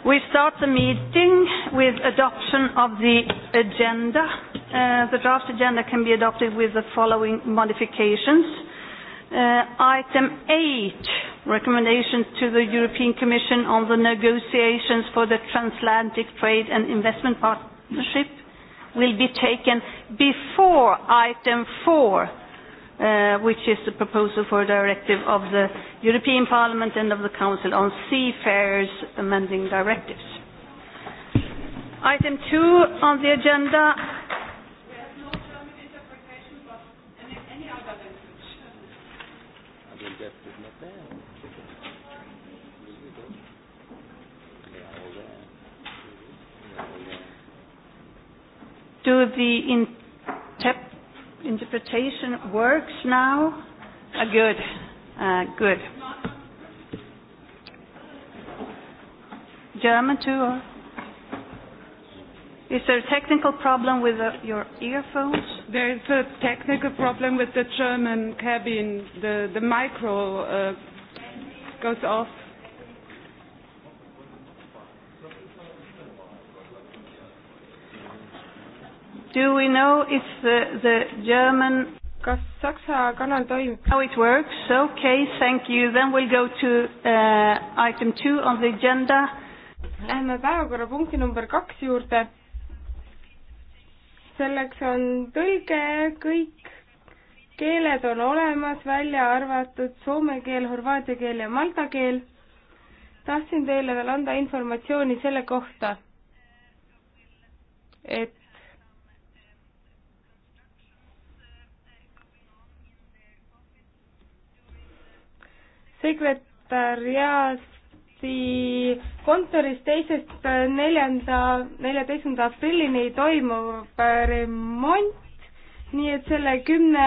We start the meeting with adoption of the agenda. Uh, the draft agenda can be adopted with the following modifications. Uh, item 8, recommendation to the European Commission on the negotiations for the transatlantic trade and investment partnership will be taken before item 4, uh, which is the proposal for a directive of the European Parliament and of the Council on seafarers amending directives. Item two on the agenda. Do the interpreters interpretation works now? Uh, good. Uh, good. German too? Or? Is there a technical problem with the, uh, your earphones? There is a technical problem with the German cabin. The, the micro uh, goes off. Do we know if the, the German kas Saksa kanal toimib? How it works, okay, thank you, then we'll go to uh, item two on the agenda. Läheme päevakorrapunkti number kaks juurde. selleks on tõlge, kõik keeled on olemas, välja arvatud soome keel, horvaatia keel ja malta keel. tahtsin teile veel anda informatsiooni selle kohta, et sekretäriaadi kontoris teisest neljanda, neljateistkümnenda aprillini toimub remont, nii et selle kümne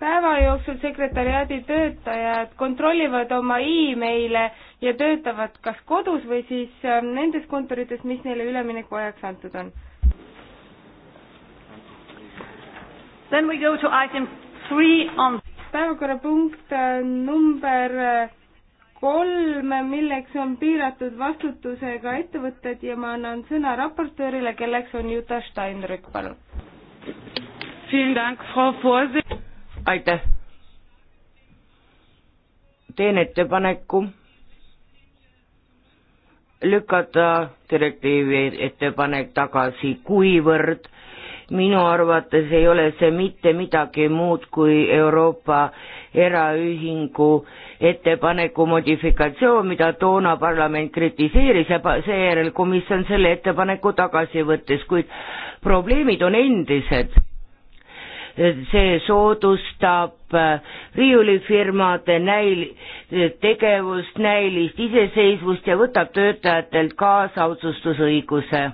päeva jooksul sekretäriaadi töötajad kontrollivad oma emaile ja töötavad kas kodus või siis äh, nendes kontorites, mis neile ülemineku ajaks antud on. Then we go to item three on päevakorrapunkt äh, number äh, kolm, milleks on piiratud vastutusega ettevõtted ja ma annan sõna raportöörile, kelleks on Juta Steinrück, palun. aitäh. teen ettepaneku lükata direktiivi ettepanek tagasi, kuivõrd minu arvates ei ole see mitte midagi muud kui Euroopa eraühingu ettepaneku modifikatsioon, mida toona parlament kritiseeris ja seejärel komisjon selle ettepaneku tagasi võttis, kuid probleemid on endised. see soodustab äh, riiulifirmade näil-, tegevust, näilist iseseisvust ja võtab töötajatelt kaasa otsustusõiguse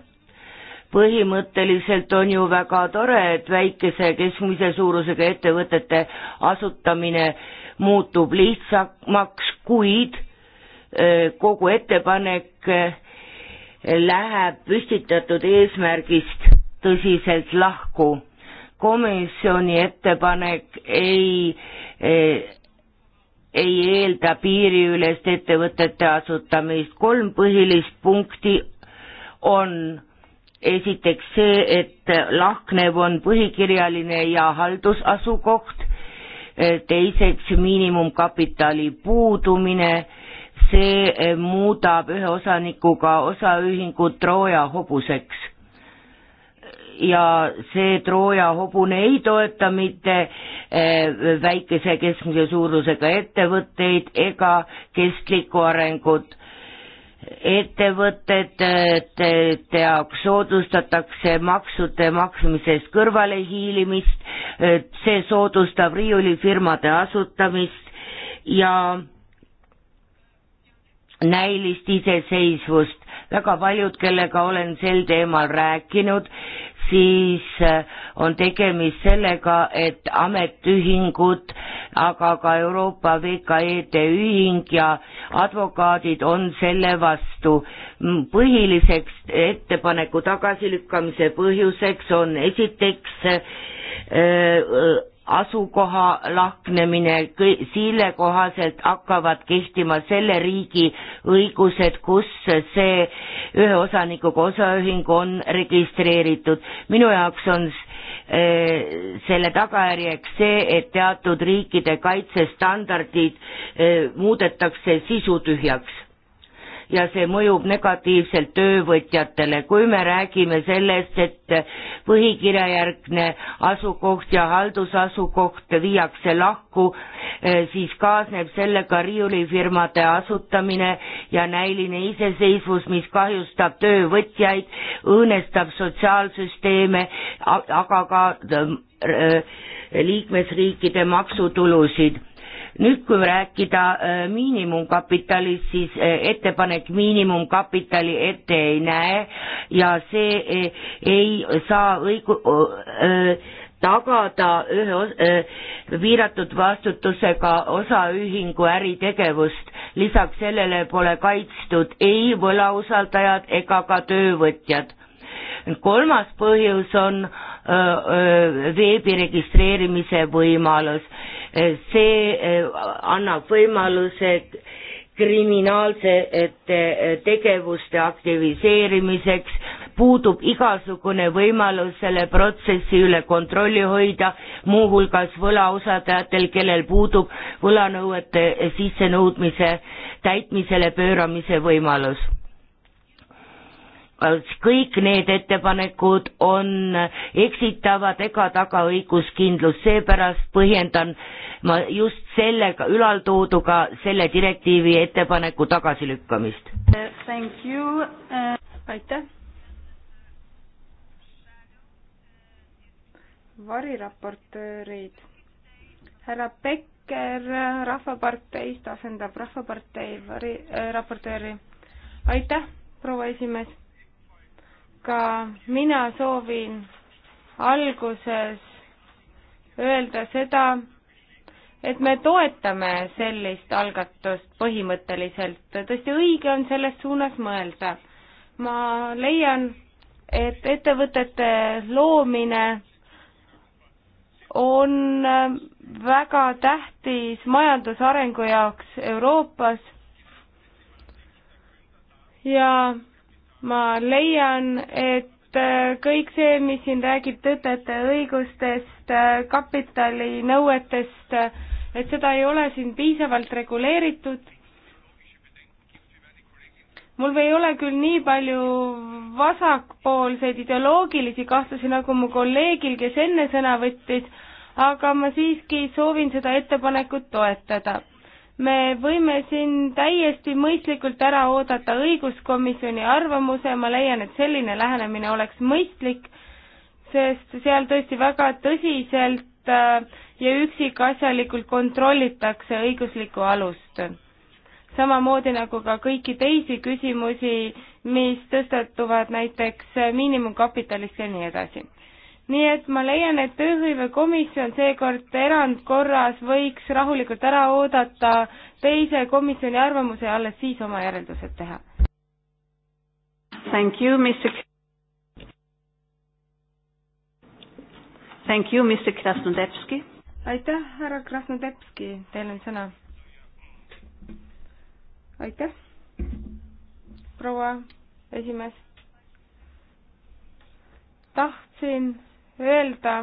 põhimõtteliselt on ju väga tore, et väikese keskmise suurusega ettevõtete asutamine muutub lihtsamaks, kuid eh, kogu ettepanek eh, läheb püstitatud eesmärgist tõsiselt lahku. komisjoni ettepanek ei, eh, ei eelda piiriülest ettevõtete asutamist, kolm põhilist punkti on esiteks see, et Lahknev on põhikirjaline ja haldusasukoht, teiseks miinimumkapitali puudumine, see muudab ühe osanikuga osaühingu Trooja hobuseks. ja see Trooja hobune ei toeta mitte eh, väikese keskmise suurusega ettevõtteid ega kestlikku arengut ettevõtete jaoks soodustatakse maksude maksmisest kõrvalehiilimist, see soodustab riiulifirmade asutamist ja näilist iseseisvust. väga paljud, kellega olen sel teemal rääkinud, siis äh, on tegemist sellega, et ametiühingud, aga ka Euroopa VKE-de ühing ja advokaadid on selle vastu. põhiliseks ettepaneku tagasilükkamise põhjuseks on esiteks öö, äh, asukoha lahknemine, selle kohaselt hakkavad kehtima selle riigi õigused, kus see ühe osanikuga osaühing on registreeritud. minu jaoks on eh, selle tagajärjeks see, et teatud riikide kaitsestandardid eh, muudetakse sisutühjaks ja see mõjub negatiivselt töövõtjatele. kui me räägime sellest, et põhikirjajärgne asukoht ja haldusasukoht viiakse lahku, eh, siis kaasneb sellega riiulifirmade asutamine ja näiline iseseisvus, mis kahjustab töövõtjaid, õõnestab sotsiaalsüsteeme, aga ka eh, liikmesriikide maksutulusid nüüd, kui rääkida äh, miinimumkapitalist, siis äh, ettepanek miinimumkapitali ette ei näe ja see äh, ei saa õigu-, tagada ühe os-, piiratud vastutusega osaühingu äritegevust. lisaks sellele pole kaitstud ei võlausaldajad ega ka töövõtjad kolmas põhjus on veebi registreerimise võimalus. see annab võimaluse kriminaalsete tegevuste aktiviseerimiseks, puudub igasugune võimalus selle protsessi üle kontrolli hoida, muuhulgas võlaosaldajatel, kellel puudub võlanõuete sissenõudmise täitmisele pööramise võimalus kõik need ettepanekud on eksitavad ega taga õiguskindlust, seepärast põhjendan ma just sellega, ülaltooduga selle direktiivi ettepaneku tagasilükkamist. Thank you uh,, aitäh. variraportöörid, härra Becker Rahvaparteist asendab Rahvapartei vari- äh,, raportööri. aitäh, proua esimees ka mina soovin alguses öelda seda, et me toetame sellist algatust põhimõtteliselt, tõesti õige on selles suunas mõelda. ma leian, et ettevõtete loomine on väga tähtis majandusarengu jaoks Euroopas ja ma leian, et äh, kõik see, mis siin räägib töötajate õigustest, äh, kapitali nõuetest, äh, et seda ei ole siin piisavalt reguleeritud. mul ei ole küll nii palju vasakpoolseid ideoloogilisi kahtlusi nagu mu kolleegil, kes enne sõna võttis, aga ma siiski soovin seda ettepanekut toetada me võime siin täiesti mõistlikult ära oodata õiguskomisjoni arvamuse, ma leian, et selline lähenemine oleks mõistlik, sest seal tõesti väga tõsiselt äh, ja üksikasjalikult kontrollitakse õiguslikku alust. samamoodi nagu ka kõiki teisi küsimusi, mis tõstatuvad näiteks miinimumkapitalist ja nii edasi nii et ma leian, et tööhõivekomisjon seekord erandkorras võiks rahulikult ära oodata teise komisjoni arvamuse ja alles siis oma järeldused teha. Thank you, Mr. Thank you, Mr Krasnodebski. aitäh, härra Krasnodebski, teil on sõna. aitäh, proua esimees. tahtsin öelda,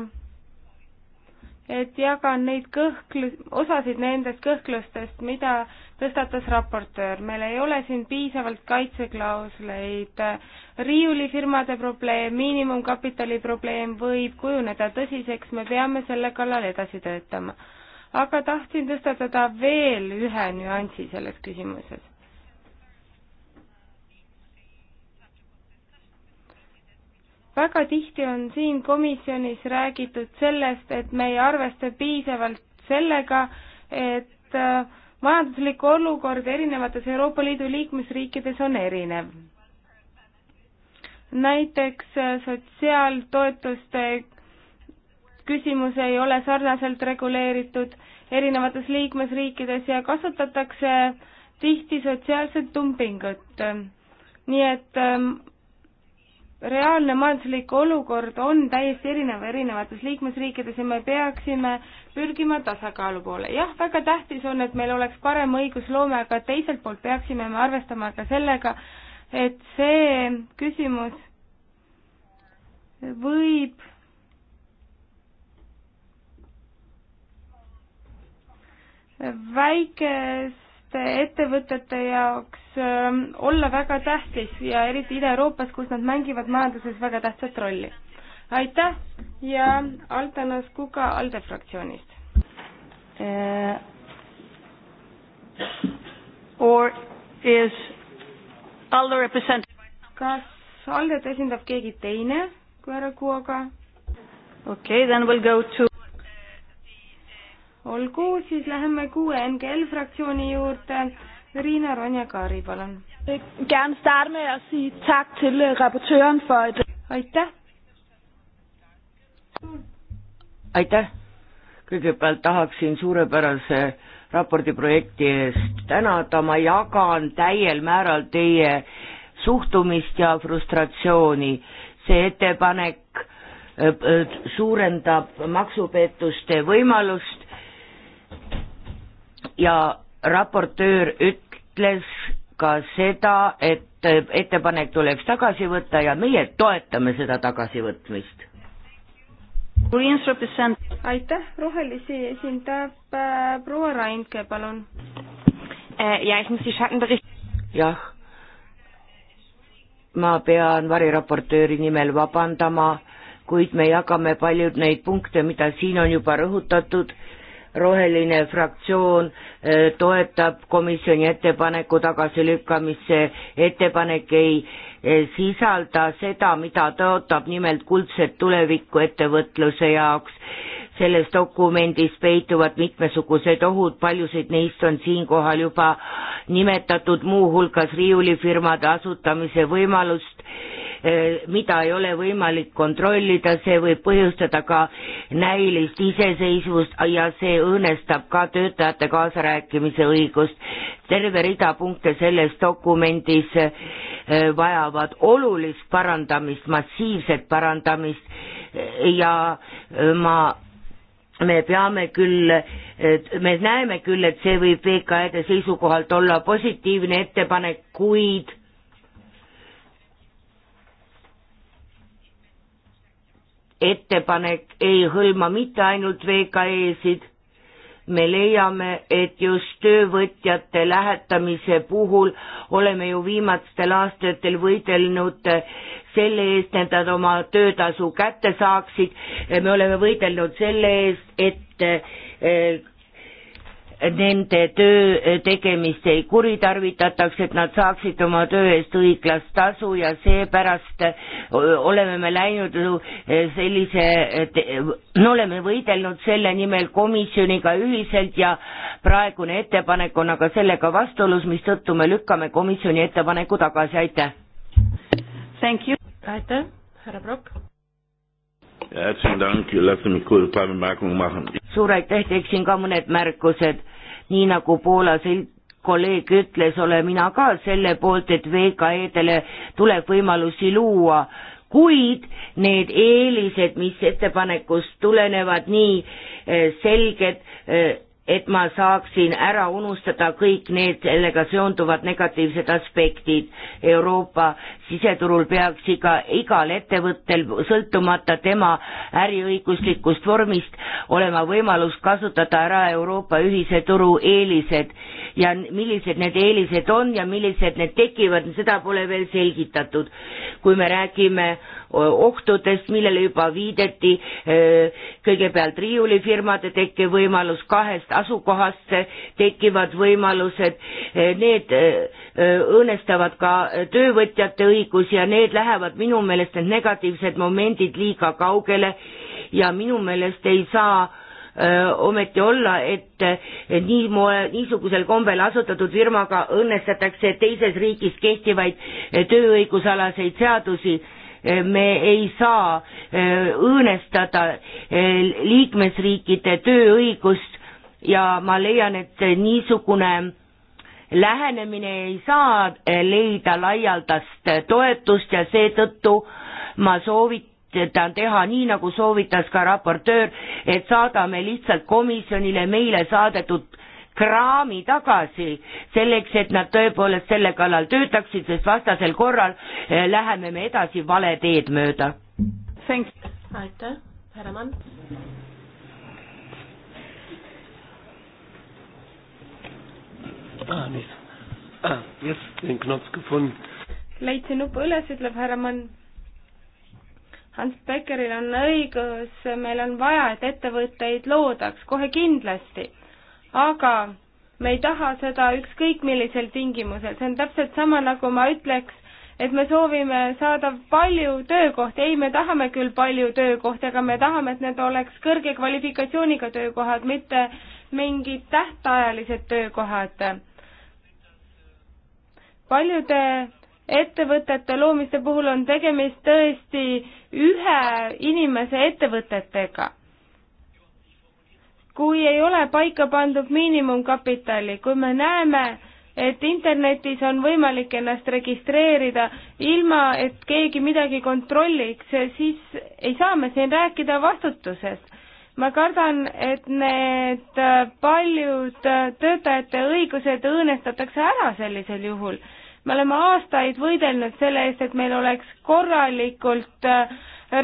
et jagan neid kõhkl-, osasid nendest kõhklustest, mida tõstatas raportöör. meil ei ole siin piisavalt kaitseklausleid. riiulifirmade probleem, miinimumkapitali probleem võib kujuneda tõsiseks, me peame selle kallal edasi töötama. aga tahtsin tõstatada veel ühe nüansi selles küsimuses. väga tihti on siin komisjonis räägitud sellest, et me ei arvesta piisavalt sellega, et äh, majanduslik olukord erinevates Euroopa Liidu liikmesriikides on erinev. näiteks äh, sotsiaaltoetuste küsimus ei ole sarnaselt reguleeritud erinevates liikmesriikides ja kasutatakse tihti sotsiaalset dumpingut. nii et ähm, reaalne majanduslik olukord on täiesti erinev erinevates liikmesriikides ja me peaksime pürgima tasakaalu poole. jah, väga tähtis on, et meil oleks parem õigusloome, aga teiselt poolt peaksime me arvestama ka sellega, et see küsimus võib väikes väikeste ettevõtete jaoks ähm, olla väga tähtis ja eriti Ida-Euroopas, kus nad mängivad majanduses väga tähtsat rolli. aitäh ja Altanas Kuka ALDE fraktsioonist uh,. Or is ALDE represent-? kas ALDE-t esindab keegi teine kui härra Kuoga? okei okay,, then we will go to olgu, siis läheme kuue NGL fraktsiooni juurde. Riina Ronja-Kaari, palun. Øh, aitäh. aitäh. kõigepealt tahaksin suurepärase raporti projekti eest tänada, ma jagan täiel määral teie suhtumist ja frustratsiooni. see ettepanek äh, äh, suurendab maksupettuste võimalust ja raportöör ütles ka seda, et äh, ettepanek tuleks tagasi võtta ja meie toetame seda tagasivõtmist. aitäh, rohelisi esindab äh, proua Rainke, palun. Äh, jah, ma pean variraportööri nimel vabandama, kuid me jagame paljud neid punkte, mida siin on juba rõhutatud roheline fraktsioon äh, toetab komisjoni ettepaneku tagasilükkamist, see ettepanek ei äh, sisalda seda, mida ta ootab, nimelt kuldset tulevikku ettevõtluse jaoks. selles dokumendis peituvad mitmesugused ohud, paljusid neist on siinkohal juba nimetatud, muuhulgas riiulifirmade asutamise võimalust Eh, mida ei ole võimalik kontrollida, see võib põhjustada ka näilist iseseisvust ja see õõnestab ka töötajate kaasarääkimise õigust. terve rida punkte selles dokumendis eh, vajavad olulist parandamist, massiivset parandamist eh, ja ma me peame küll, me näeme küll, et see võib VKE-de seisukohalt olla positiivne ettepanek, kuid ettepanek ei hõlma mitte ainult VKE-sid, me leiame, et just töövõtjate lähetamise puhul oleme ju viimastel aastatel võidelnud selle eest, et nad oma töötasu kätte saaksid, me oleme võidelnud selle eest, et eh, nende töö tegemist ei kuritarvitataks, et nad saaksid oma töö eest õiglast tasu ja seepärast oleme me läinud sellise, me oleme võidelnud selle nimel komisjoniga ühiselt ja praegune ettepanek on aga sellega vastuolus, mistõttu me lükkame komisjoni ettepaneku tagasi, aitäh! aitäh, härra Prokk! suur aitäh, teeksin ka mõned märkused. nii nagu Poola kolleeg ütles, olen mina ka selle poolt, et VKE-dele tuleb võimalusi luua, kuid need eelised, mis ettepanekust tulenevad, nii eh, selged eh, et ma saaksin ära unustada kõik need sellega seonduvad negatiivsed aspektid. Euroopa siseturul peaks iga, igal ettevõttel, sõltumata tema äriõiguslikust vormist, olema võimalus kasutada ära Euroopa ühise turu eelised ja millised need eelised on ja millised need tekivad, seda pole veel selgitatud. kui me räägime ohtudest, millele juba viideti, eh, kõigepealt riiulifirmade tekkevõimalus kahest asukohast tekivad võimalused, need eh, eh, õõnestavad ka töövõtjate õigusi ja need lähevad minu meelest, need negatiivsed momendid liiga kaugele ja minu meelest ei saa eh, ometi olla, et nii moe, niisugusel kombel asutatud firmaga õnnestatakse teises riigis kehtivaid tööõigusalaseid seadusi. me ei saa õõnestada liikmesriikide tööõigust ja ma leian, et niisugune lähenemine ei saa leida laialdast toetust ja seetõttu ma soovitan teha nii, nagu soovitas ka raportöör, et saadame lihtsalt komisjonile meile saadetud kraami tagasi, selleks et nad tõepoolest selle kallal töötaksid, sest vastasel korral eh, läheme me edasi vale teed mööda. aitäh, härra Mann. ah,. nii ah,, just, den Knopf gefunden. leidsin nupu üles, ütleb härra Mann. Hans Beckeril on õigus, meil on vaja, et ettevõtteid loodaks, kohe kindlasti. aga me ei taha seda ükskõik millisel tingimusel, see on täpselt sama, nagu ma ütleks, et me soovime saada palju töökohti, ei, me tahame küll palju töökohti, aga me tahame, et need oleks kõrge kvalifikatsiooniga töökohad, mitte mingid tähtajalised töökohad paljude ettevõtete loomiste puhul on tegemist tõesti ühe inimese ettevõtetega. kui ei ole paika pandud miinimumkapitali, kui me näeme, et internetis on võimalik ennast registreerida ilma, et keegi midagi kontrolliks, siis ei saa me siin rääkida vastutusest ma kardan, et need paljud töötajate õigused õõnestatakse ära sellisel juhul me oleme aastaid võidelnud selle eest, et meil oleks korralikult äh,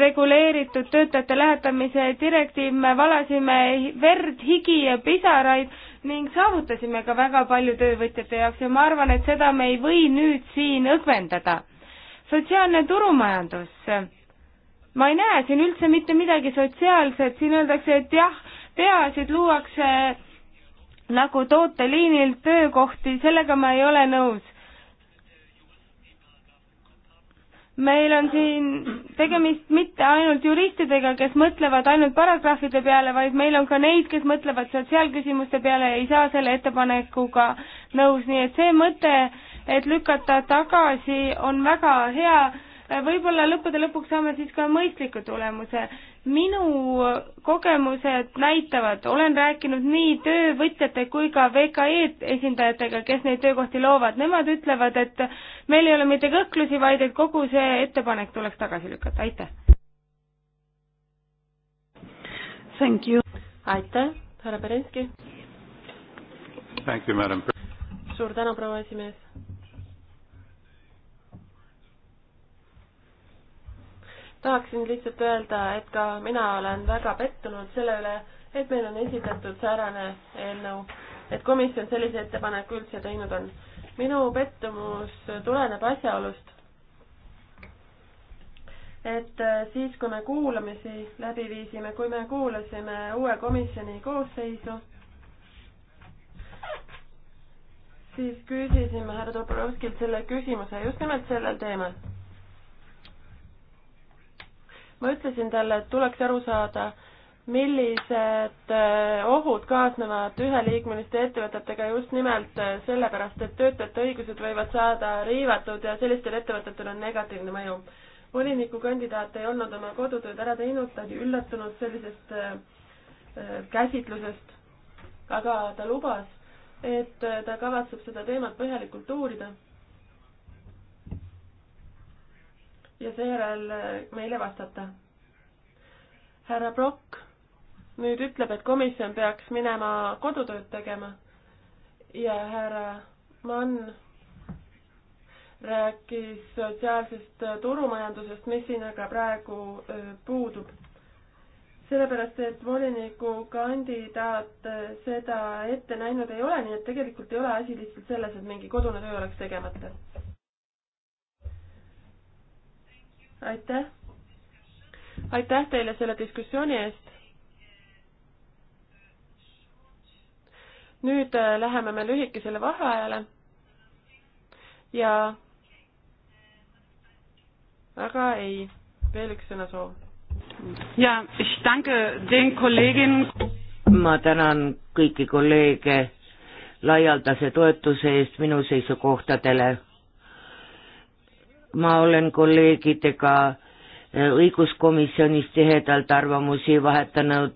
reguleeritud töötajate lähetamise direktiiv, me valasime verd, higi ja pisaraid ning saavutasime ka väga palju töövõtjate jaoks ja ma arvan, et seda me ei või nüüd siin õgvendada. sotsiaalne turumajandus, ma ei näe siin üldse mitte midagi sotsiaalset, siin öeldakse, et jah, peasid luuakse nagu tooteliinilt töökohti, sellega ma ei ole nõus meil on siin tegemist mitte ainult juristidega, kes mõtlevad ainult paragrahvide peale, vaid meil on ka neid, kes mõtlevad sotsiaalküsimuste peale ja ei saa selle ettepanekuga nõus, nii et see mõte, et lükata tagasi, on väga hea võib-olla lõppude lõpuks saame siis ka mõistliku tulemuse minu kogemused näitavad, olen rääkinud nii töövõtjate kui ka VKE esindajatega, kes neid töökohti loovad, nemad ütlevad, et meil ei ole mitte kõhklusi, vaid et kogu see ettepanek tuleks tagasi lükata, aitäh. Thank you. aitäh, härra Berenski. Thank you, madam. suur tänu, proua esimees tahaksin lihtsalt öelda, et ka mina olen väga pettunud selle üle, et meil on esitatud säärane eelnõu, et komisjon sellise ettepaneku üldse teinud on. minu pettumus tuleneb asjaolust, et siis, kui me kuulamisi läbi viisime, kui me kuulasime uue komisjoni koosseisu, siis küsisime härra Dobrovskilt selle küsimuse just nimelt sellel teemal ma ütlesin talle, et tuleks aru saada, millised äh, ohud kaasnevad üheliikmeliste ettevõtetega just nimelt äh, sellepärast, et töötajate õigused võivad saada riivatud ja sellistel ettevõtetel on negatiivne mõju. volinikukandidaat ei olnud oma kodutööd ära teinud, ta oli üllatunud sellisest äh, käsitlusest, aga ta lubas, et ta kavatseb seda teemat põhjalikult uurida ja seejärel eh, meile vastata. härra Brock nüüd ütleb, et komisjon peaks minema kodutööd tegema ja härra Mann rääkis sotsiaalsest eh, turumajandusest, mis siin aga praegu eh, puudub. sellepärast, et volinikukandidaat seda ette näinud ei ole, nii et tegelikult ei ole asi lihtsalt selles, et mingi kodune töö oleks tegemata. aitäh. aitäh teile selle diskussiooni eest. nüüd äh, läheme me lühikesele vaheajale ja aga ei, veel üks sõnasoov. ja, ich danke den Kolleginnen. ma tänan kõiki kolleege laialdase toetuse eest minu seisukohtadele ma olen kolleegidega äh, õiguskomisjonis tihedalt arvamusi vahetanud,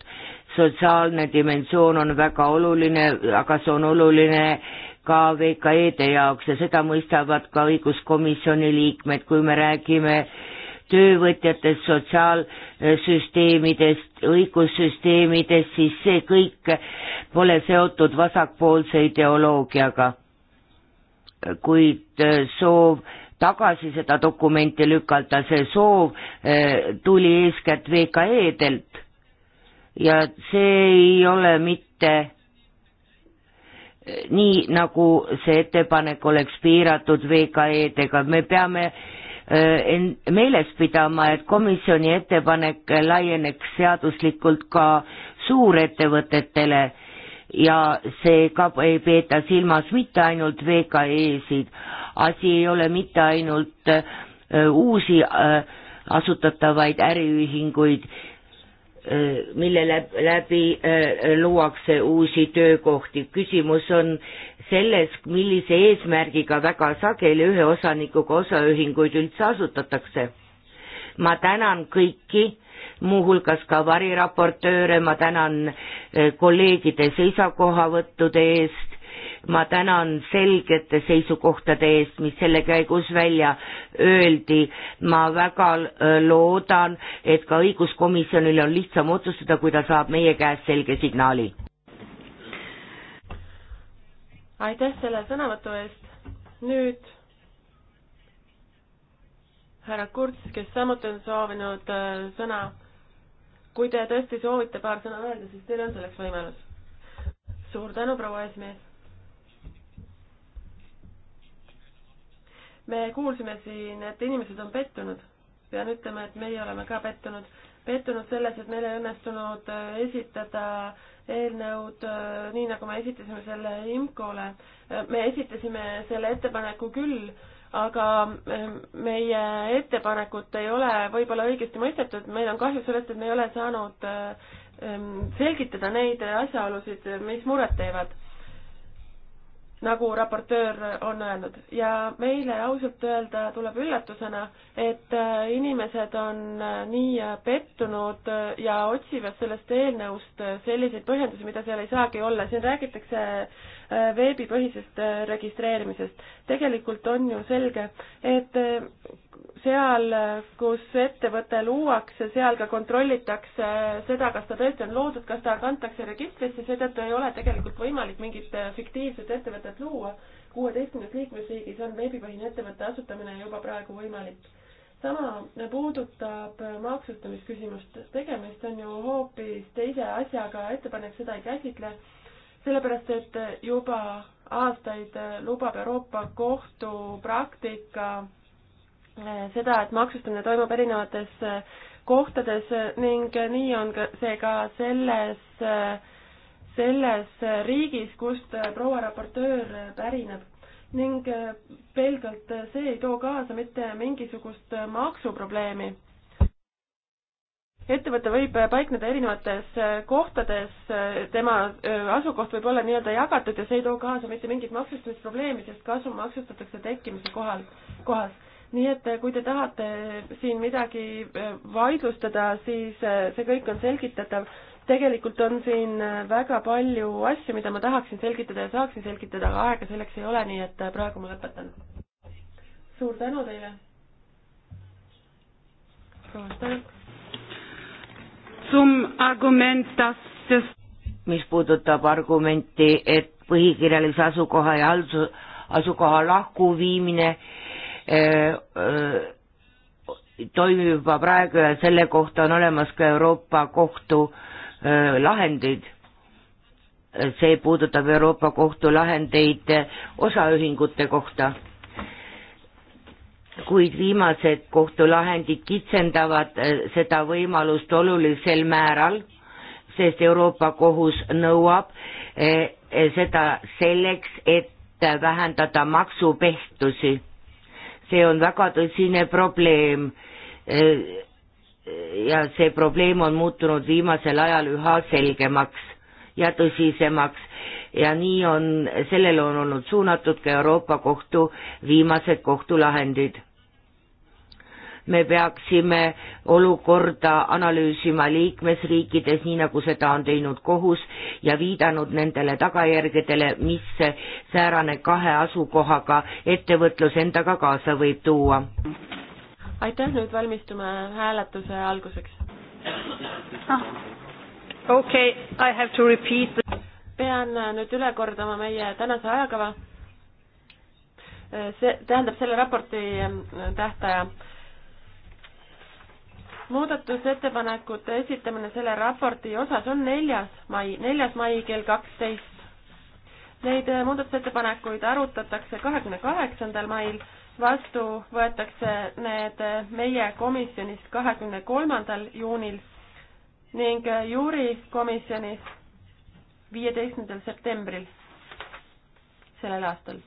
sotsiaalne dimensioon on väga oluline, aga see on oluline ka VKE-de jaoks ja seda mõistavad ka õiguskomisjoni liikmed, kui me räägime töövõtjatest, sotsiaalsüsteemidest, õigussüsteemidest, siis see kõik pole seotud vasakpoolse ideoloogiaga. kuid soov äh, tagasi seda dokumenti lükata, see soov eh, tuli eeskätt VKE-delt ja see ei ole mitte eh, nii, nagu see ettepanek oleks piiratud VKE-dega, me peame eh, en-, meeles pidama, et komisjoni ettepanek laieneks seaduslikult ka suurettevõtetele ja seega ei peeta silmas mitte ainult VKE-sid, asi ei ole mitte ainult äh, uusi äh, asutatavaid äriühinguid, äh, mille läbi luuakse uusi töökohti, küsimus on selles, millise eesmärgiga väga sageli ühe osanikuga osaühinguid üldse asutatakse. ma tänan kõiki muuhulgas ka variraportööre, ma tänan eh, kolleegide seisakohavõttude eest, ma tänan selgete seisukohtade eest, mis selle käigus välja öeldi, ma väga eh, loodan, et ka õiguskomisjonil on lihtsam otsustada, kui ta saab meie käest selge signaali. aitäh selle sõnavõtu eest, nüüd härra Kurts, kes samuti on soovinud eh, sõna kui te tõesti soovite paar sõna öelda, siis teil on selleks võimalus. suur tänu, proua esimees. me kuulsime siin, et inimesed on pettunud. pean ütlema, et meie oleme ka pettunud. pettunud selles, et meil ei õnnestunud äh, esitada eelnõud äh, nii, nagu me esitasime selle IMCO-le. Äh, me esitasime selle ettepaneku küll aga ähm, meie ettepanekut ei ole võib-olla õigesti mõistetud, meil on kahju sellest, et me ei ole saanud äh, ähm, selgitada neid asjaolusid, mis muret teevad nagu raportöör on öelnud ja meile ausalt öelda tuleb üllatusena, et äh, inimesed on äh, nii äh, pettunud ja otsivad sellest eelnõust selliseid põhjendusi, mida seal ei saagi olla, siin räägitakse veebipõhisest registreerimisest. tegelikult on ju selge, et seal, kus ettevõte luuakse, seal ka kontrollitakse seda, kas ta tõesti on loodud, kas ta kantakse registrisse, seetõttu ei ole tegelikult võimalik mingit äh, fiktiivset ettevõtet luua. kuueteistkümnes liikmesriigis on veebipõhine ettevõtte asutamine juba praegu võimalik. sama puudutab äh, maksustamisküsimust, tegemist on ju hoopis teise asjaga, ettepanek seda ei käsitle, sellepärast et juba aastaid äh, lubab Euroopa Kohtu praktika seda, et maksustamine toimub erinevates äh, kohtades äh, ning nii on ka see ka selles, äh, selles riigis, kust proua raportöör pärineb. ning pelgalt see ei too kaasa mitte mingisugust maksuprobleemi ettevõte võib paikneda erinevates kohtades, tema asukoht võib olla nii-öelda jagatud ja see ei too kaasa mitte mingit maksustamisprobleemi, sest kasum maksustatakse tekkimise kohal, kohas nii et eh, kui te tahate siin midagi eh, vaidlustada, siis eh, see kõik on selgitatav. tegelikult on siin väga palju asju, mida ma tahaksin selgitada ja saaksin selgitada, aga aega selleks ei ole, nii et praegu ma lõpetan. suur tänu teile. mis puudutab argumenti, et põhikirjalise asukoha ja haldusu, asukoha lahkuviimine äh, Äh, äh, toimib juba praegu ja selle kohta on olemas ka Euroopa Kohtu äh, lahendid. see puudutab Euroopa Kohtu lahendeid osaühingute kohta. kuid viimased kohtulahendid kitsendavad seda võimalust olulisel määral, sest Euroopa Kohus nõuab seda selleks, et vähendada maksupehtusi see on väga tõsine probleem ja see probleem on muutunud viimasel ajal üha selgemaks ja tõsisemaks ja nii on, sellele on olnud suunatud ka Euroopa Kohtu viimased kohtulahendid me peaksime olukorda analüüsima liikmesriikides, nii nagu seda on teinud kohus ja viidanud nendele tagajärgedele, mis säärane kahe asukohaga ettevõtlus endaga kaasa võib tuua. aitäh, nüüd valmistume hääletuse alguseks ah.. okei okay,, I have to repeat but.... pean nüüd üle kordama meie tänase ajakava. see tähendab selle raporti ähm, tähtaja muudatusettepanekute esitamine selle raporti osas on neljas mai, neljas mai kell kaksteist. Neid äh, muudatusettepanekuid arutatakse kahekümne kaheksandal mail, vastu võetakse need äh, meie komisjonis kahekümne kolmandal juunil ning äh, juuri komisjonis viieteistkümnendal septembril sellel aastal.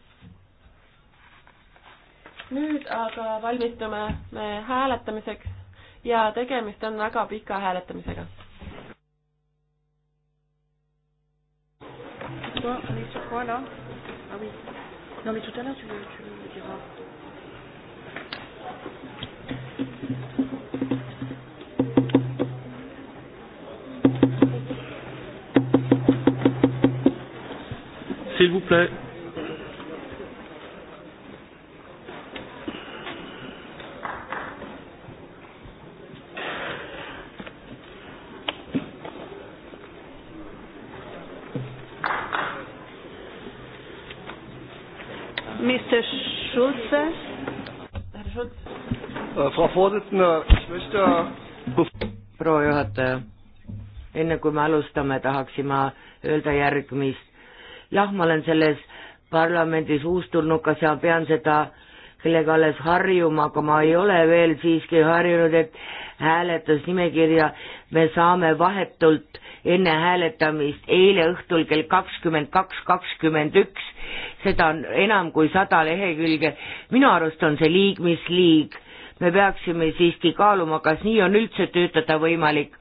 nüüd aga valmistume me hääletamiseks ja tegemist on väga pika hääletamisega. Ah non mais tout à l'heure tu, tu me diras. S'il vous plaît. proua juhataja, enne kui me alustame, tahaksin ma öelda järgmist. jah, ma olen selles parlamendis uustulnukas ja pean seda kellega alles harjuma, aga ma ei ole veel siiski harjunud, et hääletusnimekirja me saame vahetult enne hääletamist eile õhtul kell kakskümmend kaks, kakskümmend üks, seda on enam kui sada lehekülge, minu arust on see liig mis liig me peaksime siiski kaaluma, kas nii on üldse töötada võimalik.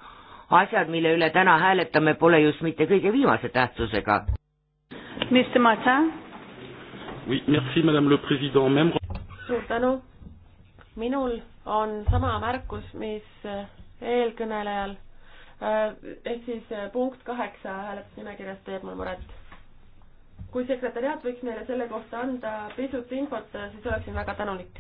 asjad, mille üle täna hääletame, pole just mitte kõige viimase tähtsusega. Mr Martin. Oui, merci madame le president, même. suur tänu. minul on sama märkus, mis äh, eelkõnelejal. Äh, ehk siis äh, punkt kaheksa hääletusnimekirjas teeb mul muret kui sekretäriaat võiks meile selle kohta anda pisut infot, siis oleksin väga tänulik.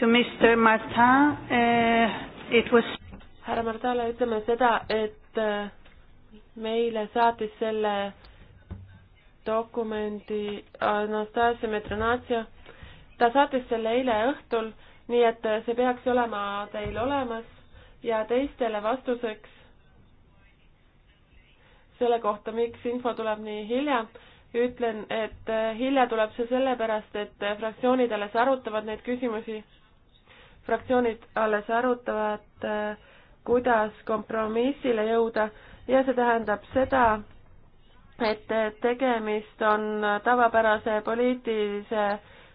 to Mr Martin uh,, it was. härra Martale ütleme seda, et äh, meile saatis selle dokumendi Anastasia Metronatsia. ta saatis selle eile õhtul, nii et äh, see peaks olema teil olemas ja teistele vastuseks selle kohta, miks info tuleb nii hilja, ütlen, et äh, hilja tuleb see sellepärast, et fraktsioonid alles arutavad neid küsimusi fraktsioonid alles arutavad, kuidas kompromissile jõuda ja see tähendab seda, et tegemist on tavapärase poliitilise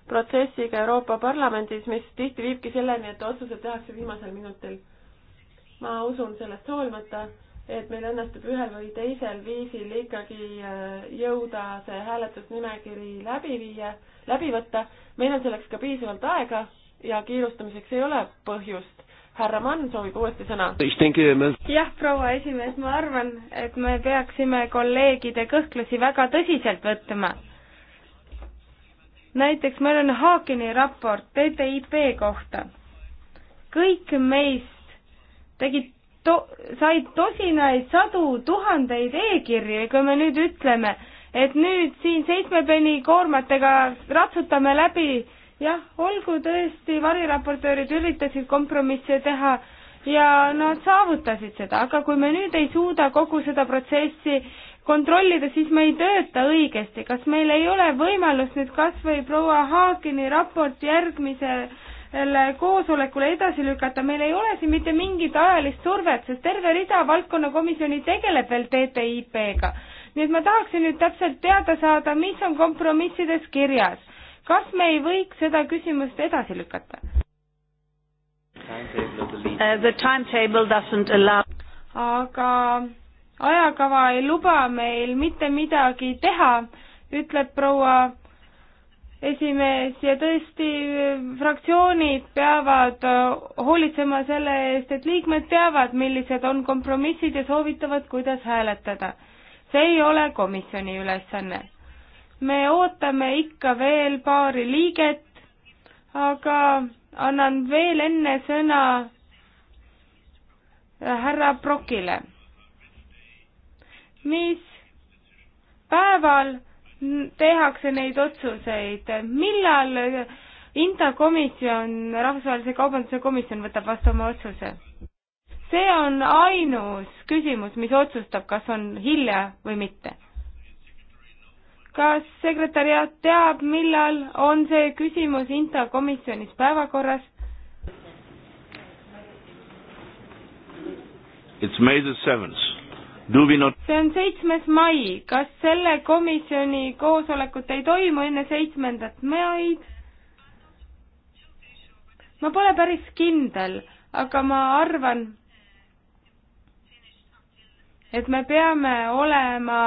protsessiga Euroopa Parlamendis, mis tihti viibki selleni, et otsused tehakse viimasel minutil. ma usun sellest hoolimata, et meil õnnestub ühel või teisel viisil ikkagi äh, jõuda see hääletusnimekiri läbi viia, läbi võtta. meil on selleks ka piisavalt aega ja kiirustamiseks ei ole põhjust. härra Mann soovib uuesti sõna. jah, proua esimees, ma arvan, et me peaksime kolleegide kõhklusi väga tõsiselt võtma. näiteks meil on Haakini raport TTIP kohta. kõik meist tegid to-, said tosinaid, sadu, tuhandeid e-kirju ja kui me nüüd ütleme, et nüüd siin seitsme penni koormatega ratsutame läbi jah, olgu tõesti, variraportöörid üritasid kompromisse teha ja nad saavutasid seda, aga kui me nüüd ei suuda kogu seda protsessi kontrollida, siis me ei tööta õigesti. kas meil ei ole võimalust nüüd kas või proua Haagini raport järgmise koosolekule edasi lükata, meil ei ole siin mitte mingit ajalist survet, sest terve rida valdkonnakomisjoni tegeleb veel TTIP-ga. nii et ma tahaksin nüüd täpselt teada saada, mis on kompromissides kirjas kas me ei võiks seda küsimust edasi lükata? Uh, aga ajakava ei luba meil mitte midagi teha, ütleb proua esimees ja tõesti fraktsioonid peavad uh, hoolitsema selle eest, et liikmed teavad, millised on kompromissid ja soovitavad, kuidas hääletada. see ei ole komisjoni ülesanne me ootame ikka veel paari liiget, aga annan veel enne sõna äh, härra Brokile, mis päeval tehakse neid otsuseid, millal Inta komisjon, Rahvusvahelise Kaubanduse Komisjon võtab vastu oma otsuse? see on ainus küsimus, mis otsustab, kas on hilja või mitte kas sekretäriaat teab, millal on see küsimus INTA komisjonis päevakorras? Not... see on seitsmes mai, kas selle komisjoni koosolekut ei toimu enne seitsmendat maid? ma pole päris kindel, aga ma arvan, et me peame olema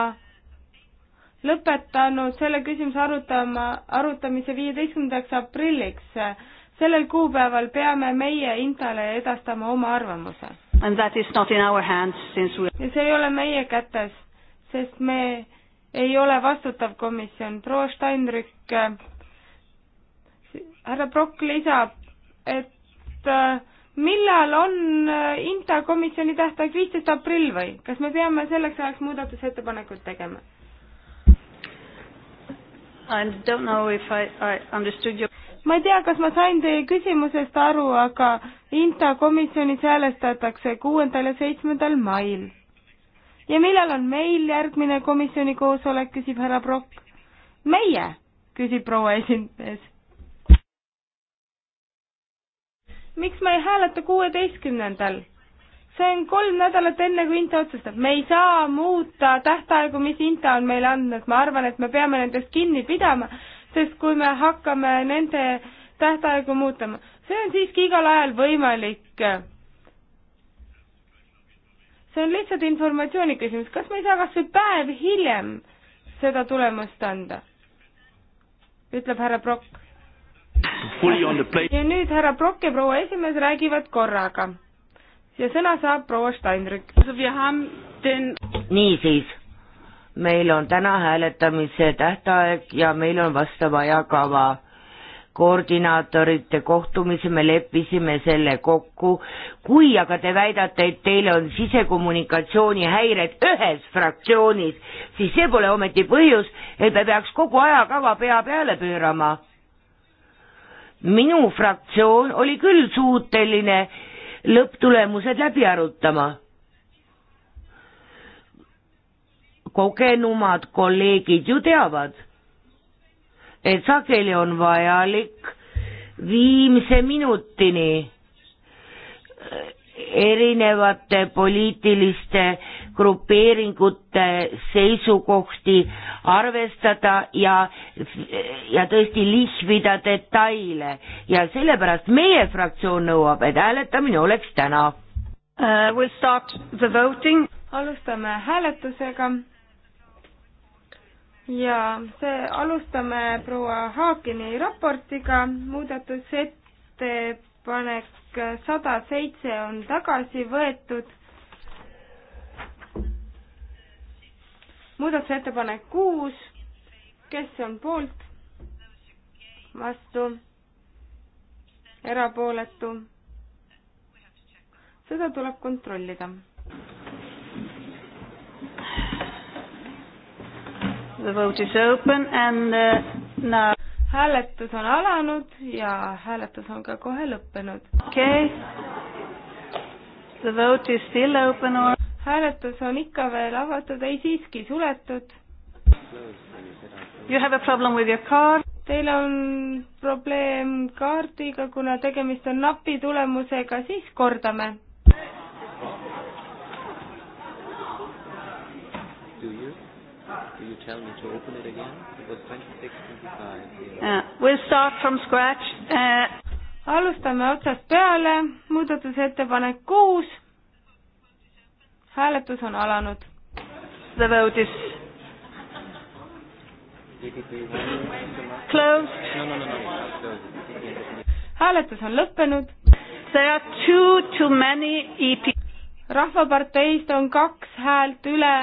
lõpetanud selle küsimuse arutama, arutamise viieteistkümnendaks aprilliks. sellel kuupäeval peame meie Intale edastama oma arvamuse. We... ja see ei ole meie kätes, sest me ei ole vastutav komisjon. proua Steinrück, härra Prokk lisab, et äh, millal on äh, INTA komisjoni tähtaeg, viisteist aprill või? kas me peame selleks ajaks muudatusettepanekud tegema? Your... ma ei tea, kas ma sain teie küsimusest aru, aga INTA komisjonis häälestatakse kuuendal ja seitsmendal mail. ja millal on meil järgmine komisjoni koosolek, küsib härra Brock. meie, küsib proua esimees. miks me ei hääleta kuueteistkümnendal? see on kolm nädalat enne, kui INTA otsustab. me ei saa muuta tähtaegu, mis INTA on meile andnud, ma arvan, et me peame nendest kinni pidama, sest kui me hakkame nende tähtaegu muutma, see on siiski igal ajal võimalik. see on lihtsalt informatsiooni küsimus, kas me ei saa kas või päev hiljem seda tulemust anda, ütleb härra Prokk. ja nüüd härra Prokk ja proua esimees räägivad korraga ja sõna saab proua Steinrück. niisiis, meil on täna hääletamise tähtaeg ja meil on vastav ajakava. koordinaatorite kohtumise me leppisime selle kokku, kui aga te väidate, et teil on sisekommunikatsioonihäired ühes fraktsioonis, siis see pole ometi põhjus, et me peaks kogu ajakava pea peale pöörama minu fraktsioon oli küll suuteline lõpptulemused läbi arutama. kogenumad kolleegid ju teavad, et sageli on vajalik viimse minutini erinevate poliitiliste grupeeringute seisukohti arvestada ja, ja tõesti lihvida detaile ja sellepärast meie fraktsioon nõuab, et hääletamine oleks täna uh,. We'll start the voting. alustame hääletusega. ja see, alustame proua Haakini raportiga, muudatusettepanek sada seitse on tagasi võetud muudatusettepanek kuus, kes on poolt, vastu, erapooletu, seda tuleb kontrollida. The vote is open and uh, now hääletus on alanud ja hääletus on ka kohe lõppenud. okei okay.. The vote is still open or? hääletus on ikka veel avatud, ei siiski suletud. You have a problem with your card? Teil on probleem kaardiga, kuna tegemist on napi tulemusega, siis kordame. Do you? Do you tell me to open it again? It was 26, 25. Yeah. Uh, we'll start from scratch. Uh... alustame otsast peale, muudatusettepanek kuus hääletus on alanud. The vote is closed. hääletus on lõppenud. There are two too many EP. rahvaparteist on kaks häält üle.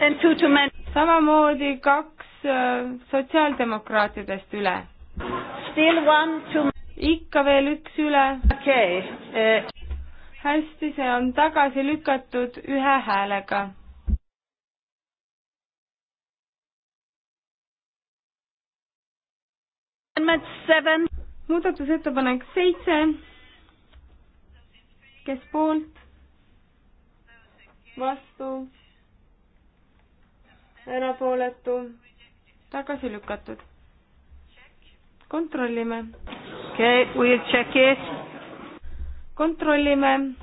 And two too many. samamoodi kaks äh, sotsiaaldemokraatidest üle. Still one too many ikka veel üks üle. okei okay. eh hästi, see on tagasi lükatud ühe häälega. muudatusettepanek seitse, kes poolt, vastu, erapooletu, tagasi lükatud. kontrollime. okei okay,, we'll check it kontrollime.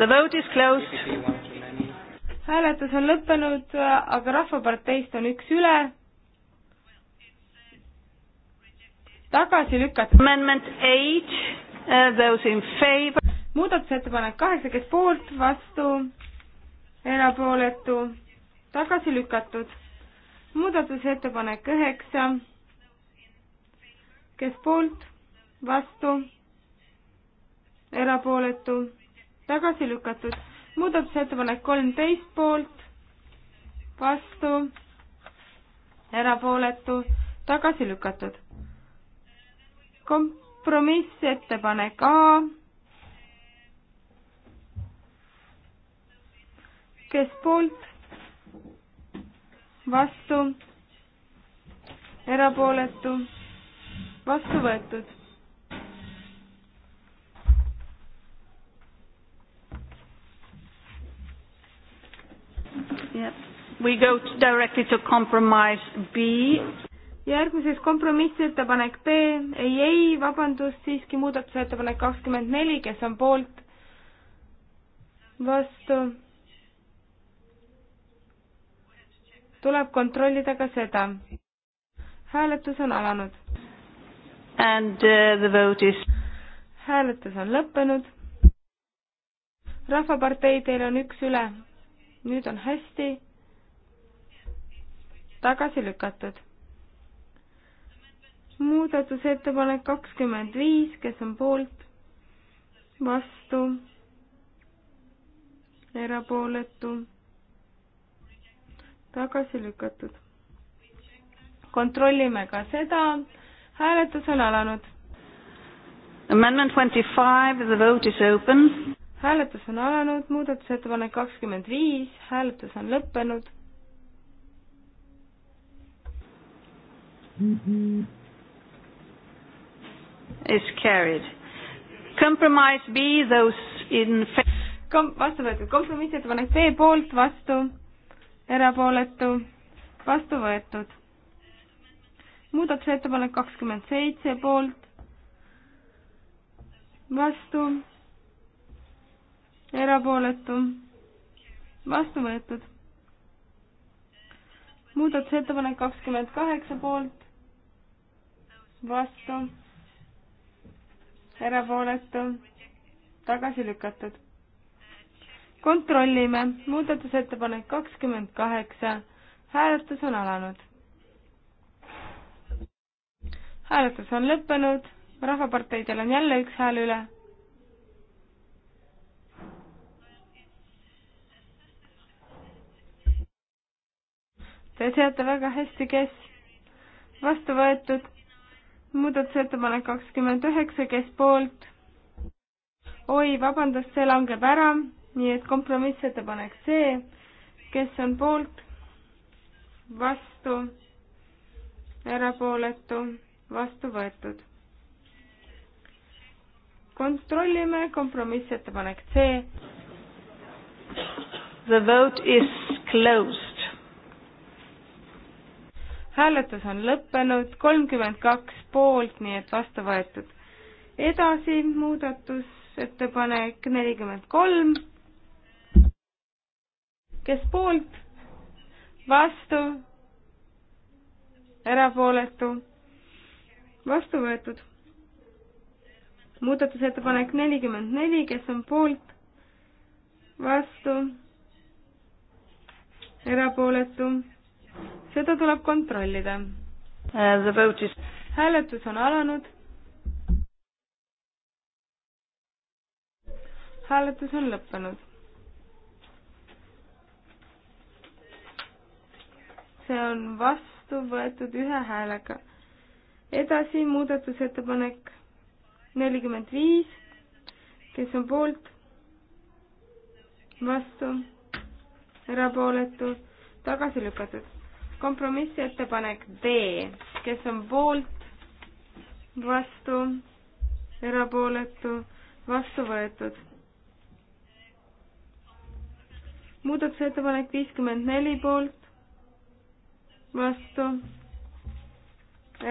The vote is closed. hääletus on lõppenud, aga Rahvaparteist on üks üle. tagasi lükata. Amendment eight uh,, those in favor. muudatusettepanek kaheksa, kes poolt, vastu, erapooletu, tagasi lükatud. muudatusettepanek üheksa kes poolt, vastu, erapooletu, tagasi lükatud. muudatusettepanek kolmteist poolt, vastu, erapooletu, tagasi lükatud. kompromissettepanek A. kes poolt, vastu, erapooletu vastu võetud. We go to directly to compromise B. järgmises kompromissettepanek B, ei, ei, vabandust, siiski muudatusettepanek kakskümmend neli, kes on poolt, vastu tuleb kontrollida ka seda. hääletus on alanud and uh, the vote is hääletus on lõppenud. rahvapartei, teil on üks üle. nüüd on hästi. tagasi lükatud. muudatusettepanek kakskümmend viis, kes on poolt, vastu, erapooletu, tagasi lükatud. kontrollime ka seda hääletus on alanud. Amendment twenty five, the vote is open. hääletus on alanud, muudatusettepanek kakskümmend viis, hääletus on lõppenud mm. -hmm. Is carried. Compromise B, those in Kom-, vastu võetud, kompromissettepanek B poolt, vastu, erapooletu, vastu võetud muudatusettepanek kakskümmend seitse poolt, vastu, erapooletu, vastu võetud. muudatusettepanek kakskümmend kaheksa poolt, vastu, erapooletu, tagasi lükatud. kontrollime, muudatusettepanek kakskümmend kaheksa, hääletus on alanud hääletus on lõppenud, Rahvaparteidel on jälle üks hääl üle. Te teate väga hästi, kes vastu võetud muudatusettepanek kakskümmend üheksa, kes poolt. oi, vabandust, see langeb ära, nii et kompromissettepanek C, kes on poolt, vastu, erapooletu vastu võetud. kontrollime kompromissettepanek C. The vote is closed. hääletus on lõppenud, kolmkümmend kaks poolt, nii et vastu võetud. edasi muudatusettepanek nelikümmend kolm. kes poolt? vastu? erapooletu? vastu võetud. muudatusettepanek nelikümmend neli, kes on poolt, vastu, erapooletu, seda tuleb kontrollida. Is... hääletus on alanud. hääletus on lõppenud. see on vastu võetud ühe häälega edasi muudatusettepanek nelikümmend viis, kes on poolt, vastu, erapooletu, tagasi lükatud. kompromissettepanek D, kes on poolt, vastu, erapooletu, vastu võetud. muudatusettepanek viiskümmend neli poolt, vastu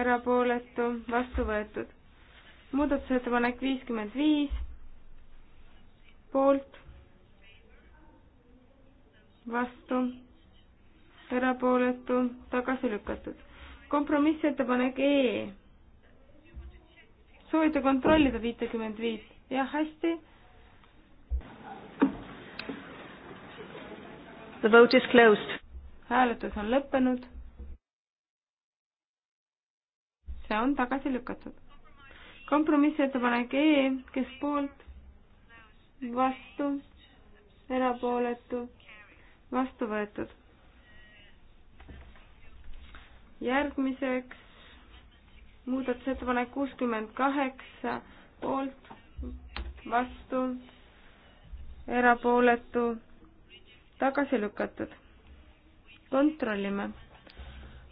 erapooletu, vastu võetud. muudatusettepanek viiskümmend viis, poolt, vastu, erapooletu, tagasi lükatud. kompromissettepanek E. soovite kontrollida viitekümmet viit? jah, hästi. The vote is closed. hääletus on lõppenud see on tagasi lükatud. kompromissettepanek E, kes poolt, vastu, erapooletu, vastu võetud. järgmiseks muudatusettepanek kuuskümmend kaheksa, poolt, vastu, erapooletu, tagasi lükatud. kontrollime.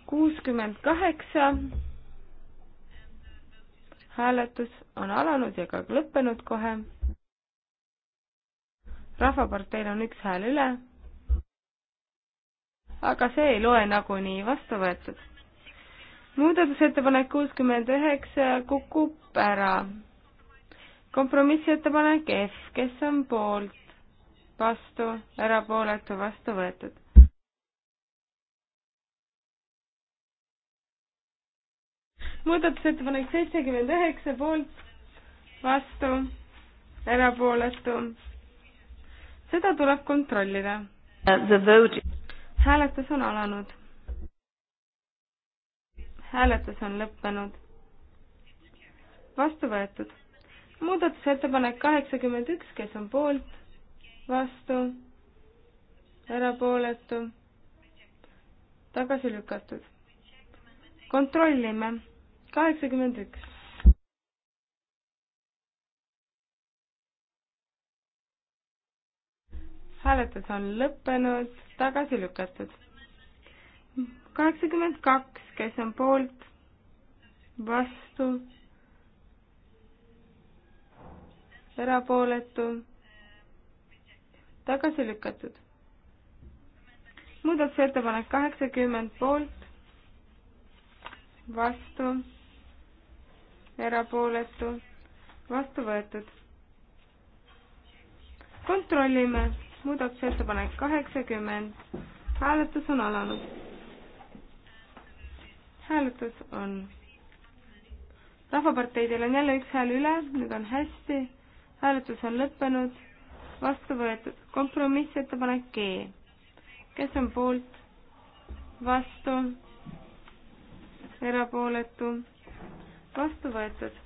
kuuskümmend kaheksa hääletus on alanud ja ka lõppenud kohe. rahvaparteil on üks hääl üle. aga see ei loe nagunii vastu võetud. muudatusettepanek kuuskümmend üheksa kukub ära. kompromissettepanek F, kes on poolt, vastu, erapooletu, vastu võetud. muudatusettepanek seitsekümmend üheksa poolt, vastu, erapooletu. seda tuleb kontrollida. Uh, hääletus on alanud. hääletus on lõppenud. vastu võetud. muudatusettepanek kaheksakümmend üks, kes on poolt, vastu, erapooletu, tagasi lükatud. kontrollime kaheksakümmend üks. hääletus on lõppenud, tagasi lükatud. kaheksakümmend kaks, kes on poolt, vastu, erapooletu, tagasi lükatud. muudatusettepanek kaheksakümmend poolt, vastu erapooletu, vastu võetud. kontrollime muudatusettepanek kaheksakümmend. hääletus on alanud. hääletus on. rahvaparteidel on jälle üks hääl üle, nüüd on hästi. hääletus on lõppenud, vastu võetud. kompromissettepanek G. kes on poolt? vastu? erapooletu? vastu võetud.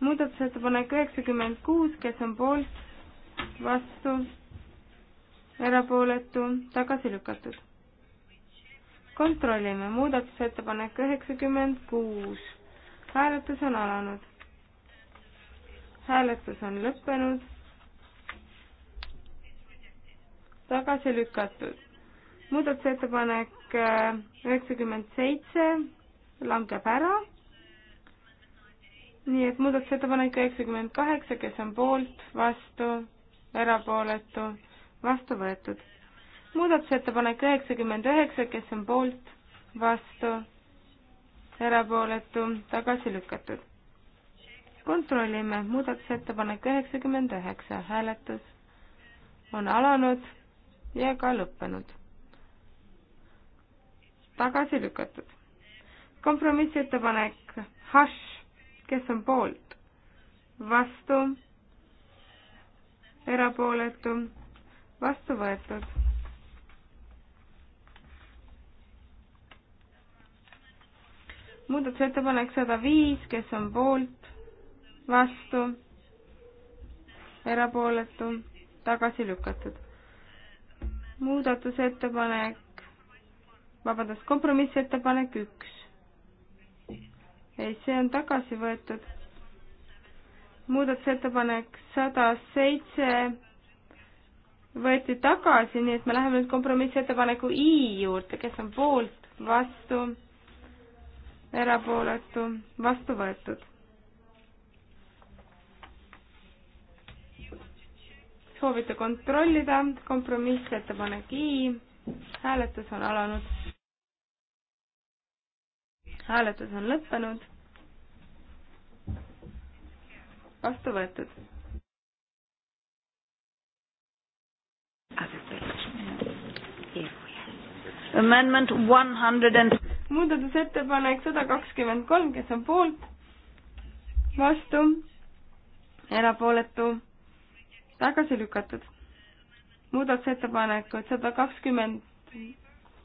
muudatusettepanek üheksakümmend kuus, kes on poolt, vastu, erapooletu, tagasi lükatud. kontrollime muudatusettepanek üheksakümmend kuus. hääletus on alanud. hääletus on lõppenud. tagasi lükatud muudatusettepanek äh, üheksakümmend seitse langeb ära. nii et muudatusettepanek üheksakümmend kaheksa, kes on poolt, vastu, erapooletu, vastu võetud. muudatusettepanek üheksakümmend üheksa, kes on poolt, vastu, erapooletu, tagasi lükatud. kontrollime muudatusettepanek üheksakümmend üheksa, hääletus on alanud ja ka lõppenud tagasi lükatud. kompromissettepanek Hush, kes on poolt, vastu, erapooletu, vastu võetud. muudatusettepanek sada viis, kes on poolt, vastu, erapooletu, tagasi lükatud. muudatusettepanek vabandust, kompromissettepanek üks. ei, see on tagasi võetud. muudatusettepanek sada seitse võeti tagasi, nii et me läheme nüüd kompromissettepaneku I juurde, kes on poolt, vastu, erapooletu, vastu võetud. soovite kontrollida kompromissettepanek I, hääletus on alanud hääletus on lõppenud. vastu võetud. Amendment one hundred and muudatusettepanek sada kakskümmend kolm, kes on poolt, vastu, erapooletu, tagasi lükatud. muudatusettepanekud sada kakskümmend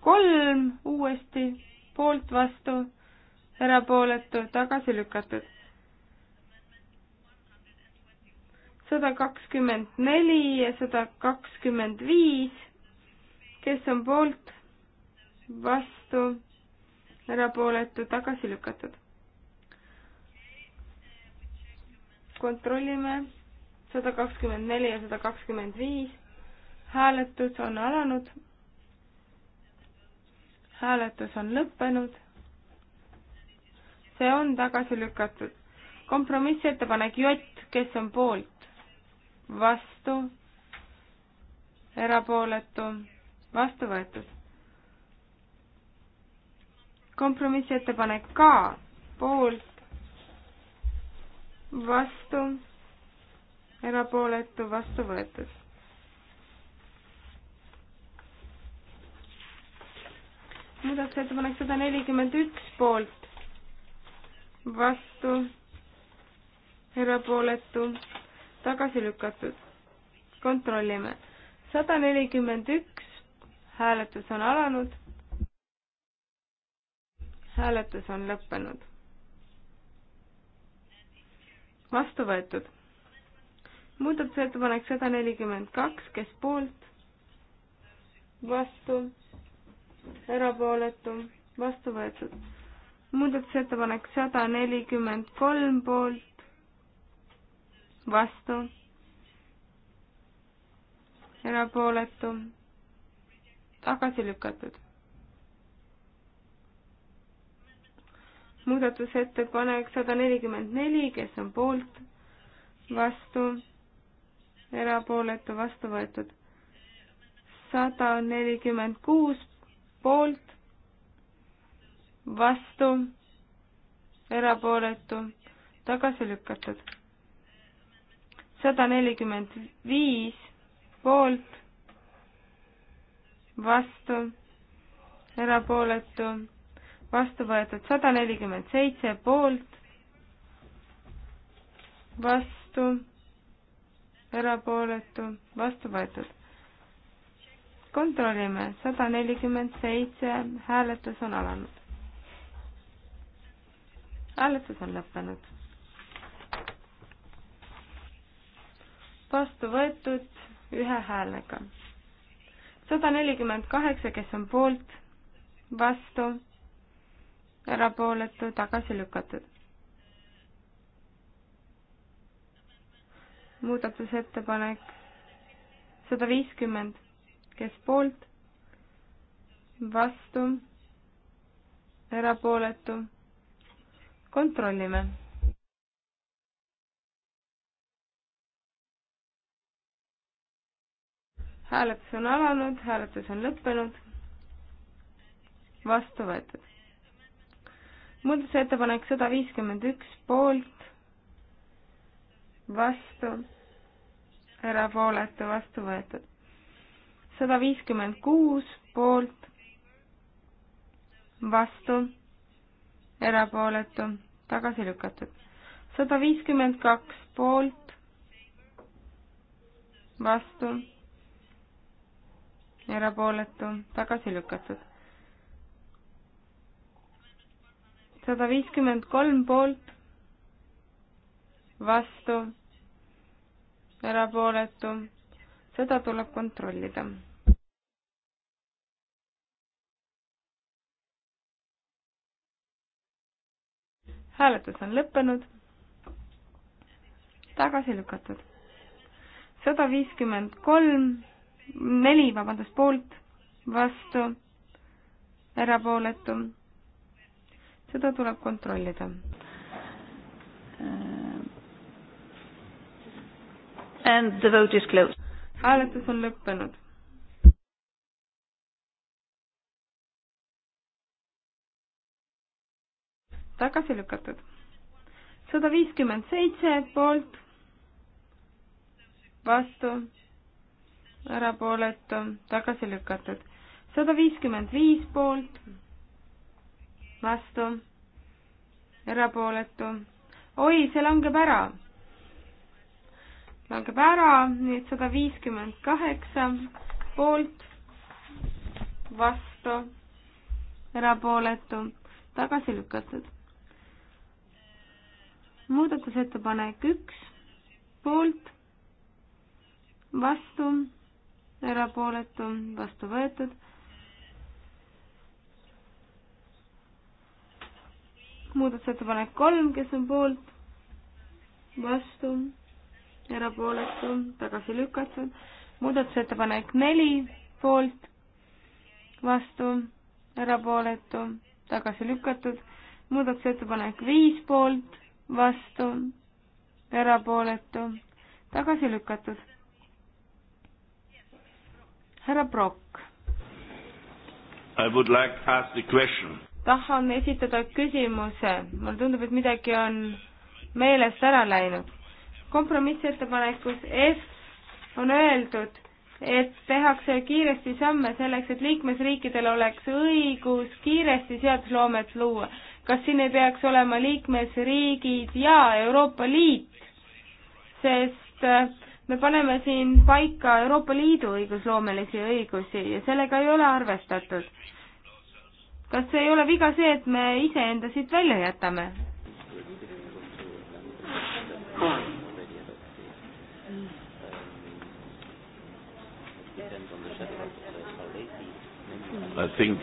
kolm uuesti, poolt, vastu erapooletu, tagasi lükatud. sada kakskümmend neli ja sada kakskümmend viis, kes on poolt, vastu, erapooletu, tagasi lükatud. kontrollime sada kakskümmend neli ja sada kakskümmend viis. hääletus on alanud. hääletus on lõppenud see on tagasi lükatud. kompromissettepanek J, kes on poolt, vastu, erapooletu, vastu võetud. kompromissettepanek K, poolt, vastu, erapooletu, vastu võetud. muudatusettepanek sada nelikümmend üks poolt, vastu, erapooletu, tagasi lükatud. kontrollime. sada nelikümmend üks, hääletus on alanud. hääletus on lõppenud. vastu võetud. muudatusettepanek sada nelikümmend kaks, kes poolt, vastu, erapooletu, vastu võetud muudatusettepanek sada nelikümmend kolm poolt, vastu, erapooletu, tagasi lükatud. muudatusettepanek sada nelikümmend neli, kes on poolt, vastu, erapooletu, vastu võetud. sada nelikümmend kuus poolt, vastu, erapooletu, tagasi lükatud. sada nelikümmend viis poolt, vastu, erapooletu, vastu võetud sada nelikümmend seitse poolt, vastu, erapooletu, vastu võetud. kontrollime, sada nelikümmend seitse, hääletus on alanud hääletus on lõppenud. vastu võetud ühe häälega. sada nelikümmend kaheksa, kes on poolt, vastu, erapooletu, tagasi lükatud. muudatusettepanek sada viiskümmend, kes poolt, vastu, erapooletu kontrollime. hääletus on alanud, hääletus on lõppenud. vastu võetud. muudatusettepanek sada viiskümmend üks poolt, vastu, erapooletu, vastu võetud. sada viiskümmend kuus poolt, vastu erapooletu, tagasi lükatud. sada viiskümmend kaks poolt, vastu, erapooletu, tagasi lükatud. sada viiskümmend kolm poolt, vastu, erapooletu, seda tuleb kontrollida hääletus on lõppenud. tagasi lükatud. sada viiskümmend kolm, neli, vabandust, poolt, vastu, erapooletu. seda tuleb kontrollida. And the vote is closed. hääletus on lõppenud tagasi lükatud. sada viiskümmend seitse poolt, vastu, erapooletu, tagasi lükatud. sada viiskümmend viis poolt, vastu, erapooletu. oi, see langeb ära. langeb ära, nüüd sada viiskümmend kaheksa poolt, vastu, erapooletu, tagasi lükatud muudatusettepanek üks, poolt, vastu, erapooletu, vastu võetud. muudatusettepanek kolm, kes on poolt, vastu, erapooletu, tagasi lükatud. muudatusettepanek neli, poolt, vastu, erapooletu, tagasi lükatud. muudatusettepanek viis poolt vastu, erapooletu, tagasi lükatud. härra Brock. I would like to ask the question. tahan esitada küsimuse, mulle tundub, et midagi on meelest ära läinud. kompromissettepanekus F on öeldud, et tehakse kiiresti samme selleks, et liikmesriikidel oleks õigus kiiresti seadusloomet luua kas siin ei peaks olema liikmesriigid ja Euroopa Liit, sest äh, me paneme siin paika Euroopa Liidu õigusloomelisi õigusi ja sellega ei ole arvestatud. kas ei ole viga see, et me iseenda siit välja jätame? I think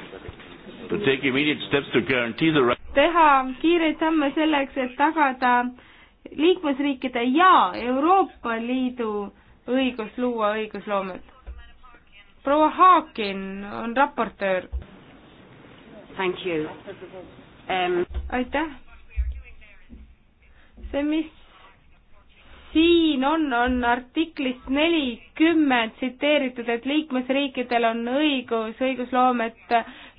teha kiireid samme selleks, et tagada liikmesriikide ja Euroopa Liidu õigus luua õigusloomet. proua Haakin on raportöör. Um... aitäh. see, mis siin on, on artiklist nelikümmend tsiteeritud, et liikmesriikidel on õigus õigusloomet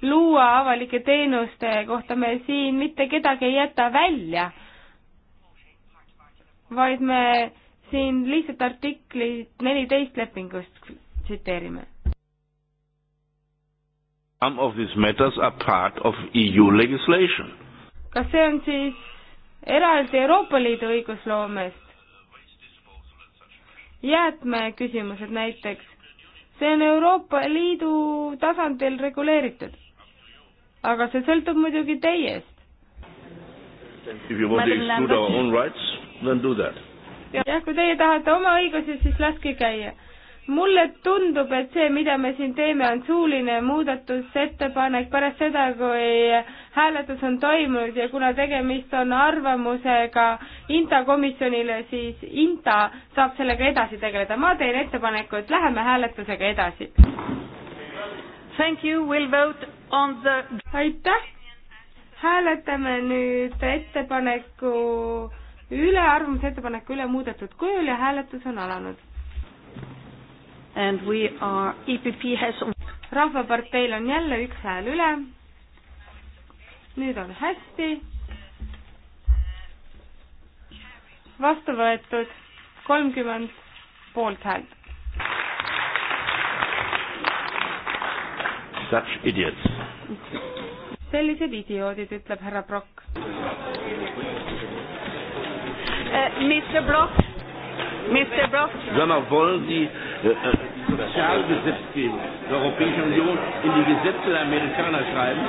luua avalike teenuste kohta, me siin mitte kedagi ei jäta välja, vaid me siin lihtsalt artiklit neliteist lepingust tsiteerime. Some of these matters are part of EU legislation. kas see on siis eraldi Euroopa Liidu õigusloomest? jäätmeküsimused näiteks, see on Euroopa Liidu tasandil reguleeritud aga see sõltub muidugi teiest. jah, kui teie tahate oma õigusi, siis laske käia. mulle tundub, et see, mida me siin teeme, on suuline muudatusettepanek pärast seda, kui hääletus on toimunud ja kuna tegemist on arvamusega INTA komisjonile, siis INTA saab sellega edasi tegeleda. ma teen ettepaneku, et läheme hääletusega edasi. Thank you, we'll vote the... aitäh! hääletame nüüd ettepaneku üle, arvamusettepaneku üle muudetud kujul ja hääletus on alanud. And we are, EPP has rahvaparteil on jälle üks hääl üle. nüüd on hästi. vastu võetud kolmkümmend poolthäält. Such idiots sellised idioodid, ütleb härra Brock äh,. Eh, Mr Brock, Mr Brock. Sondern wollen Sie äh, äh Sozialgesetzgebung der Europäischen Union in die Gesetze der Amerikaner schreiben?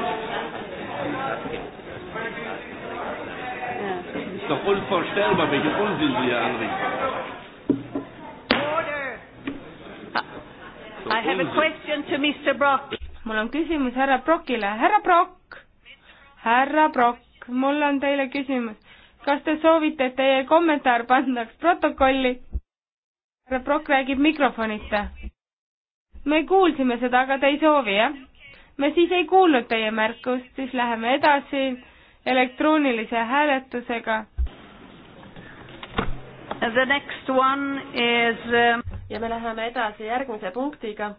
Ist doch unvorstellbar, welchen Unsinn Sie hier anrichten. Ah, I have a question to Mr. Brock mul on küsimus härra Brokile. härra Brok, härra Brok, mul on teile küsimus. kas te soovite, et teie kommentaar pandaks protokolli? härra Brok räägib mikrofonita. me kuulsime seda, aga te ei soovi, jah? me siis ei kuulnud teie märkust, siis läheme edasi elektroonilise hääletusega. The next one is uh, ja me läheme edasi järgmise punktiga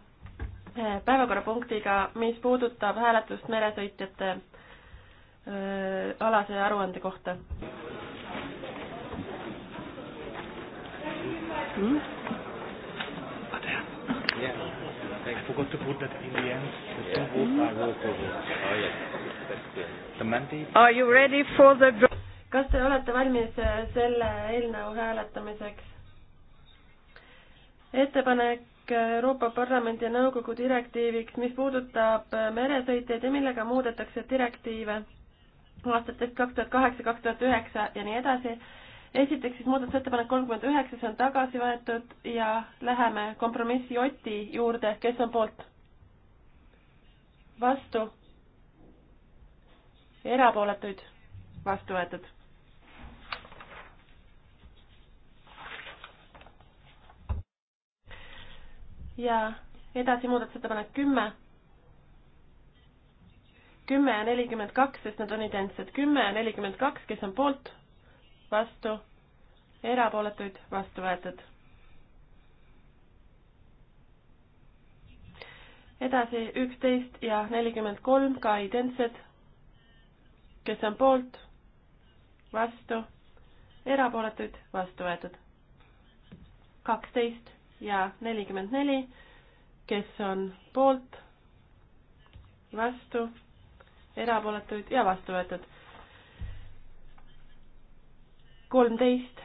päevakorrapunktiga, mis puudutab hääletust meresõitjate äh, alase aruande kohta hmm?. Yeah, I forgot to put that in the end. The yeah. two votes are roll call votes. Oh, yes. That's good. The mandate. Are you ready for the draw? kas te olete valmis äh, selle eelnõu hääletamiseks? ettepanek Euroopa Parlamendi ja Nõukogu direktiiviks, mis puudutab meresõitjaid ja millega muudetakse direktiive aastatest kaks tuhat kaheksa, kaks tuhat üheksa ja nii edasi. esiteks siis muudatusettepanek kolmkümmend üheksa, see on tagasi võetud ja läheme kompromissi Oti juurde, kes on poolt? vastu? erapooletuid? vastu võetud ja edasi muudatusettepanek kümme, kümme ja nelikümmend kaks, sest nad on identsed, kümme ja nelikümmend kaks, kes on poolt, vastu, erapooletuid, vastu võetud. edasi üksteist ja nelikümmend kolm, ka identsed, kes on poolt, vastu, erapooletuid, vastu võetud. kaksteist ja nelikümmend neli, kes on poolt, vastu, erapooletuid ja vastu võetud. kolmteist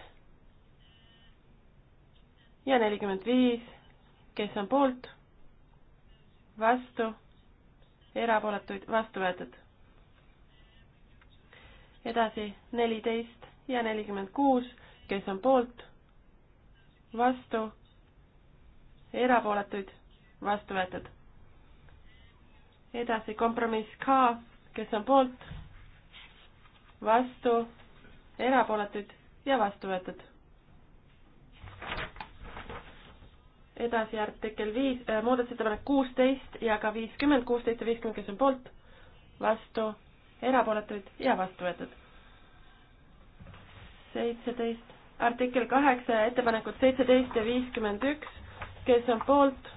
ja nelikümmend viis, kes on poolt, vastu, erapooletuid, vastu võetud. edasi neliteist ja nelikümmend kuus, kes on poolt, vastu erapooletuid, vastu võetud. edasi kompromiss K, kes on poolt, vastu, erapooletuid ja vastu võetud. edasi artikkel viis äh,, muudatusettepanek kuusteist ja ka viiskümmend, kuusteist ja viiskümmend, kes on poolt, vastu, erapooletuid ja vastu võetud. seitseteist, artikkel kaheksa ja ettepanekud seitseteist ja viiskümmend üks, kes on poolt?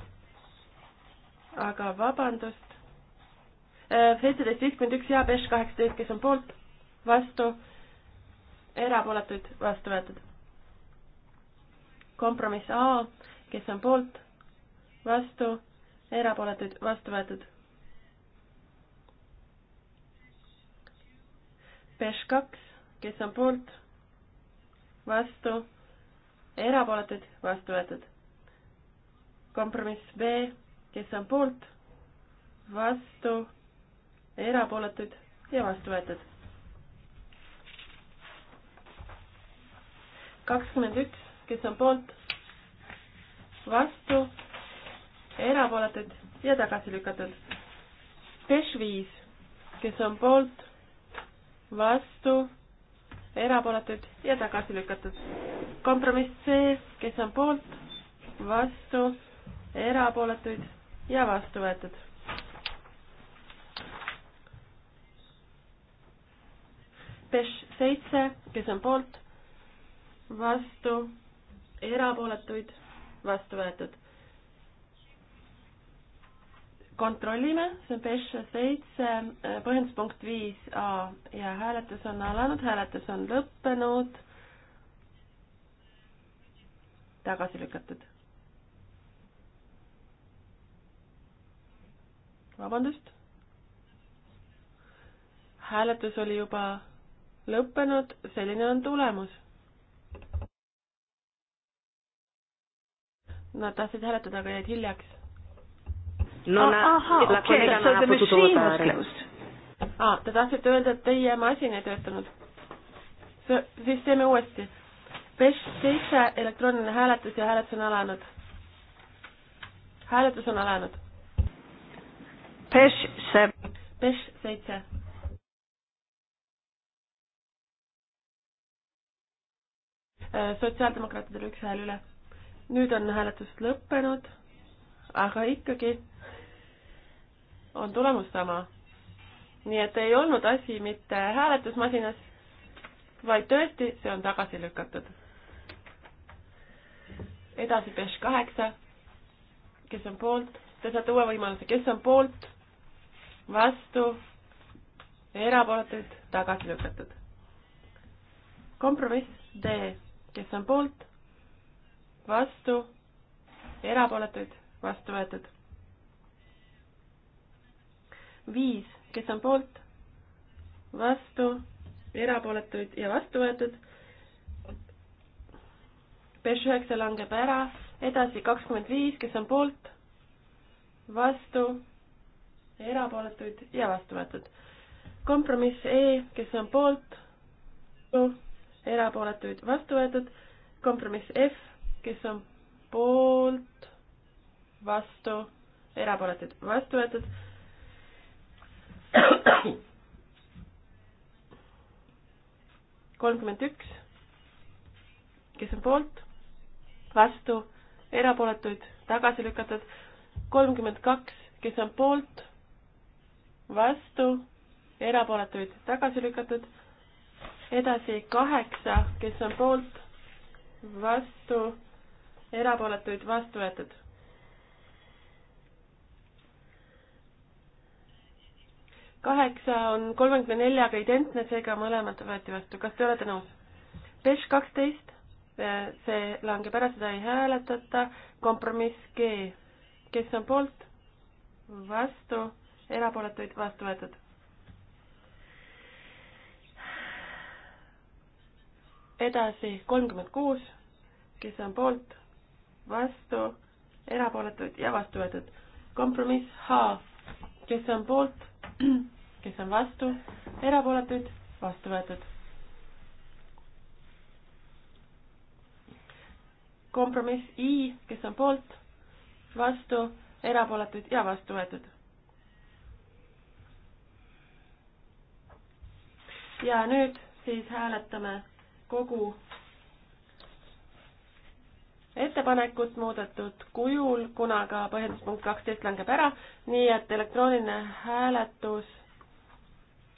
aga vabandust. Äh, seitseteist viiskümmend üks ja Pesh kaheksateist, kes on poolt, vastu, erapooletuid, vastu võetud. kompromiss A, kes on poolt, vastu, erapooletuid, vastu võetud. Pesh kaks, kes on poolt, vastu, erapooletuid, vastu võetud kompromiss B, kes on poolt, vastu, erapooletuid ja vastu võetud. kakskümmend üks, kes on poolt, vastu, erapooletuid ja tagasi lükatud. Pesh viis, kes on poolt, vastu, erapooletuid ja tagasi lükatud. kompromiss C, kes on poolt, vastu erapooletuid ja vastu võetud. Peš seitse, kes on poolt, vastu, erapooletuid, vastu võetud. kontrollime, see on Peš seitse, põhjenduspunkt viis A ja hääletus on alanud, hääletus on lõppenud, tagasi lükatud vabandust. hääletus oli juba lõppenud, selline on tulemus. Nad tahtsid hääletada, aga jäid hiljaks. no nad, la collega non ha potuto votare. aa, te tahtsite öelda, et teie masin ei töötanud? siis teeme uuesti. PES seitse elektrooniline hääletus ja hääletus on alanud. hääletus on alanud. PES seitse. PES seitse. Äh, sotsiaaldemokraatidel üks hääl üle. nüüd on hääletus lõppenud, aga ikkagi on tulemus sama. nii et ei olnud asi mitte hääletusmasinas, vaid tõesti, see on tagasi lükatud. edasi Peš kaheksa, kes on poolt, te saate uue võimaluse, kes on poolt, vastu, erapooletuid tagasi lükatud. kompromiss D, kes on poolt, vastu, erapooletuid vastu võetud. viis, kes on poolt, vastu, erapooletuid ja vastu võetud. Peš üheksa langeb ära, edasi kakskümmend viis, kes on poolt, vastu erapooletuid ja vastu võetud. kompromiss E, kes on poolt, erapooletuid vastu võetud. kompromiss F, kes on poolt, vastu, erapooletuid vastu võetud. kolmkümmend üks, kes on poolt, vastu, erapooletuid tagasi lükatud. kolmkümmend kaks, kes on poolt, vastu, erapooletuid tagasi lükatud. edasi kaheksa, kes on poolt, vastu, erapooletuid vastu võetud. kaheksa on kolmekümne neljaga identne, seega mõlemad võeti vastu. kas te olete nõus? Peš kaksteist, see langeb ära, seda ei hääletata. kompromiss G, kes on poolt? vastu erapooletuid vastu võetud. edasi kolmkümmend kuus, kes on poolt, vastu, erapooletuid ja vastu võetud. kompromiss H, kes on poolt, kes on vastu, erapooletuid, vastu võetud. kompromiss I, kes on poolt, vastu, erapooletuid ja vastu võetud ja nüüd siis hääletame kogu ettepanekut muudetud kujul, kuna ka põhjenduspunkt kaksteist langeb ära, nii et elektrooniline hääletus,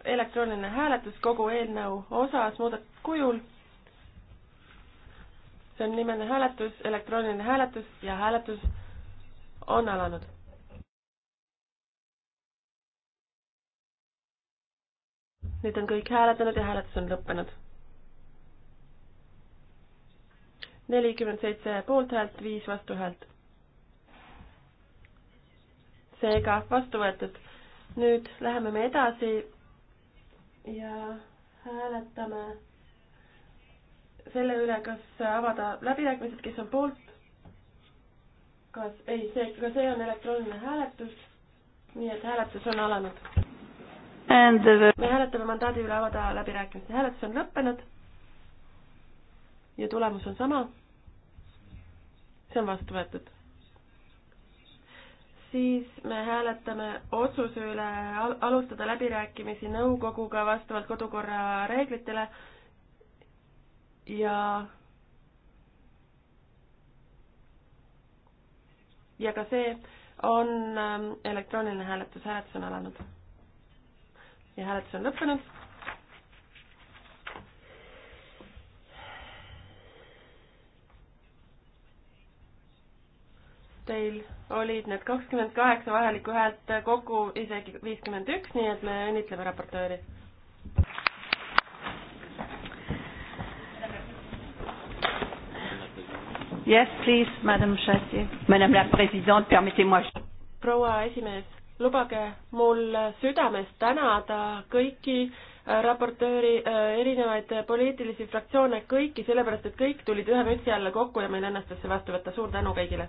elektrooniline hääletus kogu eelnõu osas muudetud kujul. see on nimeline hääletus, elektrooniline hääletus ja hääletus on alanud nüüd on kõik hääletanud ja hääletus on lõppenud. nelikümmend seitse poolthäält, viis vastuhäält. seega vastu võetud. nüüd läheme me edasi ja hääletame selle üle, kas avada läbirääkimised, kes on poolt. kas, ei, see, ka see on elektrooniline hääletus. nii et hääletus on alanud The... me hääletame mandaadi üle avada läbirääkimiste. hääletus on lõppenud. ja tulemus on sama. see on vastu võetud. siis me hääletame otsuse üle al alustada läbirääkimisi nõukoguga vastavalt kodukorra reeglitele ja ja ka see on ähm, elektrooniline hääletus, hääletus on alanud ja hääletus on lõppenud. Teil olid need kakskümmend kaheksa vajalikku häält kokku isegi viiskümmend üks, nii et me õnnitleme raportööri. Yes, please, madam Chassi. Madame la présidente, permettez-moi. proua esimees, lubage mul südames tänada kõiki äh, raportööri, äh, erinevaid poliitilisi fraktsioone, kõiki, sellepärast et kõik tulid ühe mütsi alla kokku ja meil õnnestus see vastu võtta, suur tänu kõigile!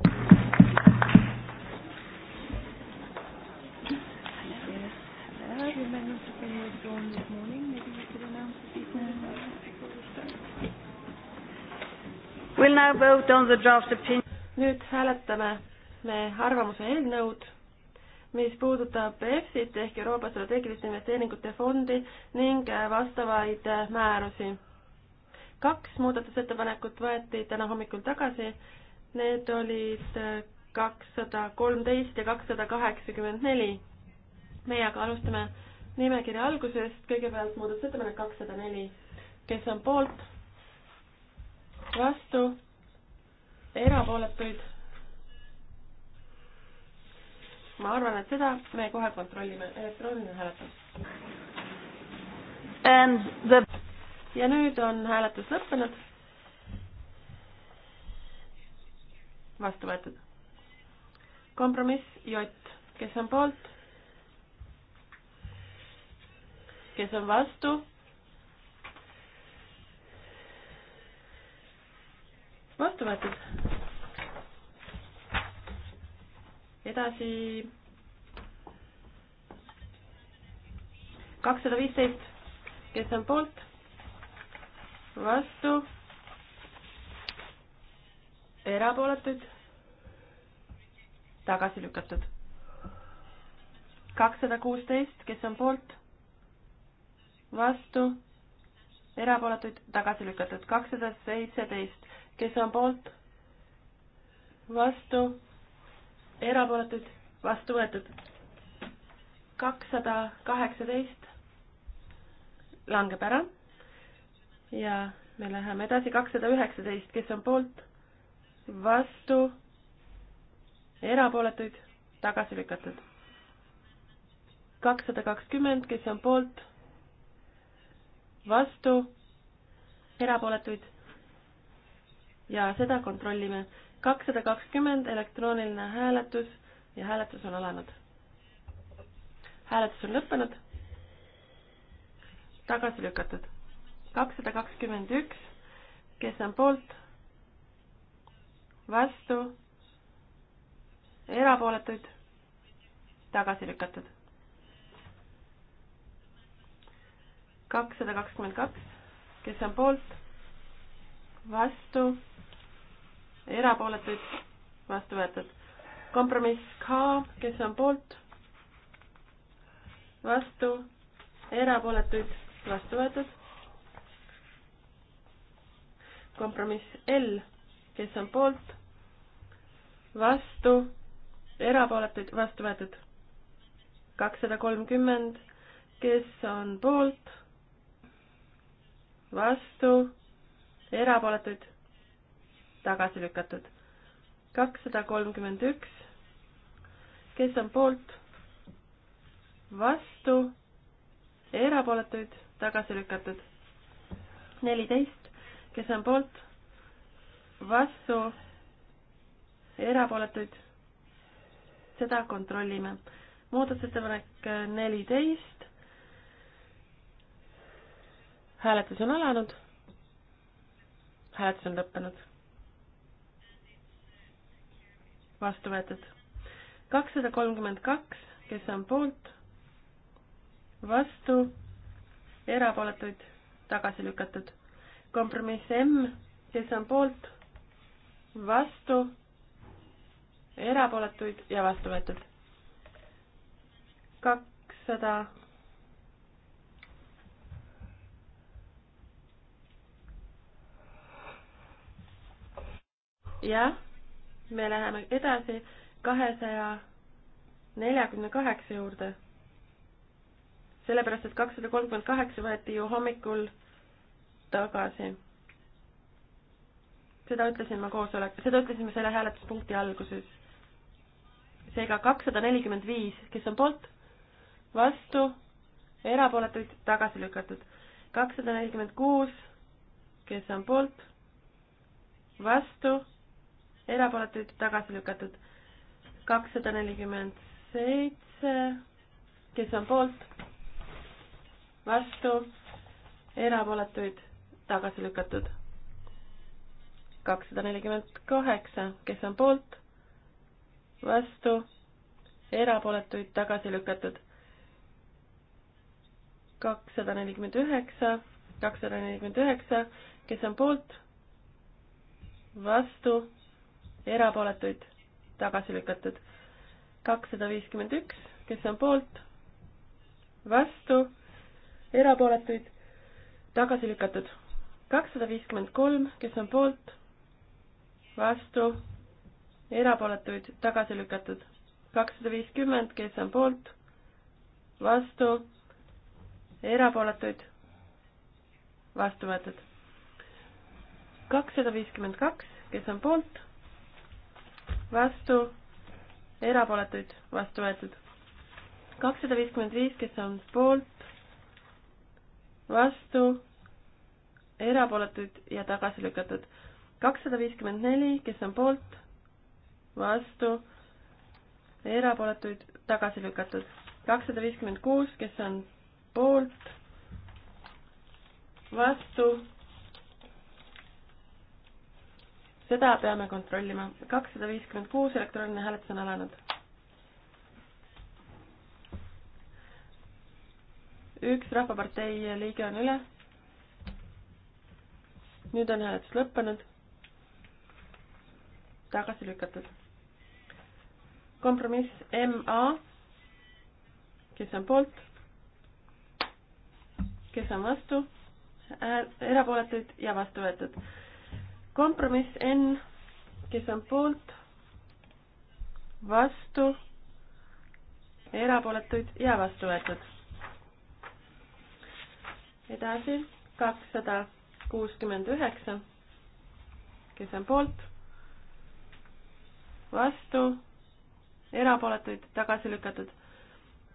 nüüd hääletame me arvamuse eelnõud mis puudutab EFSit ehk Euroopa strateegiliste investeeringute fondi ning äh, vastavaid äh, määrusi. kaks muudatusettepanekut võeti täna hommikul tagasi, need olid äh, kakssada kolmteist ja kakssada kaheksakümmend neli. meie aga alustame nimekirja algusest, kõigepealt muudatusettepanek kakssada neli, kes on poolt, vastu, erapooletuid ma arvan, et seda me kohe kontrollime, elektrooniline hääletus um,. The... ja nüüd on hääletus lõppenud. vastu võetud. kompromiss J, kes on poolt? kes on vastu? vastu võetud edasi. kakssada viisteist, kes on poolt? vastu? erapooletuid? tagasi lükatud. kakssada kuusteist, kes on poolt? vastu? erapooletuid tagasi lükatud. kakssada seitseteist, kes on poolt? vastu? erapooletuid, vastu võetud. kakssada kaheksateist langeb ära ja me läheme edasi, kakssada üheksateist, kes on poolt, vastu, erapooletuid, tagasi lükatud. kakssada kakskümmend, kes on poolt, vastu, erapooletuid ja seda kontrollime kakssada kakskümmend elektrooniline hääletus ja hääletus on alanud. hääletus on lõppenud. tagasi lükatud. kakssada kakskümmend üks, kes on poolt, vastu, erapooletuid, tagasi lükatud. kakssada kakskümmend kaks, kes on poolt, vastu erapooletuid, vastu võetud. kompromiss K, kes on poolt, vastu, erapooletuid, vastu võetud. kompromiss L, kes on poolt, vastu, erapooletuid, vastu võetud. kakssada kolmkümmend, kes on poolt, vastu, erapooletuid tagasi lükatud. kakssada kolmkümmend üks, kes on poolt, vastu, erapooletuid, tagasi lükatud. neliteist, kes on poolt, vastu, erapooletuid, seda kontrollime. muudatusettepanek neliteist, hääletus on alanud hääletus on lõppenud. vastu võetud. kakssada kolmkümmend kaks, kes on poolt, vastu, erapooletuid, tagasi lükatud. kompromiss M, kes on poolt, vastu, erapooletuid ja vastu võetud. kakssada jah me läheme edasi kahesaja neljakümne kaheksa juurde. sellepärast, et kakssada kolmkümmend kaheksa võeti ju hommikul tagasi. seda ütlesin ma koosolek, seda ütlesime selle hääletuspunkti alguses. seega kakssada nelikümmend viis, kes on poolt, vastu, erapooletuid tagasi lükatud. kakssada nelikümmend kuus, kes on poolt, vastu erapooletuid tagasi lükatud. kakssada nelikümmend seitse, kes on poolt, vastu, erapooletuid tagasi lükatud. kakssada nelikümmend kaheksa, kes on poolt, vastu, erapooletuid tagasi lükatud. kakssada nelikümmend üheksa, kakssada nelikümmend üheksa, kes on poolt, vastu erapooletuid, tagasi lükatud. kakssada viiskümmend üks, kes on poolt, vastu, erapooletuid, tagasi lükatud. kakssada viiskümmend kolm, kes on poolt, vastu, erapooletuid, tagasi lükatud. kakssada viiskümmend, kes on poolt, vastu, erapooletuid, vastu võetud. kakssada viiskümmend kaks, kes on poolt vastu, erapooletuid vastu võetud. kakssada viiskümmend viis, kes on poolt, vastu, erapooletuid ja tagasi lükatud. kakssada viiskümmend neli, kes on poolt, vastu, erapooletuid tagasi lükatud. kakssada viiskümmend kuus, kes on poolt, vastu seda peame kontrollima. kakssada viiskümmend kuus elektrooniline hääletus on alanud. üks Rahvapartei liige on üle. nüüd on hääletus lõppenud. tagasi lükatud. kompromiss MA, kes on poolt, kes on vastu, erapooletuid ja vastu võetud kompromiss N, kes on poolt, vastu, erapooletuid ja vastu võetud. edasi kakssada kuuskümmend üheksa, kes on poolt, vastu, erapooletuid tagasi lükatud.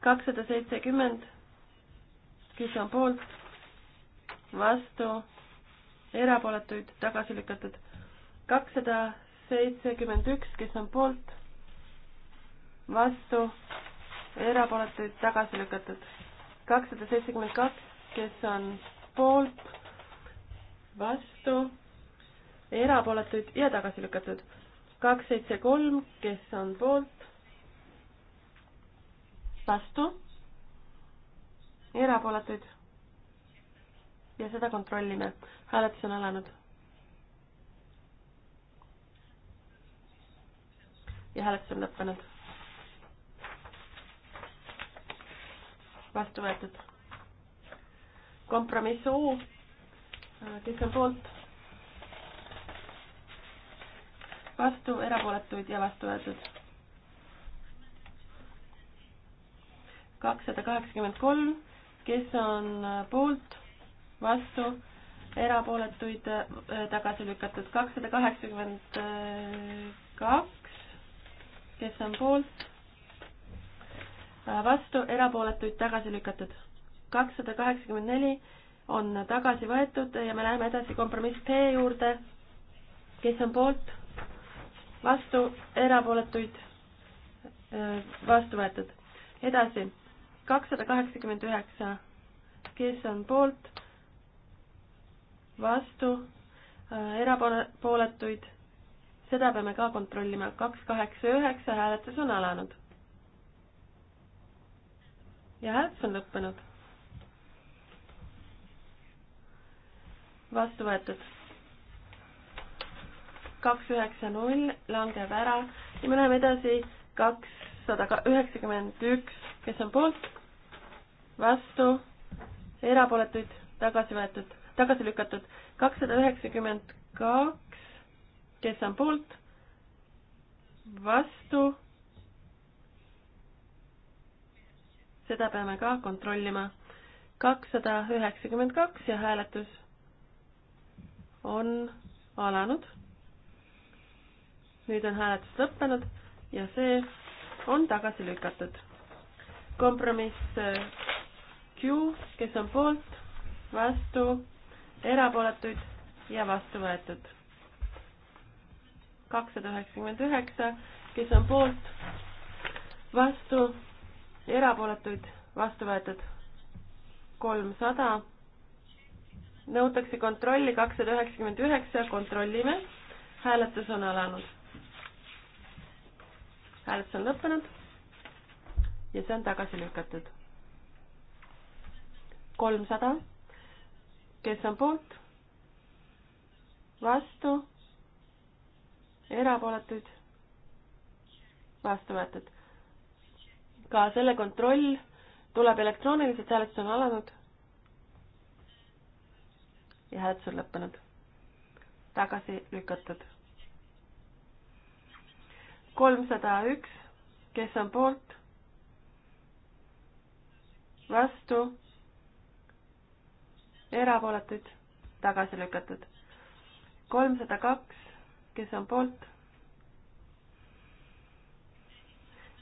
kakssada seitsekümmend, kes on poolt, vastu, erapooletuid tagasi lükatud. kakssada seitsekümmend üks, kes on poolt, vastu, erapooletuid tagasi lükatud. kakssada seitsekümmend kaks, kes on poolt, vastu, erapooletuid ja tagasi lükatud. kaks, seitse, kolm, kes on poolt, vastu, erapooletuid ja seda kontrollime. hääletus on alanud. ja hääletus on lõppenud. vastu võetud. kompromiss U, äh, kes on poolt? vastu, erapooletuid ja vastu võetud. kakssada kaheksakümmend kolm, kes on äh, poolt? vastu, erapooletuid äh, tagasi lükatud kakssada kaheksakümmend kaks, kes on poolt, äh, vastu, erapooletuid tagasi lükatud. kakssada kaheksakümmend neli on tagasi võetud ja me läheme edasi kompromiss P juurde, kes on poolt, vastu, erapooletuid äh, vastu võetud. edasi, kakssada kaheksakümmend üheksa, kes on poolt vastu, äh, erapooletuid, seda peame ka kontrollima, kaks, kaheksa, üheksa, hääletus on alanud. ja hääletus on lõppenud. vastu võetud. kaks, üheksa, null langeb ära ja me läheme edasi kakssada üheksakümmend üks, kes on poolt, vastu, erapooletuid, tagasi võetud tagasi lükatud. kakssada üheksakümmend kaks, kes on poolt, vastu. seda peame ka kontrollima. kakssada üheksakümmend kaks ja hääletus on alanud. nüüd on hääletus lõppenud ja see on tagasi lükatud. kompromiss Q, kes on poolt, vastu, erapooletuid ja vastu võetud. kakssada üheksakümmend üheksa, kes on poolt, vastu, erapooletuid, vastu võetud. kolmsada, nõutakse kontrolli, kakssada üheksakümmend üheksa, kontrollime, hääletus on alanud. hääletus on lõppenud ja see on tagasi lükatud. kolmsada kes on poolt, vastu, erapooletuid, vastu võetud. ka selle kontroll tuleb elektrooniliselt, hääletus on alanud ja hääletus on lõppenud. tagasi lükatud. kolmsada üks, kes on poolt, vastu erapooletuid, tagasi lükatud. kolmsada kaks, kes on poolt?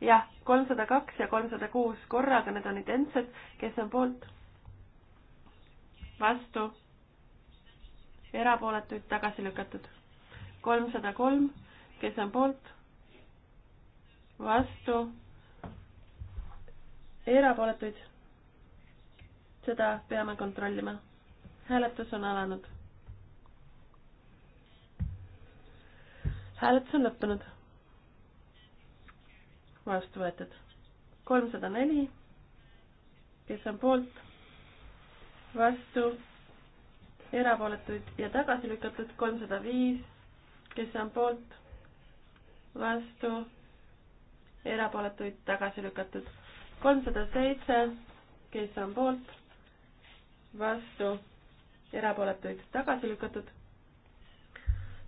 jah, kolmsada kaks ja kolmsada kuus korraga, need on identsed, kes on poolt? vastu, erapooletuid tagasi lükatud. kolmsada kolm, kes on poolt? vastu, erapooletuid seda peame kontrollima hääletus on alanud. hääletus on lõppenud. vastu võetud. kolmsada neli, kes on poolt, vastu, erapooletuid ja tagasi lükatud, kolmsada viis, kes on poolt, vastu, erapooletuid tagasi lükatud, kolmsada seitse, kes on poolt, vastu erapooletuid tagasi lükatud.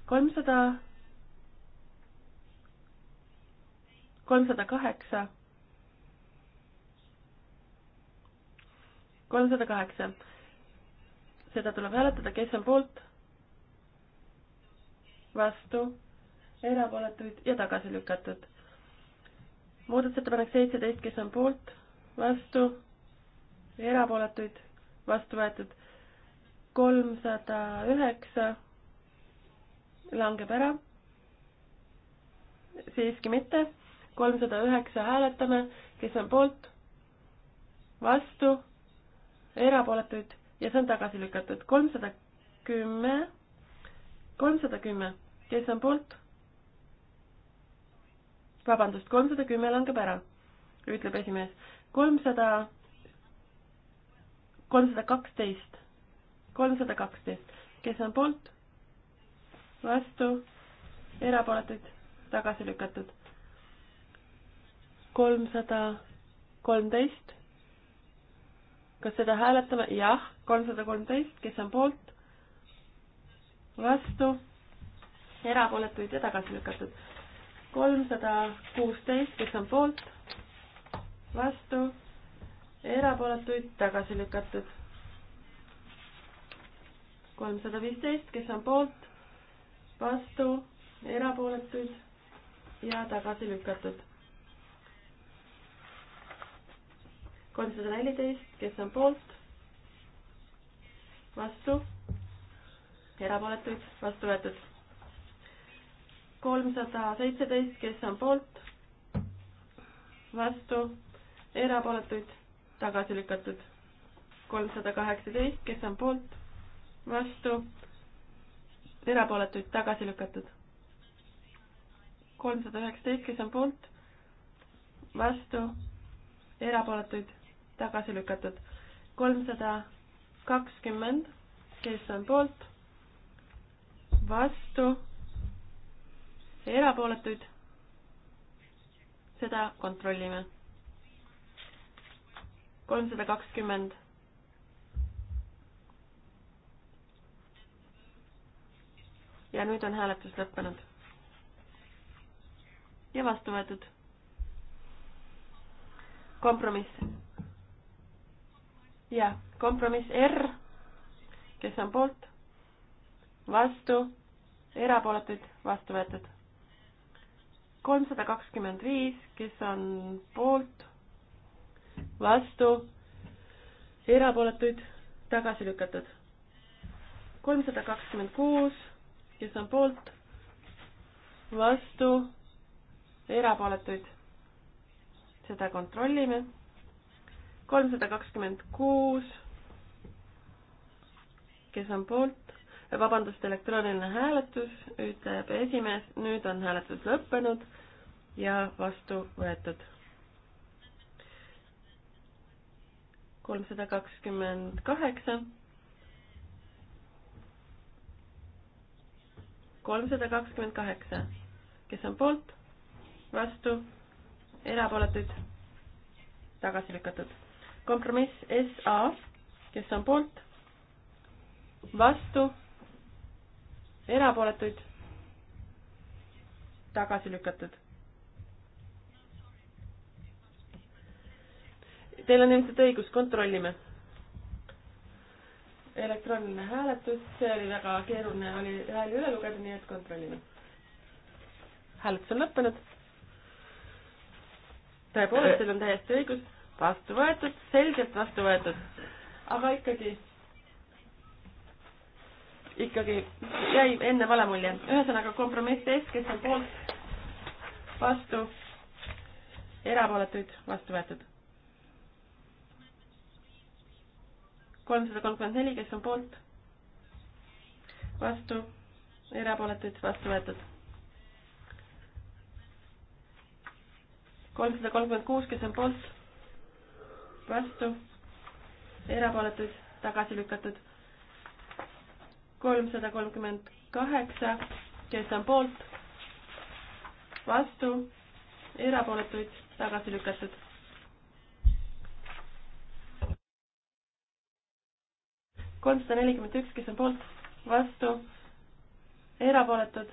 kolmsada, kolmsada kaheksa, kolmsada kaheksa. seda tuleb hääletada, kes on poolt, vastu, erapooletuid ja tagasi lükatud. muudatusettepanek seitseteist, kes on poolt, vastu, erapooletuid, vastu võetud kolmsada üheksa langeb ära. siiski mitte. kolmsada üheksa hääletame, kes on poolt, vastu, erapooletuid ja see on tagasi lükatud. kolmsada kümme, kolmsada kümme, kes on poolt? vabandust, kolmsada kümme langeb ära, ütleb esimees. kolmsada, kolmsada kaksteist kolmsada kaksteist, kes on poolt, vastu, erapooletuid, tagasi lükatud. kolmsada kolmteist, kas seda hääletame? jah, kolmsada kolmteist, kes on poolt, vastu, erapooletuid ja tagasi lükatud. kolmsada kuusteist, kes on poolt, vastu, erapooletuid tagasi lükatud kolmsada viisteist, kes on poolt, vastu, erapooletuid ja tagasi lükatud. kolmsada neliteist, kes on poolt, vastu, erapooletuid, vastu võetud. kolmsada seitseteist, kes on poolt, vastu, erapooletuid, tagasi lükatud. kolmsada kaheksateist, kes on poolt vastu, erapooletuid tagasi lükatud. kolmsada üheksateist, kes on poolt, vastu, erapooletuid tagasi lükatud. kolmsada kakskümmend, kes on poolt, vastu, erapooletuid, seda kontrollime. kolmsada kakskümmend ja nüüd on hääletus lõppenud. ja vastu võetud. kompromiss. jah, kompromiss R, kes on poolt, vastu, erapooletuid, vastu võetud. kolmsada kakskümmend viis, kes on poolt, vastu, erapooletuid, tagasi lükatud. kolmsada kakskümmend kuus kes on poolt, vastu, erapooletuid. seda kontrollime. kolmsada kakskümmend kuus, kes on poolt, vabandust, elektrooniline hääletus, ütleb esimees, nüüd on hääletus lõppenud ja vastu võetud. kolmsada kakskümmend kaheksa kolmsada kakskümmend kaheksa, kes on poolt, vastu, erapooletuid, tagasi lükatud. kompromiss SA, kes on poolt, vastu, erapooletuid, tagasi lükatud. Teil on ilmselt õigus, kontrollime elektrooniline hääletus, see oli väga keeruline, oli hääli üle lugeda, nii et kontrollime. hääletus on lõppenud. tõepoolest, teil on täiesti õigus, vastu võetud, selgelt vastu võetud, aga ikkagi, ikkagi jäi enne vale mulje. ühesõnaga kompromiss ees, kes on poolt, vastu, erapooletuid, vastu võetud kolmsada kolmkümmend neli, kes on poolt? vastu, erapooletuid vastu võetud. kolmsada kolmkümmend kuus, kes on poolt? vastu, erapooletuid tagasi lükatud. kolmsada kolmkümmend kaheksa, kes on poolt? vastu, erapooletuid tagasi lükatud kolmsada nelikümmend üks, kes on poolt, vastu, erapooletud,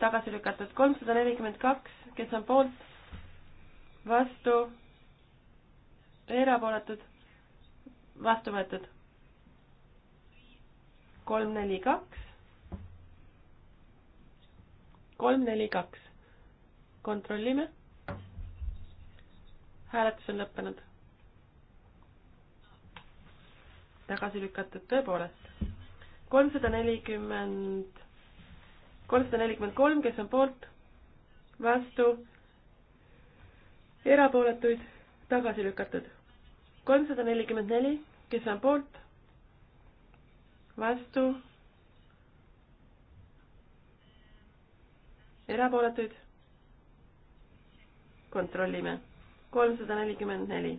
tagasi lükatud. kolmsada nelikümmend kaks, kes on poolt, vastu, erapooletud, vastu võetud. kolm, neli, kaks. kolm, neli, kaks. kontrollime. hääletus on lõppenud tagasi lükatud, tõepoolest. kolmsada nelikümmend, kolmsada nelikümmend kolm, kes on poolt, vastu, erapooletuid, tagasi lükatud. kolmsada nelikümmend neli, kes on poolt, vastu, erapooletuid, kontrollime. kolmsada nelikümmend neli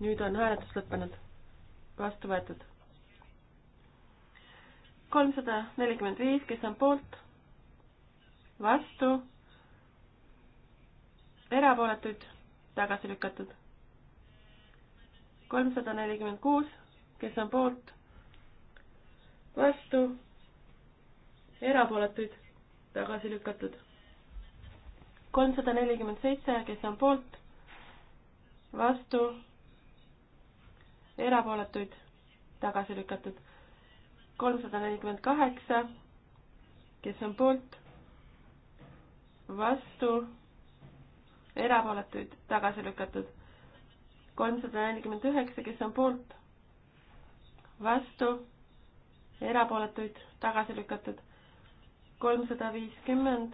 nüüd on hääletus lõppenud. vastu võetud. kolmsada nelikümmend viis, kes on poolt, vastu, erapooletuid, tagasi lükatud. kolmsada nelikümmend kuus, kes on poolt, vastu, erapooletuid, tagasi lükatud. kolmsada nelikümmend seitse, kes on poolt, vastu erapooletuid, tagasi lükatud. kolmsada nelikümmend kaheksa, kes on poolt, vastu, erapooletuid, tagasi lükatud. kolmsada nelikümmend üheksa, kes on poolt, vastu, erapooletuid, tagasi lükatud. kolmsada viiskümmend,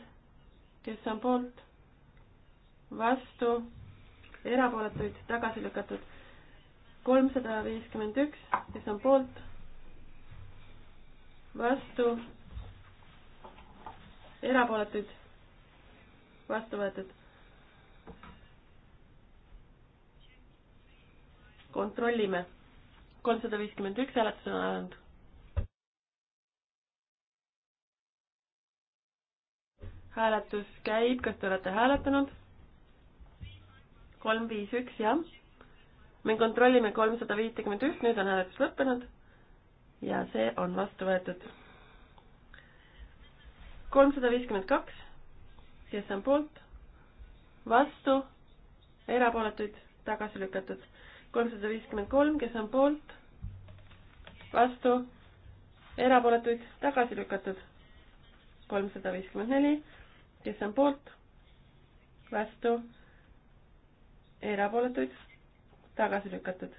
kes on poolt, vastu, erapooletuid, tagasi lükatud kolmsada viiskümmend üks, kes on poolt, vastu, erapooletuid, vastu võetud. kontrollime, kolmsada viiskümmend üks hääletus on alanud. hääletus käib, kas te olete hääletanud? kolm, viis, üks, jah me kontrollime kolmsada viitekümmet üht, nüüd on hääletus lõppenud ja see on vastu võetud. kolmsada viiskümmend kaks, kes on poolt, vastu, erapooletuid tagasi lükatud. kolmsada viiskümmend kolm, kes on poolt, vastu, erapooletuid tagasi lükatud. kolmsada viiskümmend neli, kes on poolt, vastu, erapooletuid tagasi lükatud.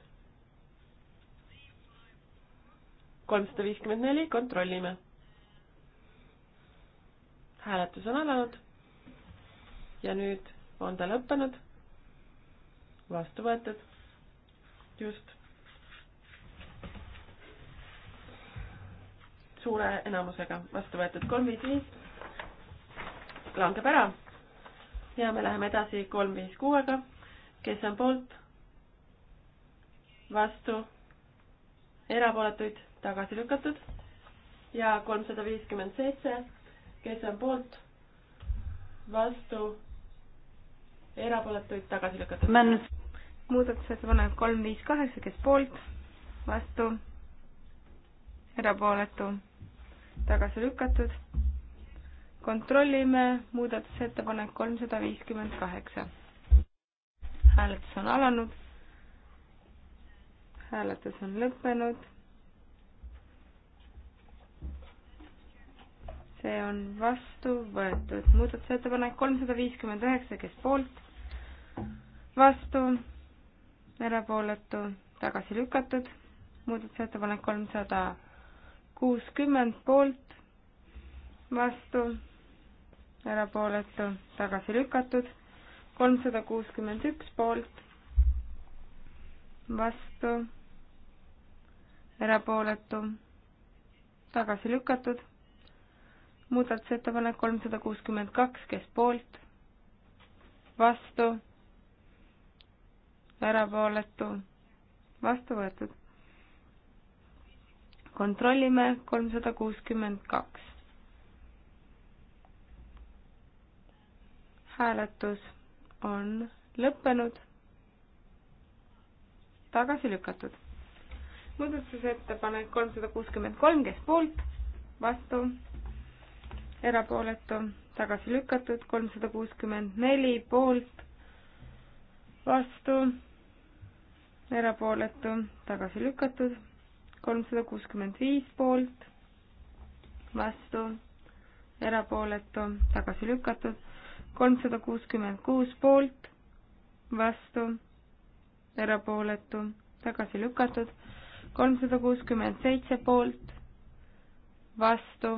kolmsada viiskümmend neli, kontrollime. hääletus on alanud. ja nüüd on ta lõppenud. vastu võetud. just. suure enamusega vastu võetud kolm, viis, viis langeb ära ja me läheme edasi kolm, viis, kuuega, kes on poolt vastu, erapooletuid tagasi lükatud ja kolmsada viiskümmend seitse, kes on poolt, vastu, erapooletuid tagasi lükatud. muudatusettepanek kolm, viis, kaheksa, kes poolt, vastu, erapooletu, tagasi lükatud. kontrollime muudatusettepanek kolmsada viiskümmend kaheksa. hääletus on alanud hääletus on lõppenud. see on vastu võetud. muudatusettepanek kolmsada viiskümmend üheksa, kes poolt, vastu, erapooletu, tagasi lükatud. muudatusettepanek kolmsada kuuskümmend poolt, vastu, erapooletu, tagasi lükatud. kolmsada kuuskümmend üks poolt, vastu erapooletu, tagasi lükatud. muudatusettepanek kolmsada kuuskümmend kaks, kes poolt, vastu, erapooletu, vastu võetud. kontrollime kolmsada kuuskümmend kaks. hääletus on lõppenud, tagasi lükatud muudatusettepanek kolmsada kuuskümmend kolm, kes poolt, vastu, erapooletu, tagasi lükatud, kolmsada kuuskümmend neli poolt, vastu, erapooletu, tagasi lükatud, kolmsada kuuskümmend viis poolt, vastu, erapooletu, tagasi lükatud, kolmsada kuuskümmend kuus poolt, vastu, erapooletu, tagasi lükatud kolmsada kuuskümmend seitse poolt, vastu,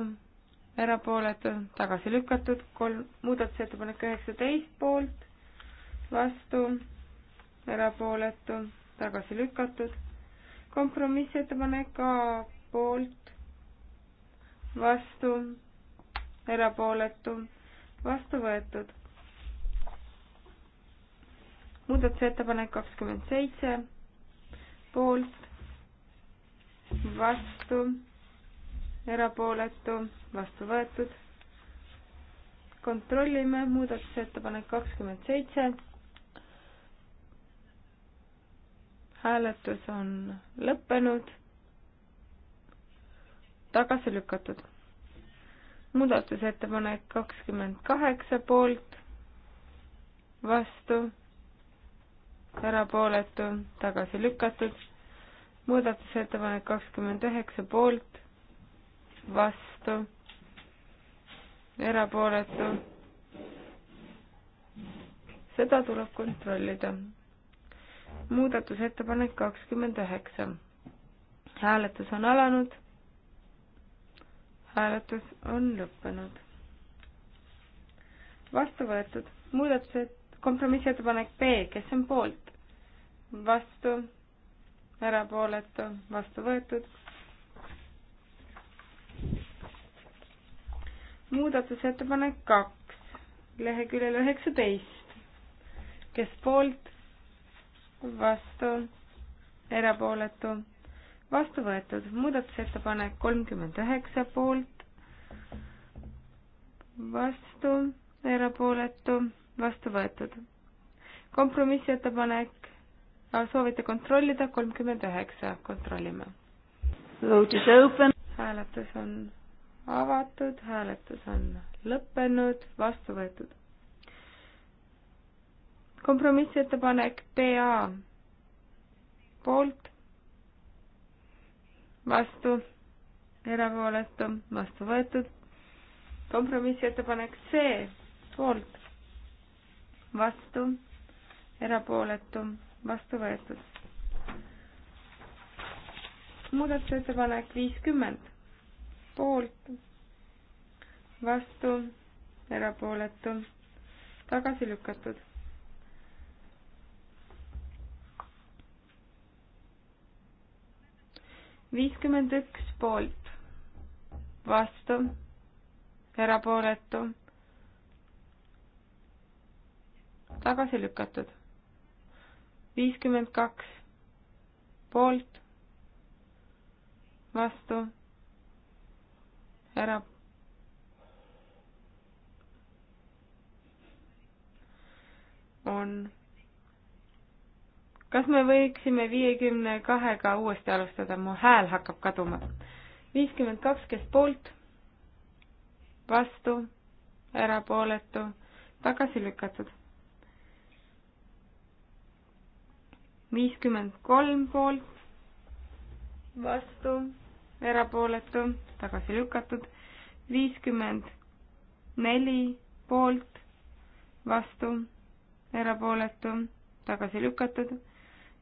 erapooletu, tagasi lükatud, kolm, muudatusettepanek üheksateist poolt, vastu, erapooletu, tagasi lükatud, kompromissettepanek A poolt, vastu, erapooletu, vastu võetud. muudatusettepanek kakskümmend seitse poolt, vastu, erapooletu, vastu võetud. kontrollime muudatusettepanek kakskümmend seitse. hääletus on lõppenud, tagasi lükatud. muudatusettepanek kakskümmend kaheksa poolt, vastu, erapooletu, tagasi lükatud muudatusettepanek kakskümmend üheksa poolt, vastu, erapooletu. seda tuleb kontrollida. muudatusettepanek kakskümmend üheksa. hääletus on alanud. hääletus on lõppenud. vastu võetud muudatused, kompromissettepanek B, kes on poolt? vastu erapooletu, vastu võetud. muudatusettepanek kaks, leheküljel üheksateist, kes poolt, vastu, erapooletu, vastu võetud. muudatusettepanek kolmkümmend üheksa poolt, vastu, erapooletu, vastu võetud. kompromissettepanek soovite kontrollida, kolmkümmend üheksa, kontrollime. hääletus on avatud, hääletus on lõppenud, vastu võetud. kompromissettepanek PA poolt, vastu, erapooletu, vastu võetud. kompromissettepanek C poolt, vastu, erapooletu vastu võetud. muudatusettepanek viiskümmend, poolt, vastu, erapooletu, tagasi lükatud. viiskümmend üks poolt, vastu, erapooletu, tagasi lükatud viiskümmend kaks poolt, vastu, ära. on. kas me võiksime viiekümne kahega uuesti alustada, mu hääl hakkab kaduma. viiskümmend kaks, kes poolt, vastu, erapooletu, tagasi lükatud viiskümmend kolm poolt, vastu, erapooletu, tagasi lükatud, viiskümmend neli poolt, vastu, erapooletu, tagasi lükatud,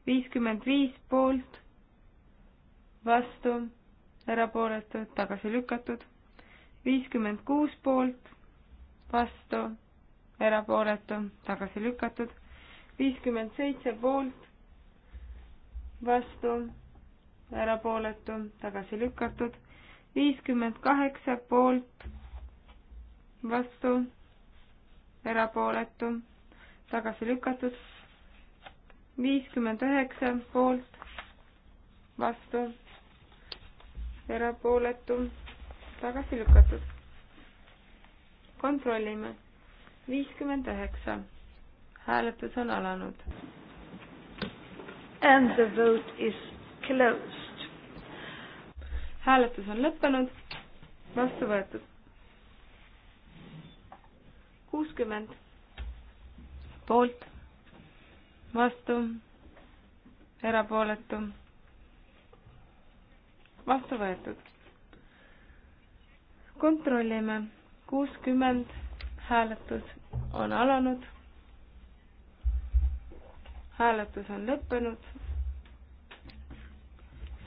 viiskümmend viis poolt, vastu, erapooletu, tagasi lükatud, viiskümmend kuus poolt, vastu, erapooletu, tagasi lükatud, viiskümmend seitse poolt, vastu, erapooletu, tagasi lükatud, viiskümmend kaheksa poolt, vastu, erapooletu, tagasi lükatud, viiskümmend üheksa poolt, vastu, erapooletu, tagasi lükatud. kontrollime. viiskümmend üheksa. hääletus on alanud and the vote is closed. hääletus on lõppenud, vastu võetud. kuuskümmend poolt, vastu, erapooletu, vastu võetud. kontrollime, kuuskümmend hääletus on alanud hääletus on lõppenud.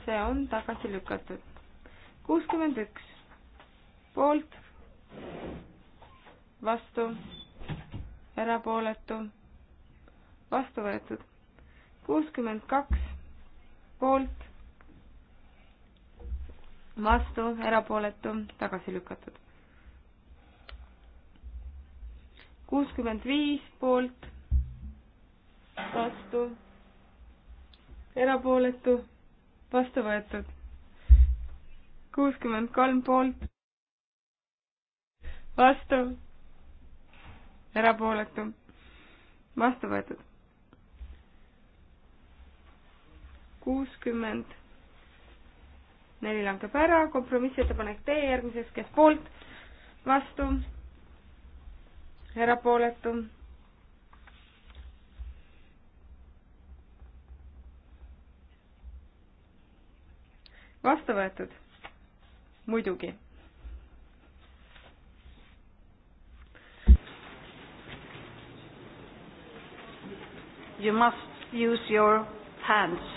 see on tagasi lükatud. kuuskümmend üks poolt, vastu, erapooletu, vastu võetud. kuuskümmend kaks poolt, vastu, erapooletu, tagasi lükatud. kuuskümmend viis poolt vastu, erapooletu, vastu võetud. kuuskümmend kolm poolt, vastu, erapooletu, vastu võetud. kuuskümmend neli langeb ära, kompromissettepanek D järgmises, kes poolt, vastu, erapooletu vastu võetud? muidugi. You must use your hands.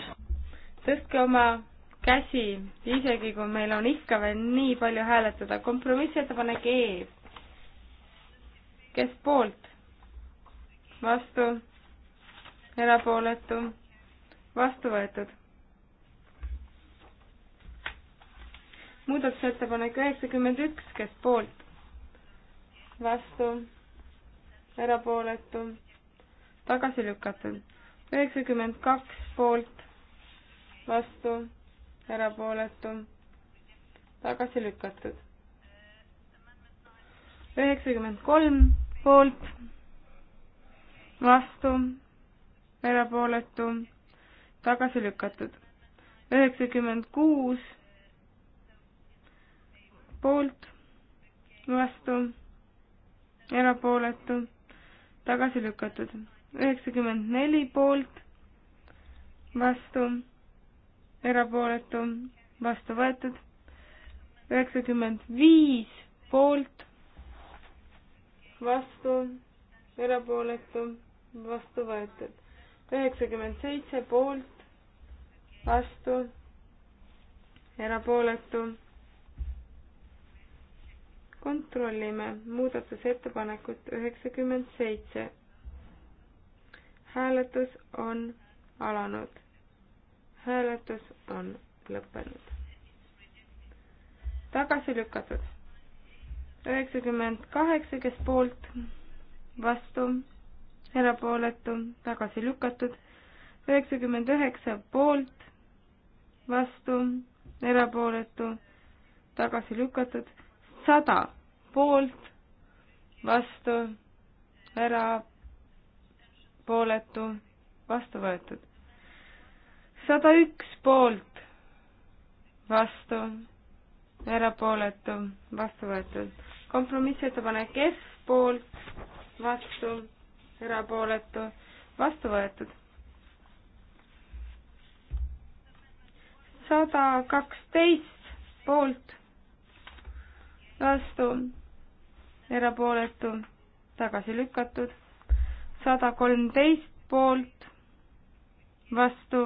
tõstke oma käsi, isegi kui meil on ikka veel nii palju hääletada. kompromissettepanek E. kes poolt? vastu? erapooletu? vastu võetud? muudatusettepanek üheksakümmend üks, kes poolt, vastu, erapooletu, tagasi lükatud. üheksakümmend kaks poolt, vastu, erapooletu, tagasi lükatud. üheksakümmend kolm poolt, vastu, erapooletu, tagasi lükatud. üheksakümmend kuus poolt, vastu, erapooletu, tagasi lükatud. üheksakümmend neli poolt, vastu, erapooletu, vastu võetud. üheksakümmend viis poolt, vastu, erapooletu, vastu võetud. üheksakümmend seitse poolt, vastu, erapooletu kontrollime muudatusettepanekut üheksakümmend seitse. hääletus on alanud. hääletus on lõppenud. tagasi lükatud. üheksakümmend kaheksa, kes poolt, vastu, erapooletu, tagasi lükatud. üheksakümmend üheksa poolt, vastu, erapooletu, tagasi lükatud sada poolt, vastu, erapooletu, vastu võetud. sada üks poolt, vastu, erapooletu, vastu võetud. kompromissettepanek F poolt, vastu, erapooletu, vastu võetud. sada kaksteist poolt vastu, erapooletu, tagasi lükatud, sada kolmteist poolt, vastu,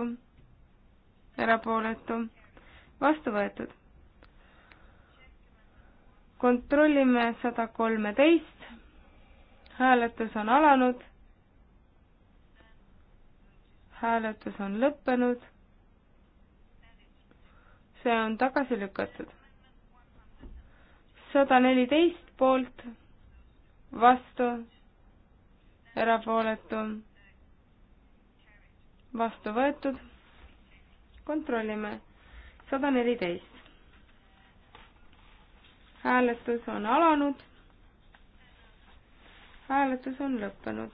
erapooletu, vastu võetud. kontrollime sada kolmeteist, hääletus on alanud, hääletus on lõppenud, see on tagasi lükatud sada neliteist poolt, vastu, erapooletu, vastu võetud. kontrollime, sada neliteist. hääletus on alanud. hääletus on lõppenud.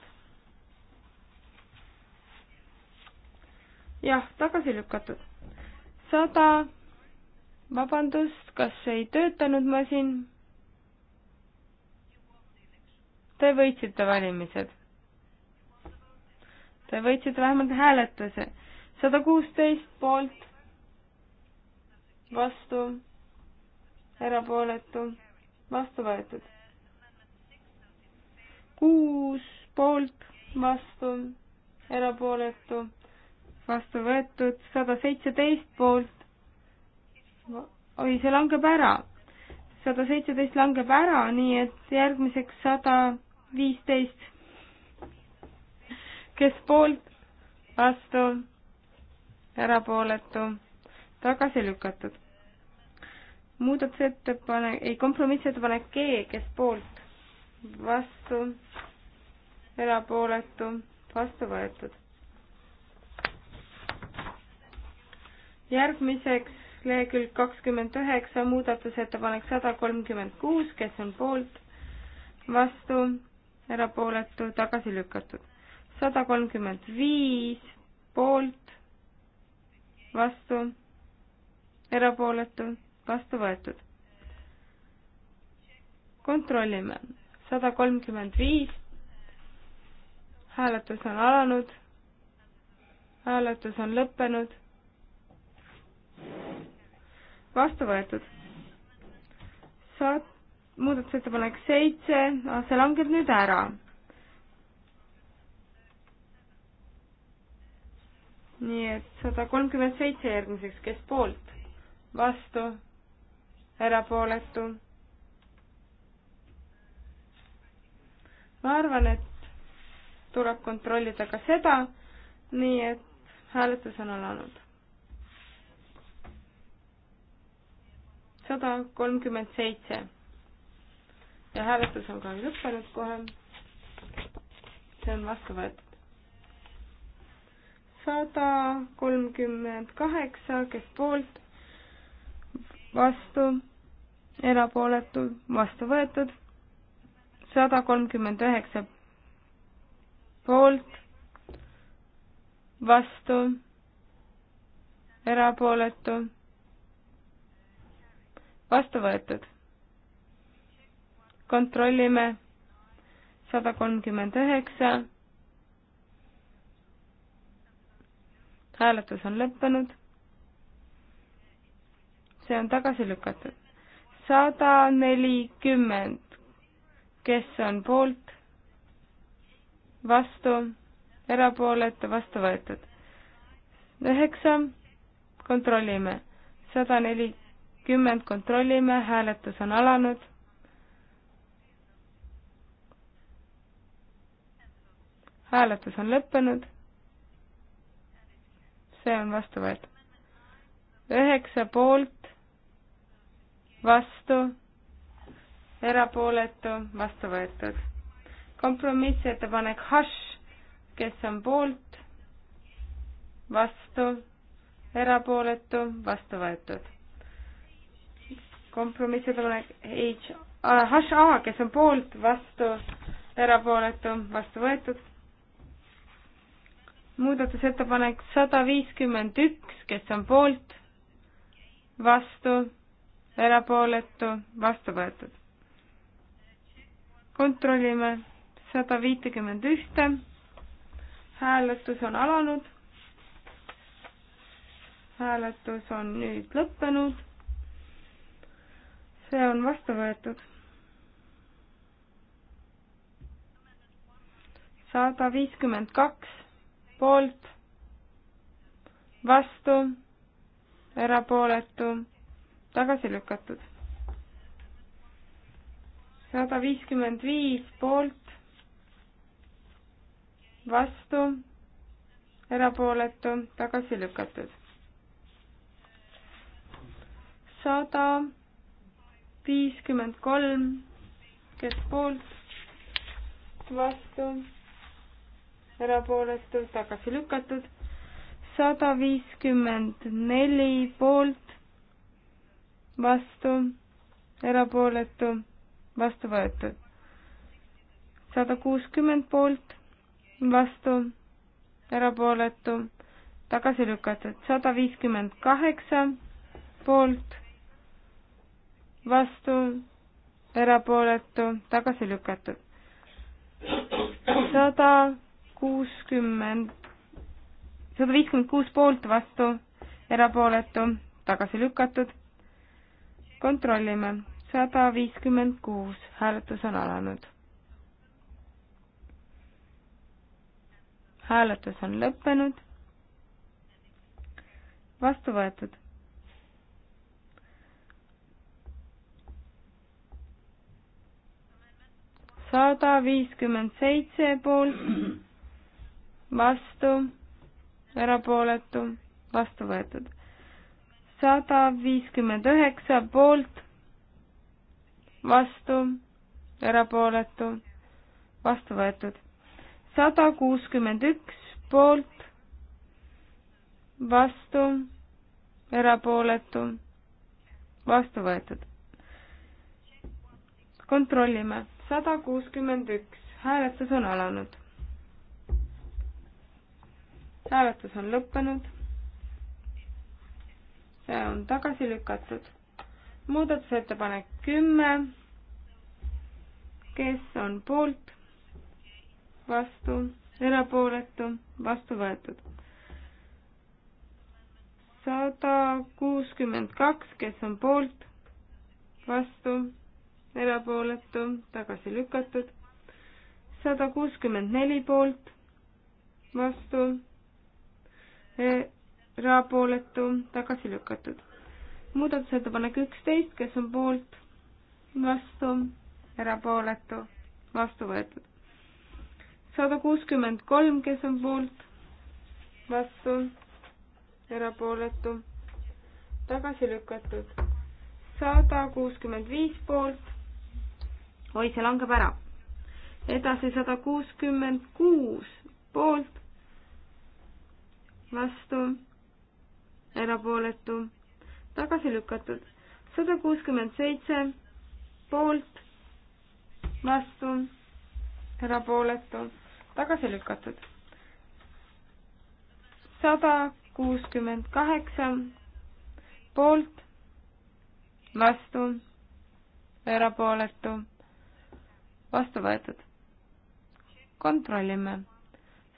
jah, tagasi lükatud. sada, vabandust, kas ei töötanud masin? Te võitsite valimised. Te võitsite vähemalt hääletuse. sada kuusteist poolt, vastu, erapooletu, vastu võetud. kuus poolt, vastu, erapooletu, vastu võetud, sada seitseteist poolt. oi, see langeb ära. sada seitseteist langeb ära, nii et järgmiseks sada 100 viisteist. kes poolt, vastu, erapooletu, tagasi lükatud. muudatusettepanek, ei kompromissettepanek G, kes poolt, vastu, erapooletu, vastu võetud. järgmiseks lehekülg kakskümmend üheksa, muudatusettepanek sada kolmkümmend kuus, kes on poolt, vastu, erapooletu, tagasi lükatud. sada kolmkümmend viis poolt, vastu, erapooletu, vastu võetud. kontrollime, sada kolmkümmend viis, hääletus on alanud, hääletus on lõppenud, vastu võetud. sada muudatusettepanek seitse, see langeb nüüd ära. nii et sada kolmkümmend seitse järgmiseks, kes poolt, vastu, erapooletu. ma arvan, et tuleb kontrollida ka seda, nii et hääletus on alanud. sada kolmkümmend seitse ja hääletus on ka lõppenud kohe. see on vastu võetud. sada kolmkümmend kaheksa, kes poolt, vastu, erapooletu, vastu võetud. sada kolmkümmend üheksa poolt, vastu, erapooletu, vastu võetud kontrollime sada kolmkümmend üheksa. hääletus on lõppenud. see on tagasi lükatud. sada nelikümmend, kes on poolt, vastu, erapooletu, vastu võetud. üheksa, kontrollime. sada nelikümmend, kontrollime, hääletus on alanud hääletus on lõppenud. see on vastu võetud. üheksa poolt, vastu, erapooletu, vastu võetud. kompromissettepanek Hush, kes on poolt, vastu, erapooletu, vastu võetud. kompromissettepanek H, Hush A, kes on poolt, vastu, erapooletu, vastu võetud muudatusettepanek sada viiskümmend üks, kes on poolt, vastu, erapooletu, vastu võetud. kontrollime sada viitekümmend ühte. hääletus on alanud. hääletus on nüüd lõppenud. see on vastu võetud sada viiskümmend kaks poolt, vastu, erapooletu, tagasi lükatud. sada viiskümmend viis poolt, vastu, erapooletu, tagasi lükatud. sada viiskümmend kolm, kes poolt, vastu erapooletu, tagasi lükatud. sada viiskümmend neli poolt, vastu, erapooletu, vastu võetud. sada kuuskümmend poolt, vastu, erapooletu, tagasi lükatud. sada viiskümmend kaheksa poolt, vastu, erapooletu, tagasi lükatud. sada kuuskümmend, sada viiskümmend kuus poolt vastu, erapooletu, tagasi lükatud. kontrollime, sada viiskümmend kuus, hääletus on alanud. hääletus on lõppenud. vastu võetud. sada viiskümmend seitse poolt vastu, erapooletu, vastu võetud. sada viiskümmend üheksa poolt, vastu, erapooletu, vastu võetud. sada kuuskümmend üks poolt, vastu, erapooletu, vastu võetud. kontrollime, sada kuuskümmend üks, hääletus on alanud hääletus on lõppenud. see on tagasi lükatud. muudatusettepanek kümme. kes on poolt? vastu, erapooletu, vastu võetud. sada kuuskümmend kaks, kes on poolt, vastu, erapooletu, tagasi lükatud. sada kuuskümmend neli poolt, vastu erapooletu, tagasi lükatud. muudatusettepanek üksteist, kes on poolt, vastu, erapooletu, vastu võetud. sada kuuskümmend kolm, kes on poolt, vastu, erapooletu, tagasi lükatud. sada kuuskümmend viis poolt, oi, see langeb ära edasi sada kuuskümmend kuus poolt, vastu, erapooletu, tagasi lükatud. sada kuuskümmend seitse poolt, vastu, erapooletu, tagasi lükatud. sada kuuskümmend kaheksa poolt, vastu, erapooletu, vastu võetud. kontrollime.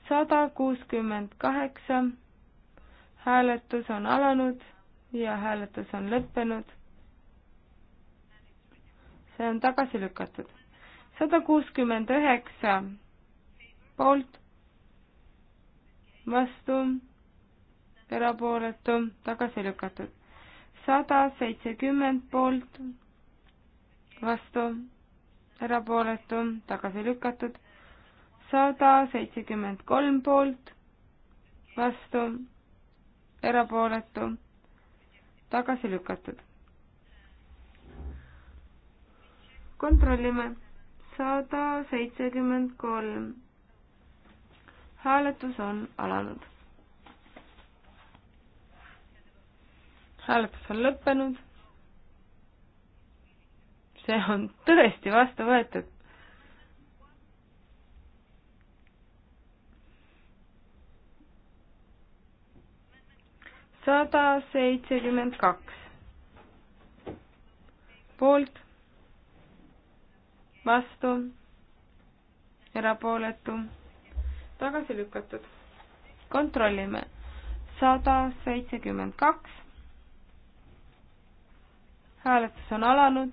sada kuuskümmend kaheksa hääletus on alanud ja hääletus on lõppenud. see on tagasi lükatud. sada kuuskümmend üheksa poolt, vastu, erapooletu, tagasi lükatud. sada seitsekümmend poolt, vastu, erapooletu, tagasi lükatud. sada seitsekümmend kolm poolt, vastu erapooletu, tagasi lükatud. kontrollime, sada seitsekümmend kolm. hääletus on alanud. hääletus on lõppenud. see on tõesti vastu võetud sada seitsekümmend kaks. poolt, vastu, erapooletu, tagasi lükatud. kontrollime. sada seitsekümmend kaks. hääletus on alanud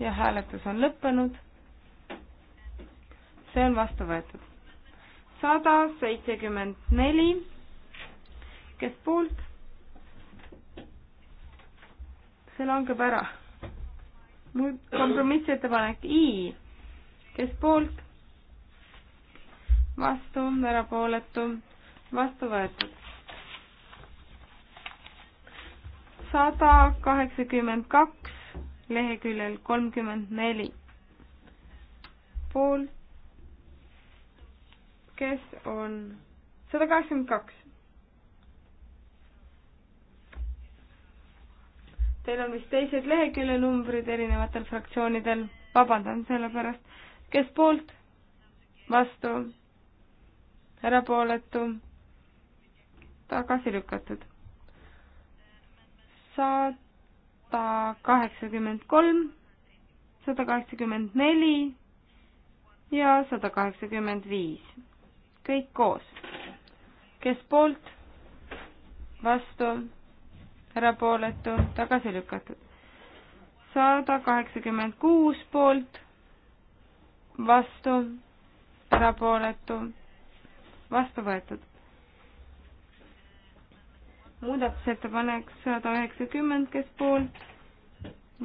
ja hääletus on lõppenud. see on vastu võetud. sada seitsekümmend neli, kes poolt see langeb ära. muud kompromissettepanek I, kes poolt, vastu, erapooletu, vastu võetud. sada kaheksakümmend kaks leheküljel kolmkümmend neli. pool, kes on sada kaheksakümmend kaks Teil on vist teised leheküljenumbrid erinevatel fraktsioonidel, vabandan selle pärast. kes poolt? vastu? erapooletu? tagasi lükatud. sada kaheksakümmend kolm, sada kaheksakümmend neli ja sada kaheksakümmend viis. kõik koos. kes poolt? vastu? erapooletu, tagasi lükatud. sada kaheksakümmend kuus poolt, vastu, erapooletu, vastu võetud. muudatusettepanek sada üheksakümmend, kes poolt,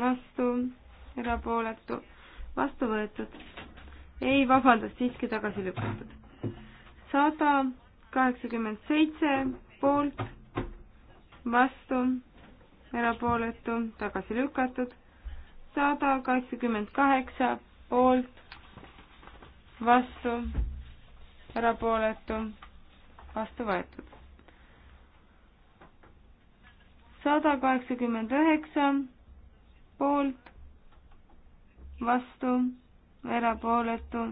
vastu, erapooletu, vastu võetud. ei, vabandust, siiski tagasi lükatud. sada kaheksakümmend seitse poolt vastu, erapooletu, tagasi lükatud, sada kaheksakümmend kaheksa poolt, vastu, erapooletu, vastu võetud. sada kaheksakümmend üheksa poolt, vastu, erapooletu,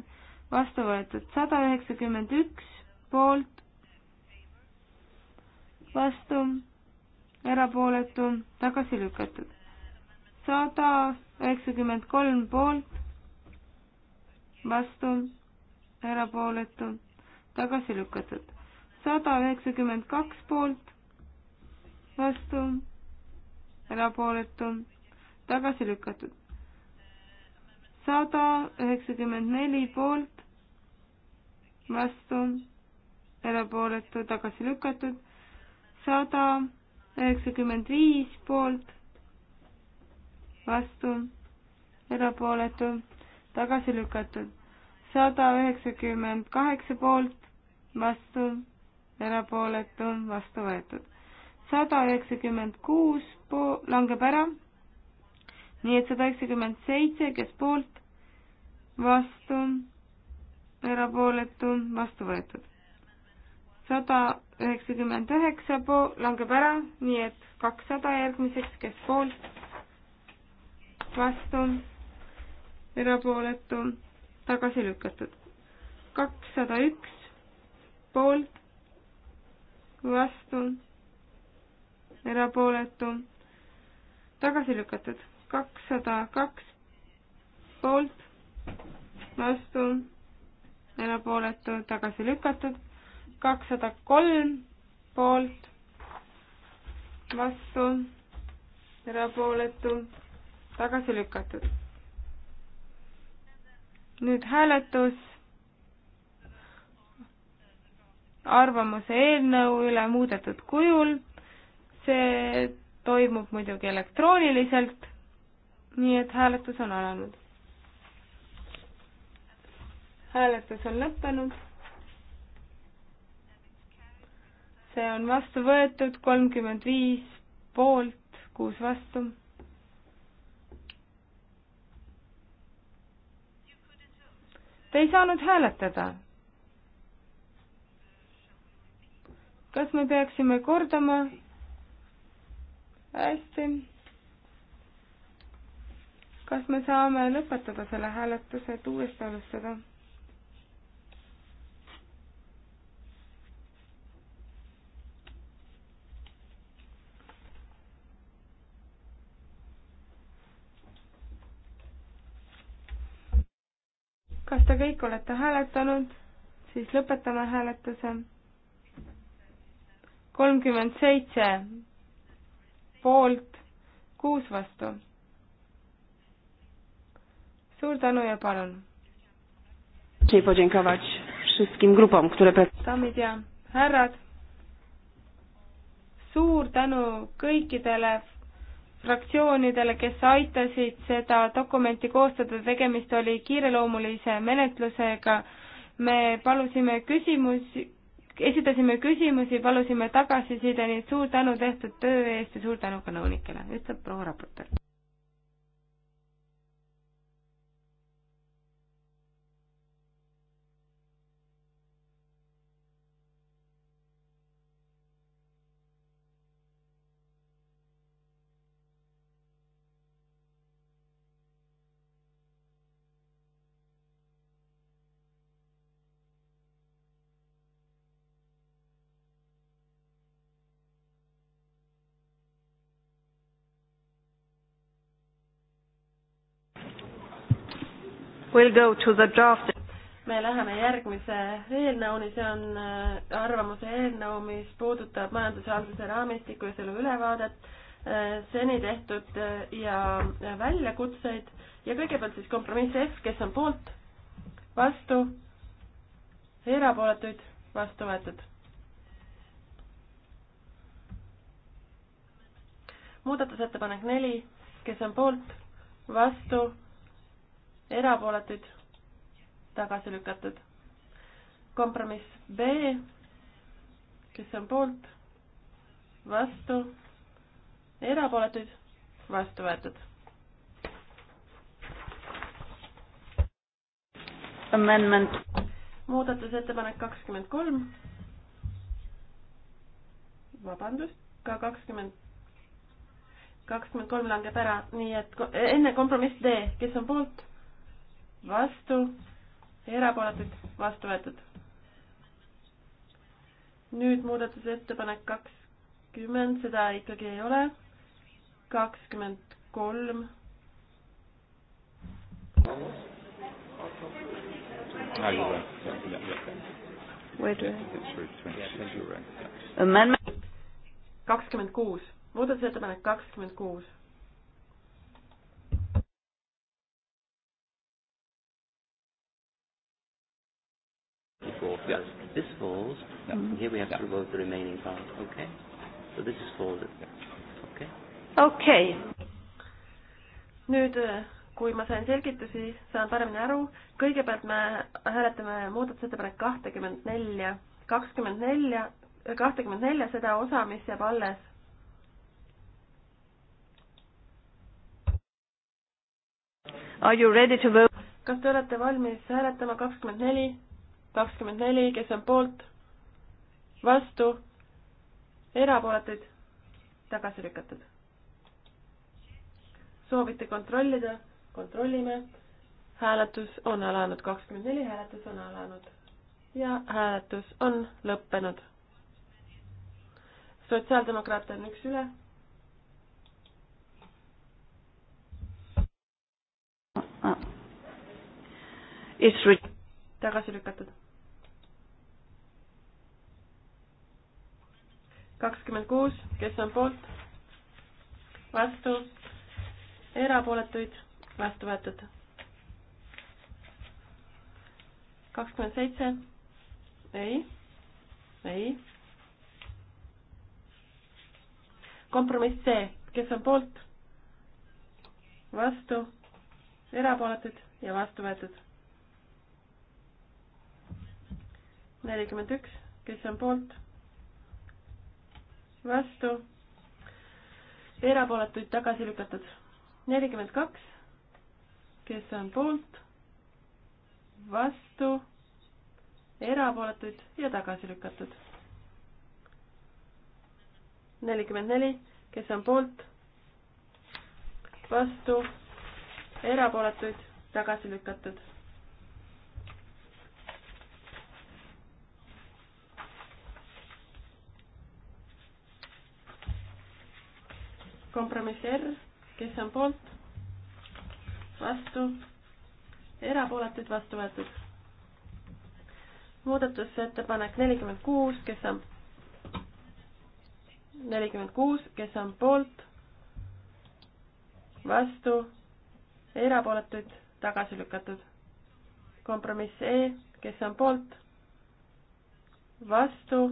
vastu võetud, sada üheksakümmend üks poolt, vastu erapooletu, tagasi lükatud. sada üheksakümmend kolm poolt, vastu, erapooletu, tagasi lükatud. sada üheksakümmend kaks poolt, vastu, erapooletu, tagasi lükatud. sada üheksakümmend neli poolt, vastu, erapooletu, tagasi lükatud. sada üheksakümmend viis poolt, vastu, erapooletu, tagasi lükatud. sada üheksakümmend kaheksa poolt, vastu, erapooletu, vastu võetud. sada üheksakümmend kuus po-, langeb ära, nii et sada üheksakümmend seitse, kes poolt, vastu, erapooletu, vastu võetud. sada üheksakümmend üheksa po-, langeb ära, nii et kakssada järgmiseks, kes poolt, vastu, erapooletu, tagasi lükatud. kakssada üks, poolt, vastu, erapooletu, tagasi lükatud. kakssada kaks, poolt, vastu, erapooletu, tagasi lükatud kakssada kolm poolt, vastu, erapooletu, tagasi lükatud. nüüd hääletus arvamuse eelnõu üle muudetud kujul. see toimub muidugi elektrooniliselt, nii et hääletus on alanud. hääletus on lõppenud see on vastu võetud, kolmkümmend viis poolt, kuus vastu. Te ei saanud hääletada. kas me peaksime kordama? hästi. kas me saame lõpetada selle hääletuse, et uuesti alustada? kas te kõik olete hääletanud? siis lõpetame hääletuse. kolmkümmend seitse poolt, kuus vastu. suur tänu ja palun. daamid ja härrad, suur tänu kõikidele fraktsioonidele, kes aitasid seda dokumenti koostada, tegemist oli kiireloomulise menetlusega. me palusime küsimusi, esitasime küsimusi, palusime tagasiside, nii et suur tänu tehtud töö eest ja suur tänu ka nõunikele, ütleb proua raportöör. We'll go to the draft. me läheme järgmise eelnõuni, see on äh, arvamuse eelnõu, mis puudutab majandushalduse raamistikku ja selle ülevaadet, äh, seni tehtud äh, ja väljakutseid ja kõigepealt siis kompromiss F, kes on poolt, vastu, erapooletuid, vastu võetud. muudatusettepanek neli, kes on poolt, vastu erapooletuid, tagasi lükatud. kompromiss B, kes on poolt, vastu, erapooletuid, vastu võetud. Amendment. muudatusettepanek kakskümmend kolm. vabandust, ka kakskümmend kakskümmend kolm langeb ära, nii et enne kompromiss D, kes on poolt vastu, erapooletud, vastu võetud. nüüd muudatusettepanek kakskümmend, seda ikkagi ei ole. kakskümmend kolm. kakskümmend kuus, muudatusettepanek kakskümmend kuus four first. Yeah. This falls. Yeah. And here we have yeah. to vote the remaining part. Okay. So this is folded. Okay. Okay. nüüd, äh, kui ma sain selgitusi, saan paremini aru, kõigepealt me hääletame muudatusettepanek kahtekümmend nelja, kakskümmend nelja, äh, kahtekümmend nelja, seda osa, mis jääb alles Are you ready to vote? kas te olete valmis hääletama kakskümmend neli? kakskümmend neli, kes on poolt, vastu, erapooletuid, tagasi lükatud. soovite kontrollida? kontrollime. hääletus on alanud, kakskümmend neli hääletus on alanud ja hääletus on lõppenud. sotsiaaldemokraate on üks üle. Uh, tagasi lükatud kakskümmend kuus, kes on poolt, vastu, erapooletuid, vastu võetud. kakskümmend seitse, ei, ei. kompromiss C, kes on poolt, vastu, erapooletud ja vastu võetud. nelikümmend üks, kes on poolt vastu, erapooletuid tagasi lükatud. nelikümmend kaks, kes on poolt, vastu, erapooletuid ja tagasi lükatud. nelikümmend neli, kes on poolt, vastu, erapooletuid, tagasi lükatud kompromiss R, kes on poolt, vastu, erapooletud, vastu võetud. muudatusettepanek nelikümmend kuus, kes on, nelikümmend kuus, kes on poolt, vastu, erapooletuid, tagasi lükatud. kompromiss E, kes on poolt, vastu,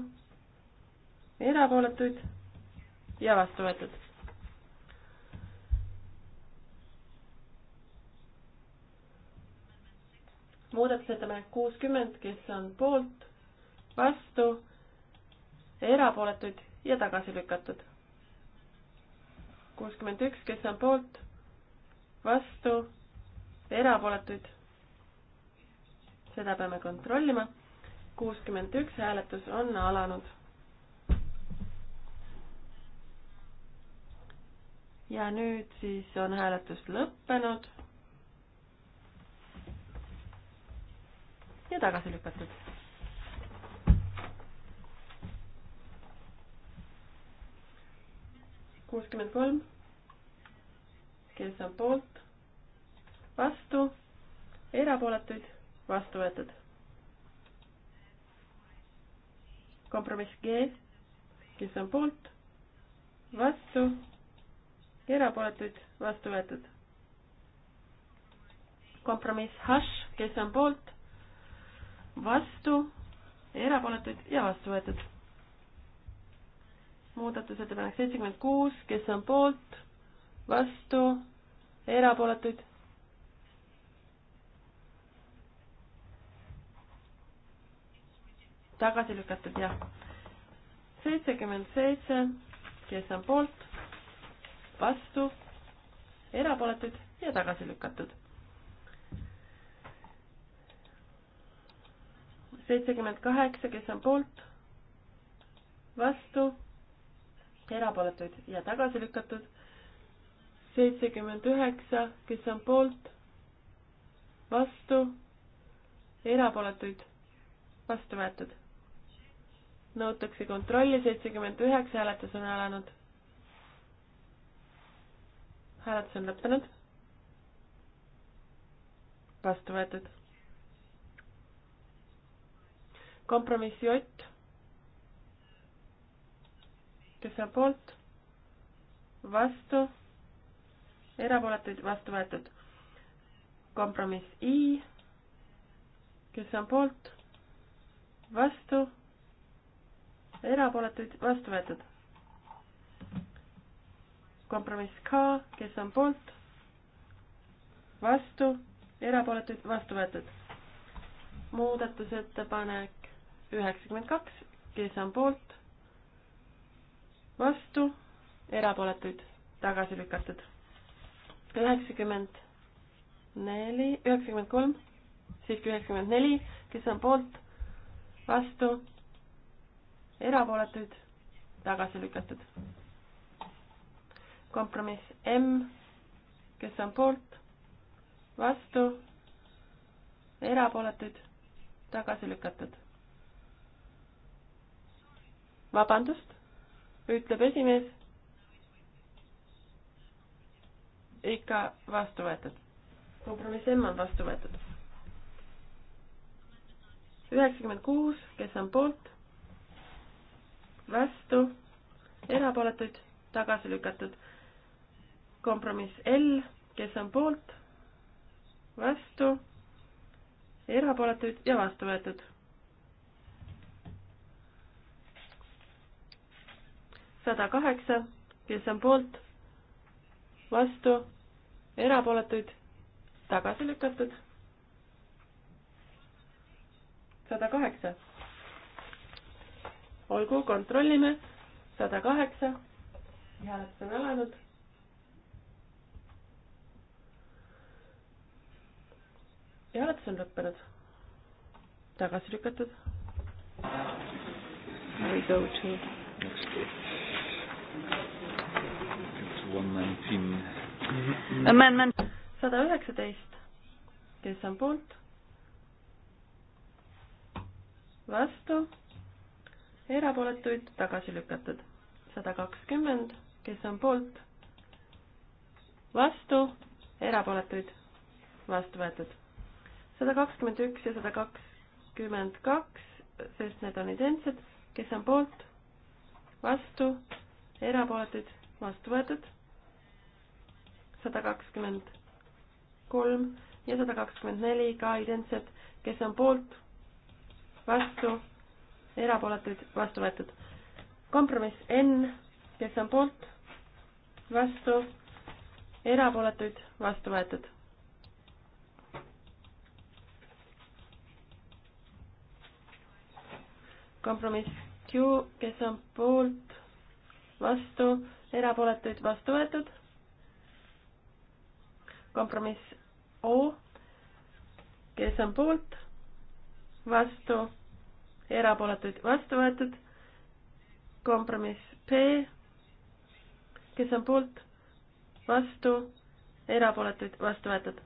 erapooletuid ja vastu võetud muudatusettepanek kuuskümmend, kes on poolt, vastu, erapooletuid ja tagasi lükatud. kuuskümmend üks, kes on poolt, vastu, erapooletuid. seda peame kontrollima. kuuskümmend üks hääletus on alanud. ja nüüd siis on hääletus lõppenud ja tagasi lükatud. kuuskümmend kolm, kes on poolt, vastu, erapooletuid, vastu võetud. kompromiss G, kes on poolt, vastu, erapooletuid, vastu võetud. kompromiss H, kes on poolt vastu, erapooletuid ja vastu võetud. muudatusettepanek seitsekümmend kuus, kes on poolt, vastu, erapooletuid. tagasi lükatud, jah. seitsekümmend seitse, kes on poolt, vastu, erapooletuid ja tagasi lükatud seitsekümmend kaheksa, kes on poolt, vastu, erapooletuid ja tagasi lükatud. seitsekümmend üheksa, kes on poolt, vastu, erapooletuid, vastu võetud. nõutakse kontrolli, seitsekümmend üheksa, hääletus on alanud. hääletus on lõppenud. vastu võetud kompromiss J. kes on poolt? vastu? erapooletuid vastu võetud. kompromiss I. kes on poolt? vastu? erapooletuid vastu võetud. kompromiss K, kes on poolt? vastu? erapooletuid vastu võetud. muudatusettepanek üheksakümmend kaks, kes on poolt, vastu, erapooletuid tagasi lükatud. üheksakümmend neli, üheksakümmend kolm, siiski üheksakümmend neli, kes on poolt, vastu, erapooletuid tagasi lükatud. kompromiss M, kes on poolt, vastu, erapooletuid tagasi lükatud vabandust, ütleb esimees. ikka vastu võetud. kompromiss M on vastu võetud. üheksakümmend kuus, kes on poolt, vastu, erapooletuid, tagasi lükatud. kompromiss L, kes on poolt, vastu, erapooletuid ja vastu võetud sada kaheksa, kes on poolt, vastu, erapooletuid, tagasi lükatud. sada kaheksa. olgu, kontrollime, sada kaheksa, hääletus on alanud ja hääletus on lõppenud. tagasi lükatud. We go to next page. Amendment sada üheksateist, kes on poolt? vastu, erapooletuid tagasi lükatud. sada kakskümmend, kes on poolt? vastu, erapooletuid vastu võetud. sada kakskümmend üks ja sada kakskümmend kaks, sest need on identsed, kes on poolt? vastu erapooletuid vastu võetud sada kakskümmend kolm ja sada kakskümmend neli ka identsed, kes on poolt, vastu, erapooletuid vastu võetud. kompromiss N, kes on poolt, vastu, erapooletuid vastu võetud. kompromiss Q, kes on poolt vastu, erapooletuid vastu võetud. kompromiss O, kes on poolt, vastu, erapooletuid vastu võetud. kompromiss P, kes on poolt, vastu, erapooletuid vastu võetud.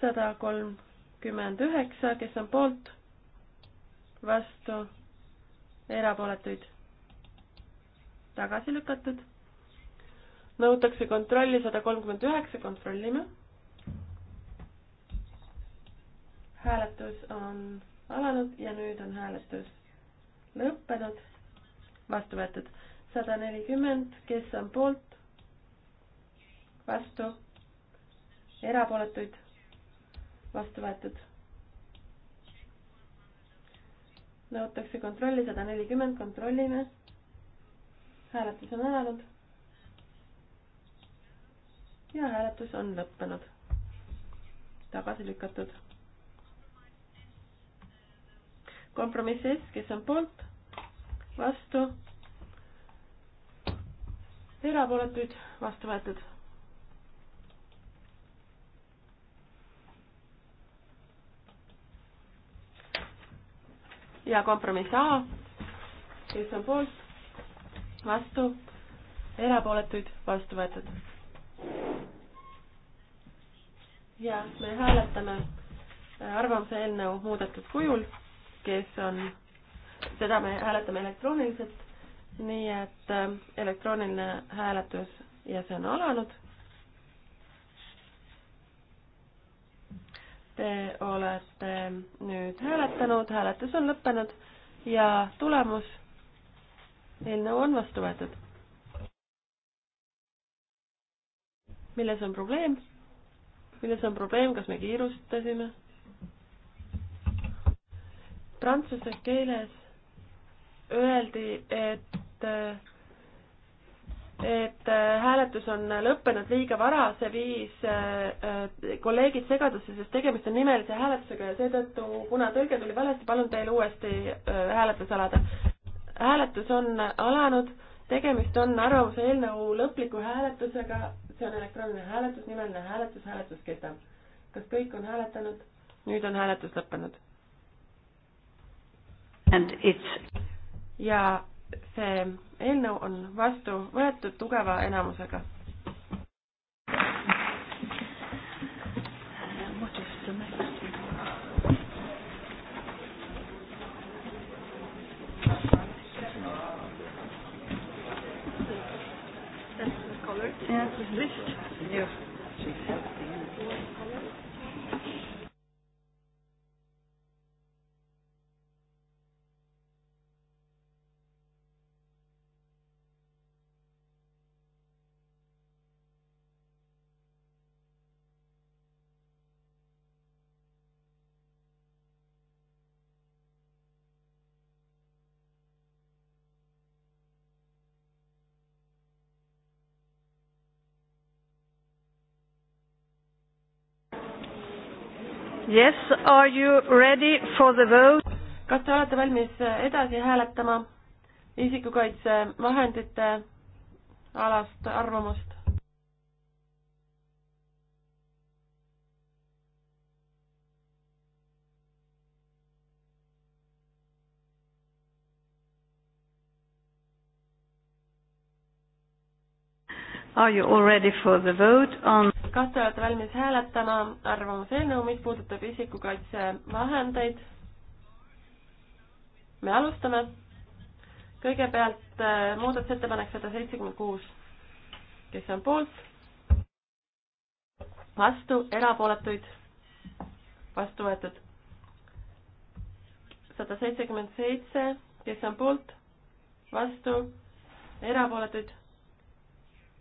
sada kolmkümmend üheksa, kes on poolt, vastu, erapooletuid tagasi lükatud. nõutakse kontrolli sada kolmkümmend üheksa, kontrollime. hääletus on alanud ja nüüd on hääletus lõppenud, vastu võetud sada nelikümmend, kes on poolt, vastu, erapooletuid, vastu võetud. nõutakse kontrolli sada nelikümmend, kontrollime hääletus on alanud. ja hääletus on lõppenud. tagasi lükatud. kompromiss S, kes on poolt, vastu, erapooletuid, vastu võetud ja kompromiss A, kes on poolt, vastu, erapooletuid, vastu võetud. ja me hääletame äh, arvamuse eelnõu muudetud kujul, kes on, seda me hääletame elektrooniliselt, nii et äh, elektrooniline hääletus ja see on alanud. Te olete nüüd hääletanud, hääletus on lõppenud ja tulemus eelnõu on vastu võetud. milles on probleem? milles on probleem, kas me kiirustasime? prantsuse keeles öeldi, et, et hääletus on lõppenud liiga vara, see viis äh, kolleegid segadusse, sest tegemist on nimelise hääletusega ja seetõttu, kuna tõlge tuli valesti, palun teil uuesti äh, hääletus alada hääletus on alanud, tegemist on arvamuse eelnõu lõpliku hääletusega, see on elektrooniline hääletus, nimeline hääletus, hääletus kestab. kas kõik on hääletanud? nüüd on hääletus lõppenud. ja see eelnõu on vastu võetud tugeva enamusega Yes, are you ready for the vote? kas te olete valmis äh, edasi hääletama isikukaitsevahendite alast arvamust? Are you all ready for the vote on kas te olete valmis hääletama arvamuseelnõu, mis puudutab isikukaitsevahendeid? me alustame. kõigepealt äh, muudatusettepanek sada seitsekümmend kuus. kes on poolt? vastu, erapooletuid? vastu võetud. sada seitsekümmend seitse, kes on poolt? vastu, erapooletuid?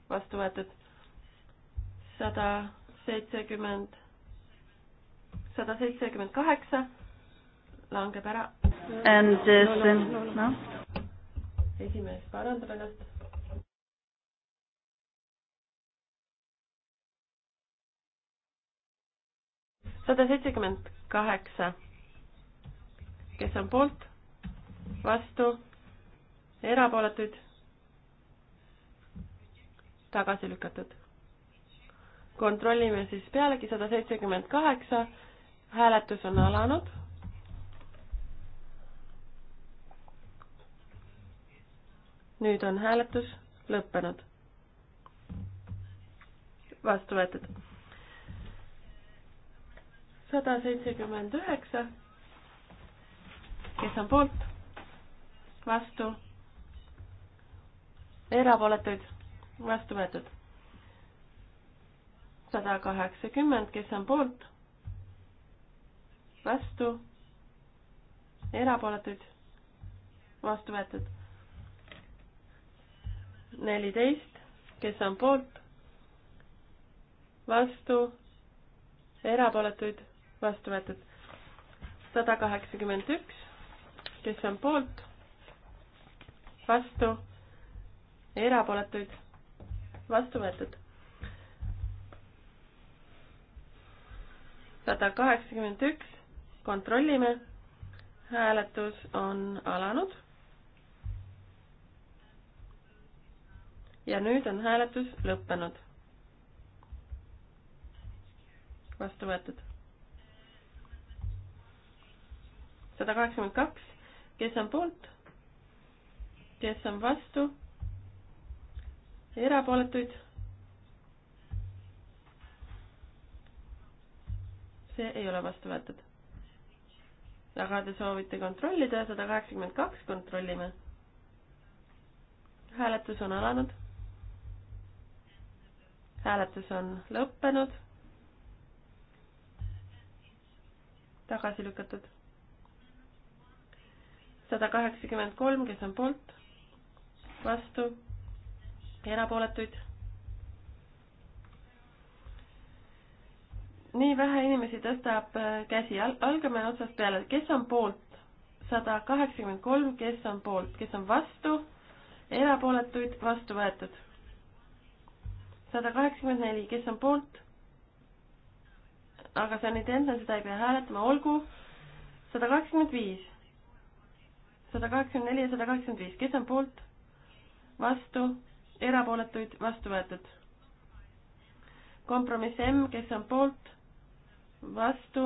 vastu võetud sada seitsekümmend, sada seitsekümmend kaheksa langeb ära. And uh, no, no, no, no. esimees parandab ennast. sada seitsekümmend kaheksa, kes on poolt, vastu, erapooletuid, tagasi lükatud kontrollime siis pealegi sada seitsekümmend kaheksa, hääletus on alanud. nüüd on hääletus lõppenud. vastu võetud. sada seitsekümmend üheksa. kes on poolt? vastu? erapooletuid? vastu võetud sada kaheksakümmend, kes on poolt, vastu, erapooletuid, vastu võetud. neliteist, kes on poolt, vastu, erapooletuid, vastu võetud. sada kaheksakümmend üks, kes on poolt, vastu, erapooletuid, vastu võetud sada kaheksakümmend üks, kontrollime. hääletus on alanud. ja nüüd on hääletus lõppenud. vastu võetud. sada kaheksakümmend kaks, kes on poolt? kes on vastu? erapooletuid see ei ole vastu võetud. aga te soovite kontrollida, sada kaheksakümmend kaks kontrollime. hääletus on alanud. hääletus on lõppenud. tagasi lükatud. sada kaheksakümmend kolm, kes on poolt, vastu, erapooletuid nii vähe inimesi tõstab äh, käsi Al, algame otsast peale, kes on poolt? sada kaheksakümmend kolm, kes on poolt, kes on vastu? erapooletuid vastu võetud. sada kaheksakümmend neli, kes on poolt? aga see on nüüd endal, seda ei pea hääletama, olgu. sada kaheksakümmend viis, sada kaheksakümmend neli ja sada kaheksakümmend viis, kes on poolt? vastu, erapooletuid vastu võetud. kompromiss M, kes on poolt vastu,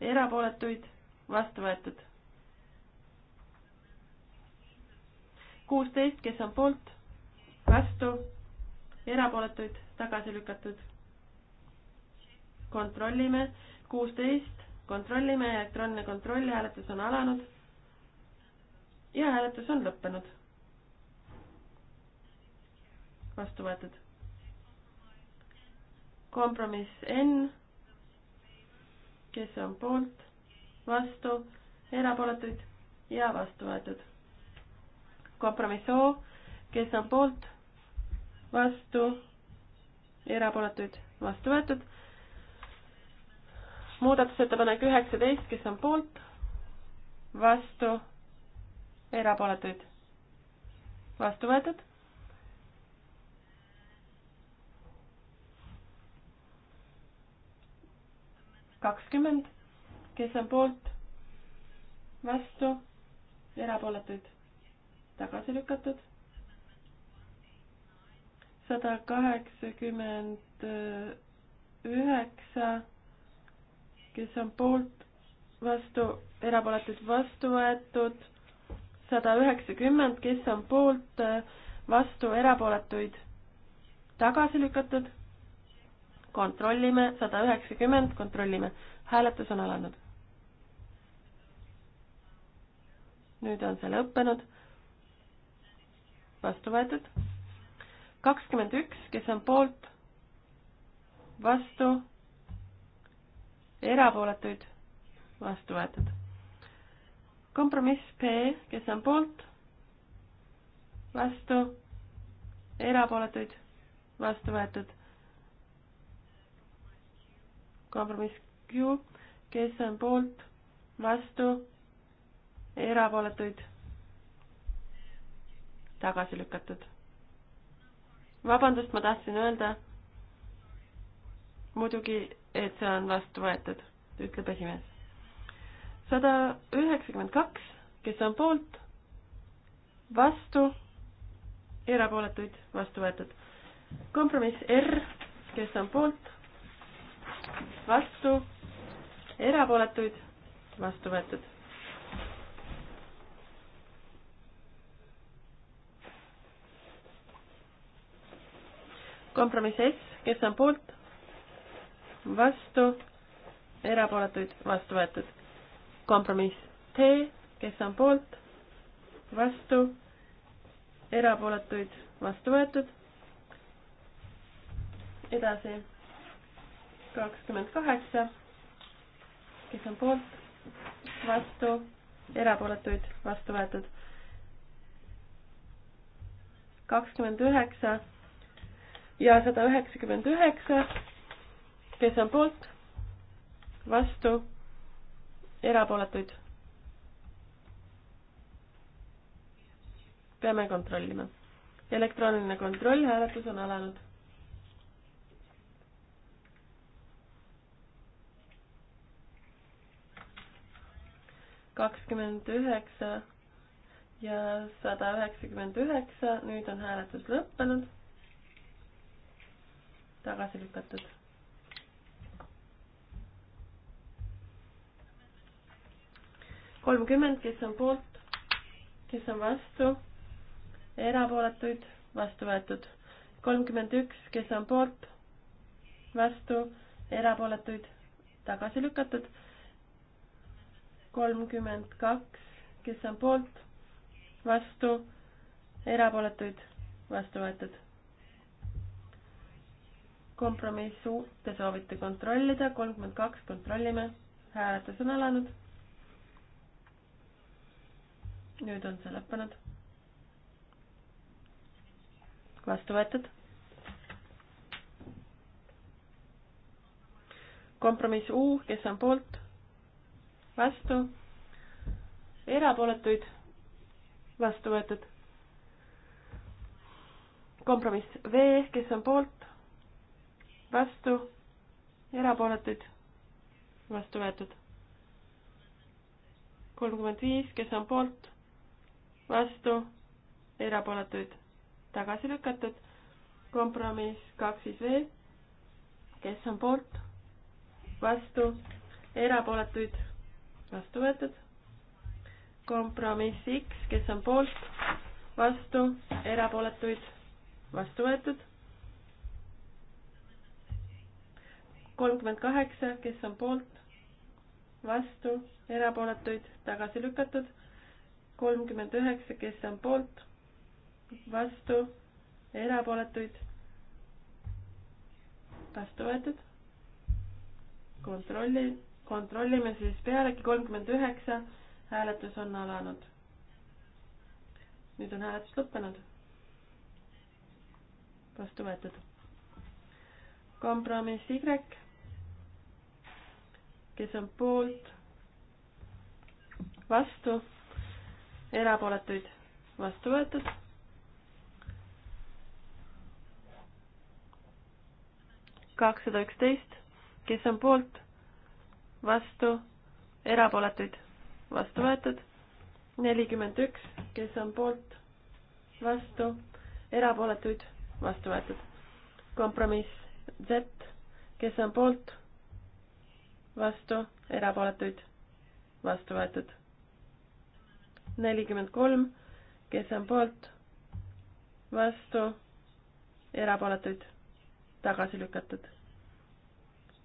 erapooletuid, vastu võetud. kuusteist, kes on poolt, vastu, erapooletuid, tagasi lükatud. kontrollime, kuusteist, kontrollime, elektrooniline kontroll, hääletus on alanud. ja hääletus on lõppenud. vastu võetud. kompromiss N kes on poolt, vastu, erapooletuid ja vastu võetud. kompromiss O, kes on poolt, vastu, erapooletuid, vastu võetud. muudatusettepanek üheksateist, kes on poolt, vastu, erapooletuid, vastu võetud kakskümmend, kes on poolt, vastu, erapooletuid tagasi lükatud. sada kaheksakümmend üheksa, kes on poolt, vastu, erapooletuid vastu võetud. sada üheksakümmend, kes on poolt, vastu, erapooletuid tagasi lükatud kontrollime, sada üheksakümmend, kontrollime. hääletus on alanud. nüüd on see lõppenud. vastu võetud. kakskümmend üks, kes on poolt, vastu, erapooletuid, vastu võetud. kompromiss P, kes on poolt, vastu, erapooletuid, vastu võetud kompromiss Q, kes on poolt, vastu, erapooletuid, tagasi lükatud. vabandust, ma tahtsin öelda muidugi, et see on vastu võetud, ütleb esimees. sada üheksakümmend kaks, kes on poolt, vastu, erapooletuid, vastu võetud. kompromiss R, kes on poolt, vastu, erapooletuid, vastu võetud. kompromiss S, kes on poolt, vastu, erapooletuid, vastu võetud. kompromiss T, kes on poolt, vastu, erapooletuid, vastu võetud. edasi kakskümmend kaheksa, kes on poolt, vastu, erapooletuid, vastu võetud. kakskümmend üheksa ja sada üheksakümmend üheksa, kes on poolt, vastu, erapooletuid. peame kontrollima. elektrooniline kontroll, hääletus on alanud kakskümmend üheksa ja sada üheksakümmend üheksa, nüüd on hääletus lõppenud. tagasi lükatud. kolmkümmend, kes on poolt, kes on vastu, erapooletuid, vastu võetud. kolmkümmend üks, kes on poolt, vastu, erapooletuid, tagasi lükatud kolmkümmend kaks, kes on poolt, vastu, erapooletuid, vastu võetud. kompromiss, te soovite kontrollida, kolmkümmend kaks, kontrollime, hääletus on alanud. nüüd on see lõppenud. vastu võetud kompromiss U, kes on poolt, vastu, erapooletuid, vastu võetud. kompromiss V, kes on poolt, vastu, erapooletuid, vastu võetud. kolmkümmend viis, kes on poolt, vastu, erapooletuid, tagasi lükatud. kompromiss kaks siis V, kes on poolt, vastu, erapooletuid vastu võetud. kompromiss X, kes on poolt, vastu, erapooletuid, vastu võetud. kolmkümmend kaheksa, kes on poolt, vastu, erapooletuid, tagasi lükatud. kolmkümmend üheksa, kes on poolt, vastu, erapooletuid, vastu võetud. kontrolli kontrollime siis pealegi kolmkümmend üheksa, hääletus on alanud. nüüd on hääletus lõppenud. vastu võetud. kompromiss Y, kes on poolt, vastu, erapooletuid, vastu võetud. kakssada üksteist, kes on poolt vastu, erapooletuid vastu võetud, nelikümmend üks, kes on poolt, vastu, erapooletuid vastu võetud. kompromiss Z, kes on poolt, vastu, erapooletuid vastu võetud. nelikümmend kolm, kes on poolt, vastu, erapooletuid tagasi lükatud.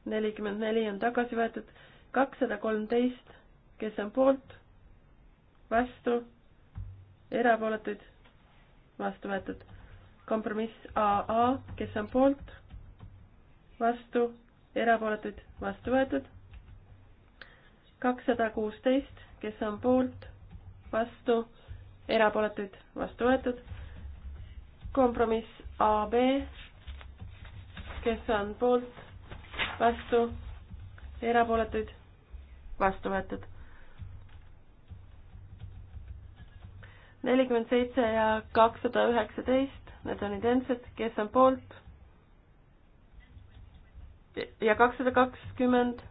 nelikümmend neli on tagasi võetud kakssada kolmteist, kes on poolt, vastu, erapooletuid, vastu võetud. kompromiss AA, kes on poolt, vastu, erapooletuid, vastu võetud. kakssada kuusteist, kes on poolt, vastu, erapooletuid, vastu võetud. kompromiss AB, kes on poolt, vastu, erapooletuid vastu võetud. nelikümmend seitse ja kakssada üheksateist, need on identsed, kes on poolt? ja kakssada kakskümmend,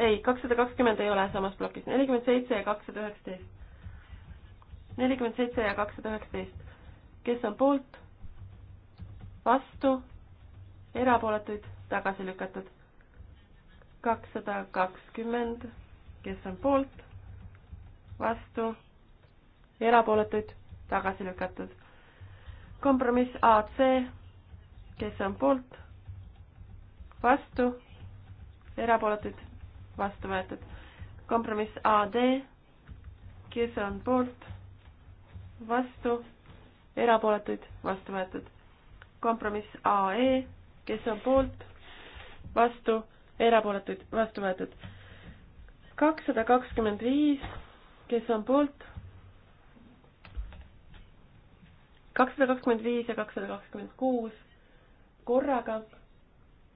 ei, kakssada kakskümmend ei ole samas plokis, nelikümmend seitse ja kakssada üheksateist. nelikümmend seitse ja kakssada üheksateist, kes on poolt? vastu, erapooletuid tagasi lükatud kakssada kakskümmend, kes on poolt, vastu, erapooletuid, tagasi lükatud. kompromiss AC, kes on poolt, vastu, erapooletuid, vastu võetud. kompromiss AD, kes on poolt, vastu, erapooletuid, vastu võetud. kompromiss AE, kes on poolt, vastu erapooletuid vastu võetud. kakssada kakskümmend viis, kes on poolt? kakssada kakskümmend viis ja kakssada kakskümmend kuus korraga,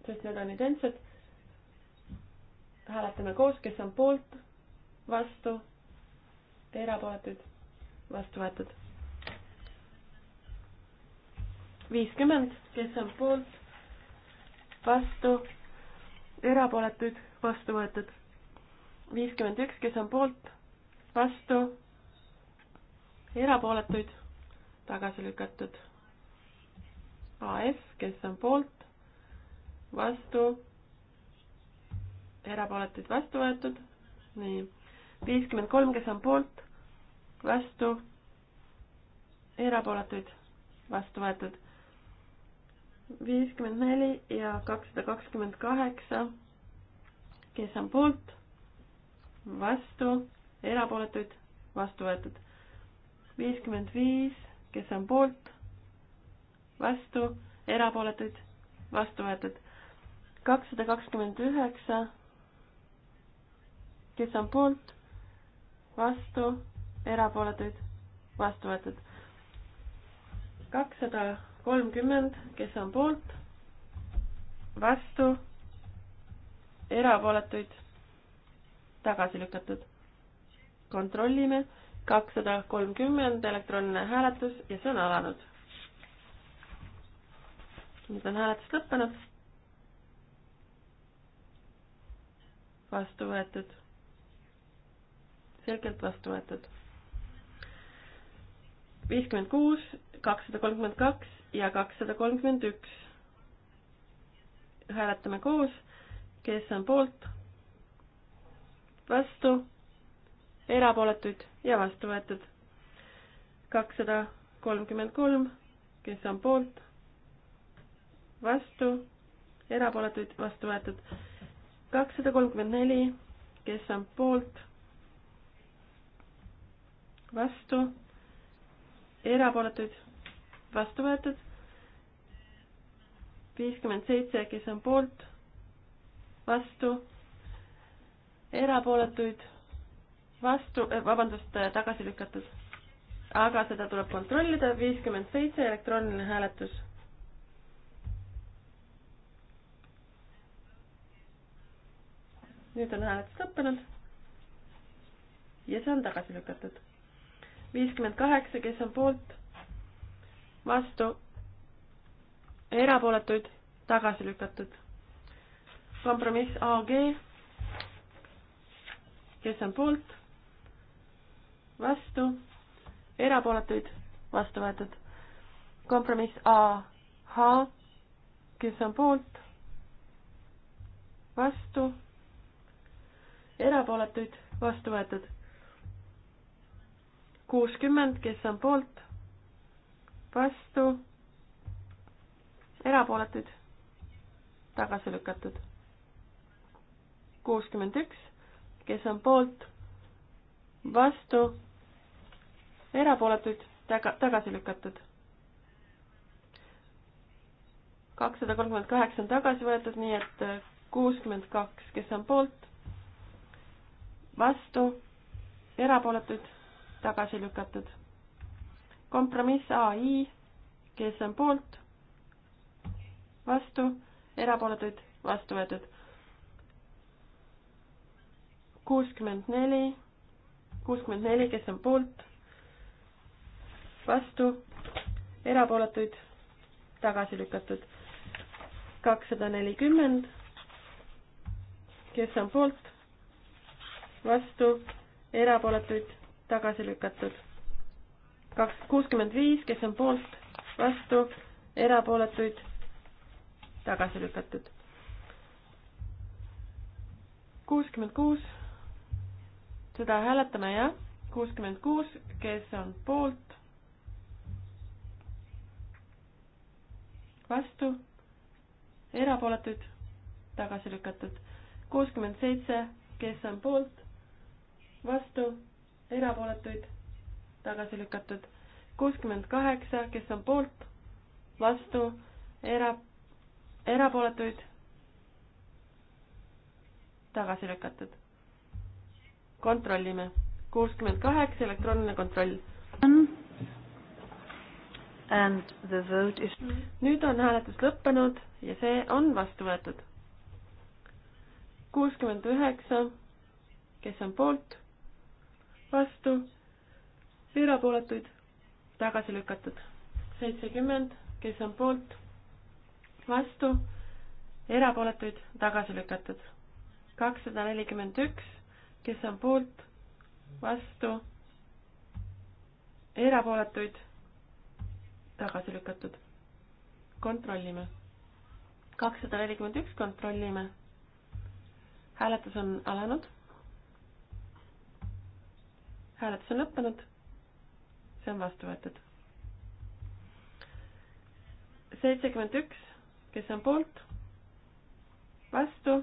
sest need on identsed. hääletame koos, kes on poolt, vastu, erapooletuid, vastu võetud. viiskümmend, kes on poolt, vastu erapooletuid, vastu võetud. viiskümmend üks, kes on poolt, vastu, erapooletuid, tagasi lükatud. AS, kes on poolt, vastu, erapooletuid vastu võetud, nii. viiskümmend kolm, kes on poolt, vastu, erapooletuid vastu võetud viiskümmend neli ja kakssada kakskümmend kaheksa, kes on poolt, vastu, erapooletuid, vastu võetud. viiskümmend viis, kes on poolt, vastu, erapooletuid, vastu võetud. kakssada kakskümmend üheksa, kes on poolt, vastu, erapooletuid, vastu võetud. kakssada 200 kolmkümmend, kes on poolt, vastu, erapooletuid, tagasi lükatud. kontrollime, kakssada kolmkümmend elektrooniline hääletus ja see on alanud. nüüd on hääletus lõppenud. vastu võetud, selgelt vastu võetud. viiskümmend kuus, kakssada kolmkümmend kaks, ja kakssada kolmkümmend üks. hääletame koos, kes on poolt, vastu, erapooletuid ja vastu võetud. kakssada kolmkümmend kolm, kes on poolt, vastu, erapooletuid, vastu võetud. kakssada kolmkümmend neli, kes on poolt, vastu, erapooletuid vastu võetud. viiskümmend seitse, kes on poolt, vastu, erapooletuid, vastu, eh, vabandust, tagasi lükatud. aga seda tuleb kontrollida, viiskümmend seitse, elektrooniline hääletus. nüüd on hääletus lõppenud ja see on tagasi lükatud. viiskümmend kaheksa, kes on poolt vastu, erapooletuid, tagasi lükatud. kompromiss AG, kes on poolt, vastu, erapooletuid, vastu võetud. kompromiss AH, kes on poolt, vastu, erapooletuid, vastu võetud. kuuskümmend, kes on poolt vastu, erapooletuid, tagasi lükatud. kuuskümmend üks, kes on poolt, vastu, erapooletuid, taga, tagasi lükatud. kakssada kolmkümmend kaheksa on tagasi võetud, nii et kuuskümmend kaks, kes on poolt, vastu, erapooletuid, tagasi lükatud kompromiss ai, kes on poolt, vastu, erapooletuid, vastu võetud. kuuskümmend neli, kuuskümmend neli, kes on poolt, vastu, erapooletuid, tagasi lükatud. kakssada nelikümmend, kes on poolt, vastu, erapooletuid, tagasi lükatud kaks, kuuskümmend viis, kes on poolt, vastu, erapooletuid, tagasi lükatud. kuuskümmend kuus, seda hääletame jah, kuuskümmend kuus, kes on poolt, vastu, erapooletuid, tagasi lükatud. kuuskümmend seitse, kes on poolt, vastu, erapooletuid tagasi lükatud. kuuskümmend kaheksa, kes on poolt, vastu, era-, erapooletuid, tagasi lükatud. kontrollime. kuuskümmend kaheksa, elektrooniline kontroll. And the vote is... nüüd on hääletus lõppenud ja see on vastu võetud. kuuskümmend üheksa, kes on poolt, vastu erapooletuid, tagasi lükatud. seitsekümmend, kes on poolt, vastu, erapooletuid, tagasi lükatud. kakssada nelikümmend üks, kes on poolt, vastu, erapooletuid, tagasi lükatud. kontrollime. kakssada nelikümmend üks, kontrollime. hääletus on alanud. hääletus on lõppenud see on vastu võetud. seitsekümmend üks, kes on poolt, vastu,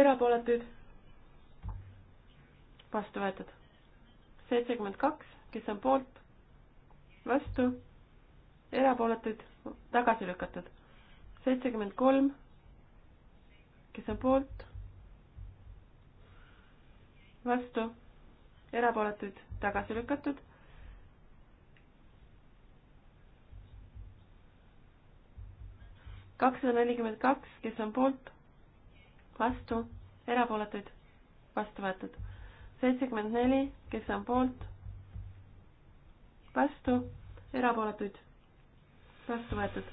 erapooletuid, vastu võetud. seitsekümmend kaks, kes on poolt, vastu, erapooletuid, tagasi lükatud. seitsekümmend kolm, kes on poolt, vastu erapooletuid tagasi lükatud. kakssada nelikümmend kaks, kes on poolt, vastu, erapooletuid, vastu võetud. seitsekümmend neli, kes on poolt, vastu, erapooletuid, vastu võetud.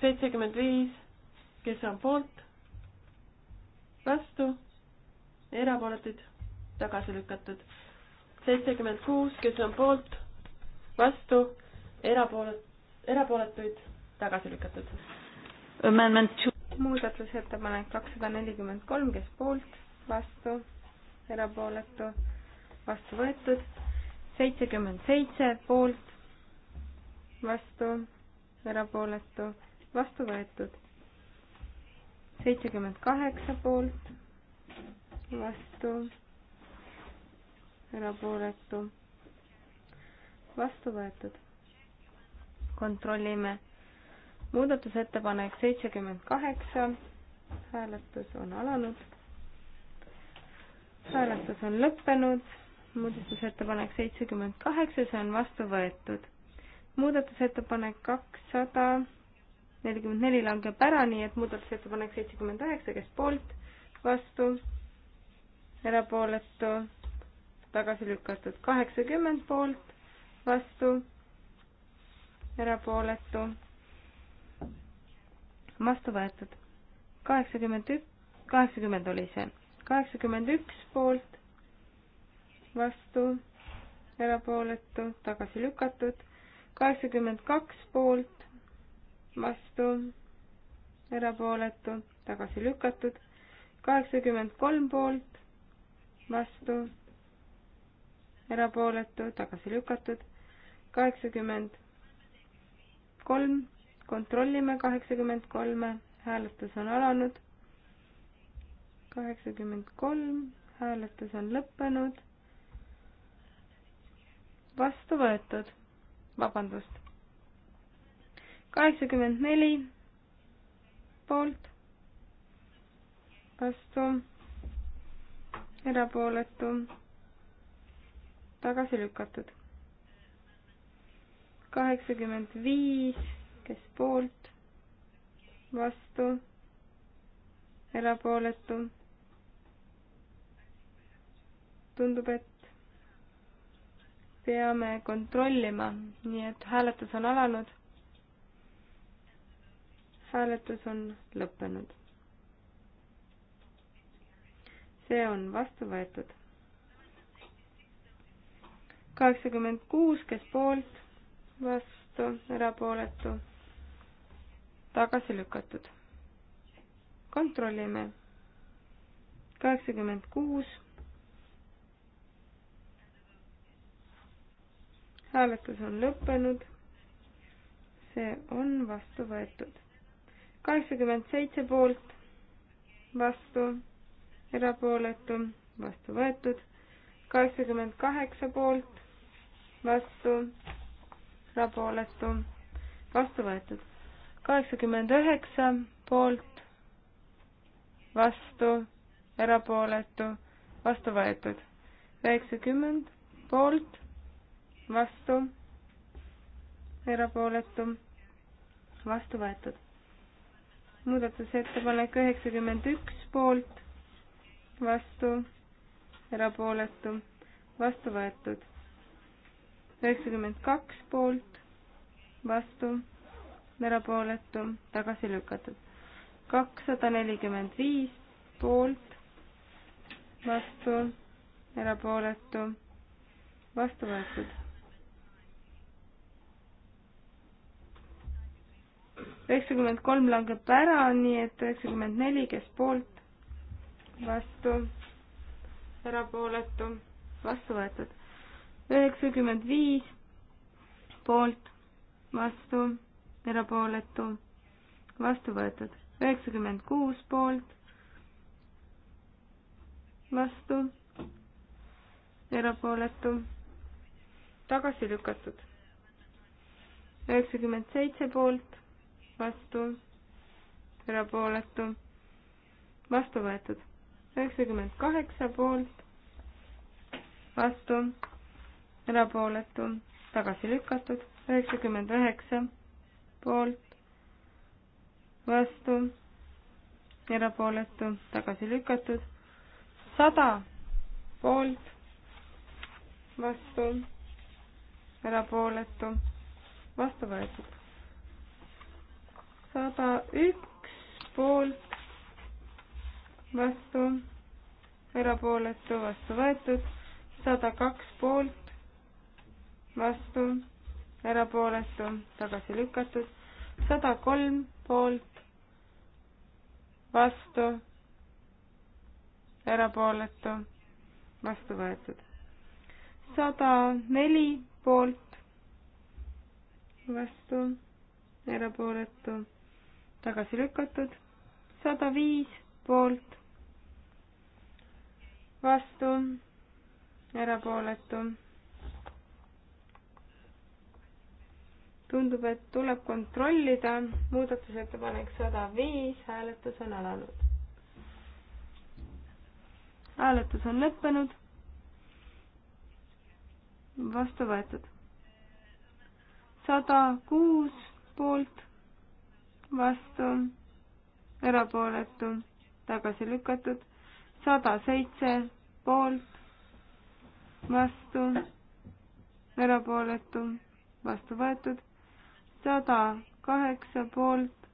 seitsekümmend viis, kes on poolt, vastu, erapooletuid tagasi lükatud. seitsekümmend kuus, kes on poolt, vastu, erapoolet-, erapooletuid tagasi lükatud. muudatusettepanek kakssada nelikümmend kolm, kes poolt, vastu, erapooletu, vastu võetud, seitsekümmend seitse poolt, vastu, erapooletu, vastu võetud seitsekümmend kaheksa poolt, vastu, erapooletu, vastu võetud. kontrollime. muudatusettepanek seitsekümmend kaheksa, hääletus on alanud. hääletus on lõppenud, muudatusettepanek seitsekümmend kaheksa, see on vastu võetud. muudatusettepanek kakssada nelikümmend neli langeb ära, nii et muudatusettepanek seitsekümmend üheksa, kes poolt, vastu, erapooletu tagasi lükatud, kaheksakümmend poolt, vastu, erapooletu, vastu võetud. kaheksakümmend ük-, kaheksakümmend oli see, kaheksakümmend üks poolt, vastu, erapooletu, tagasi lükatud, kaheksakümmend kaks poolt, vastu, erapooletu, tagasi lükatud, kaheksakümmend kolm poolt, vastu erapooletu, tagasi lükatud. kaheksakümmend kolm, kontrollime kaheksakümmend kolme, hääletus on alanud. kaheksakümmend kolm, hääletus on lõppenud. vastu võetud, vabandust. kaheksakümmend neli, poolt, vastu, erapooletu tagasi lükatud. kaheksakümmend viis, kes poolt, vastu, erapooletu. tundub, et peame kontrollima, nii et hääletus on alanud. hääletus on lõppenud. see on vastu võetud kaheksakümmend kuus, kes poolt, vastu, erapooletu, tagasi lükatud. kontrollime. kaheksakümmend kuus. hääletus on lõppenud. see on vastu võetud. kaheksakümmend seitse poolt, vastu, erapooletu, vastu võetud. kaheksakümmend kaheksa poolt vastu, erapooletu, vastu võetud. kaheksakümmend üheksa poolt, vastu, erapooletu, vastu võetud. üheksakümmend poolt, vastu, erapooletu, vastu võetud. muudatusettepanek üheksakümmend üks poolt, vastu, erapooletu, vastu võetud üheksakümmend kaks poolt, vastu, erapooletu, tagasi lükatud. kakssada nelikümmend viis poolt, vastu, erapooletu, vastu võetud. üheksakümmend kolm langeb ära, nii et üheksakümmend neli, kes poolt, vastu, erapooletu, vastu võetud üheksakümmend viis poolt, vastu, erapooletu, vastu võetud. üheksakümmend kuus poolt, vastu, erapooletu, tagasi lükatud. üheksakümmend seitse poolt, vastu, erapooletu, vastu võetud. üheksakümmend kaheksa poolt, vastu erapooletu, tagasi lükatud, üheksakümmend üheksa poolt, vastu, erapooletu, tagasi lükatud, sada poolt, vastu, erapooletu, vastu võetud. sada üks poolt, vastu, erapooletu, vastu võetud, sada kaks poolt, vastu, erapooletu, tagasi lükatud, sada kolm poolt, vastu, erapooletu, vastu võetud, sada neli poolt, vastu, erapooletu, tagasi lükatud, sada viis poolt, vastu, erapooletu tundub, et tuleb kontrollida, muudatusettepanek sada viis, hääletus on alanud. hääletus on lõppenud. vastu võetud. sada kuus poolt, vastu, erapooletu, tagasi lükatud. sada seitse poolt, vastu, erapooletu, vastu võetud sada kaheksa poolt,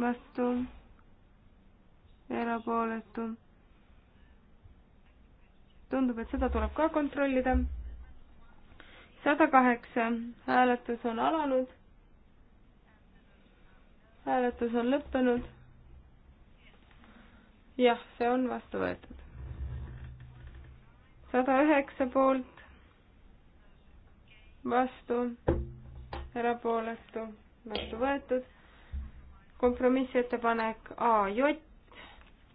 vastu, erapooletu. tundub, et seda tuleb ka kontrollida. sada kaheksa, hääletus on alanud. hääletus on lõppenud. jah, see on vastu võetud. sada üheksa poolt, vastu erapooletu, vastu võetud. kompromissettepanek AJ,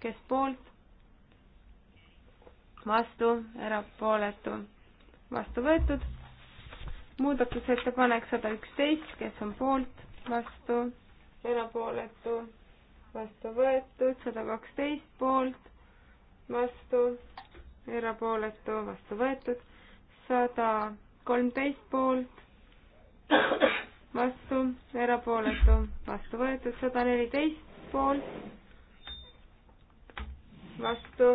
kes poolt, vastu, erapooletu, vastu võetud. muudatusettepanek sada üksteist, kes on poolt, vastu, erapooletu, vastu võetud, sada kaksteist poolt, vastu, erapooletu, vastu võetud, sada kolmteist poolt vastu, erapooletu, vastu võetud sada neliteist poolt, vastu,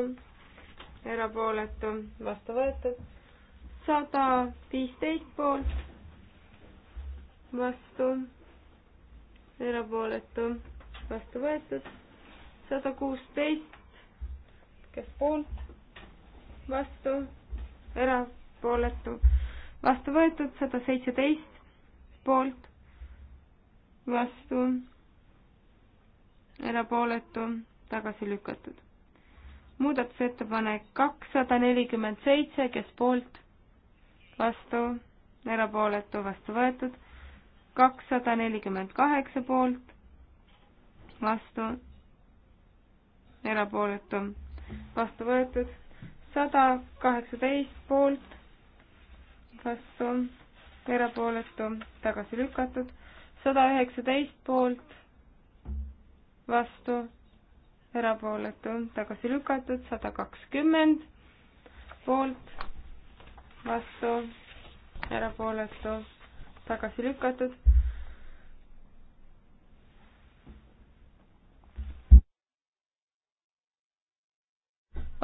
erapooletu, vastu võetud sada viisteist poolt, vastu, erapooletu, vastu võetud sada kuusteist, kes poolt, vastu, erapooletu, vastu võetud sada seitseteist, poolt, vastu, erapooletu, tagasi lükatud. muudatusettepanek kakssada nelikümmend seitse, kes poolt, vastu, erapooletu, vastu võetud, kakssada nelikümmend kaheksa poolt, vastu, erapooletu, vastu võetud, sada kaheksateist poolt, vastu erapooletu, tagasi lükatud, sada üheksateist poolt, vastu, erapooletu, tagasi lükatud, sada kakskümmend poolt, vastu, erapooletu, tagasi lükatud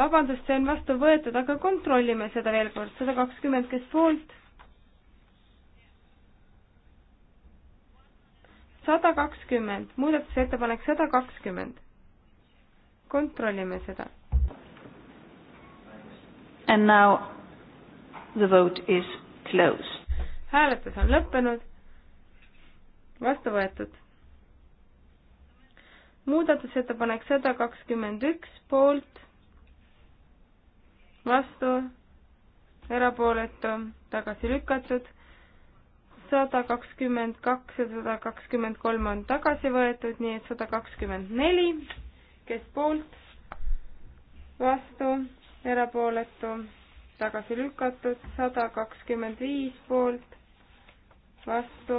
vabandust, see on vastu võetud, aga kontrollime seda veel kord, sada kakskümmend, kes poolt, sada kakskümmend, muudatusettepanek sada kakskümmend. kontrollime seda. And now the vote is closed. hääletus on lõppenud. vastu võetud. muudatusettepanek sada kakskümmend üks, poolt, vastu, erapooletu, tagasi lükatud sada kakskümmend kaks ja sada kakskümmend kolm on tagasi võetud, nii et sada kakskümmend neli, kes poolt, vastu, erapooletu, tagasi lükatud, sada kakskümmend viis poolt, vastu,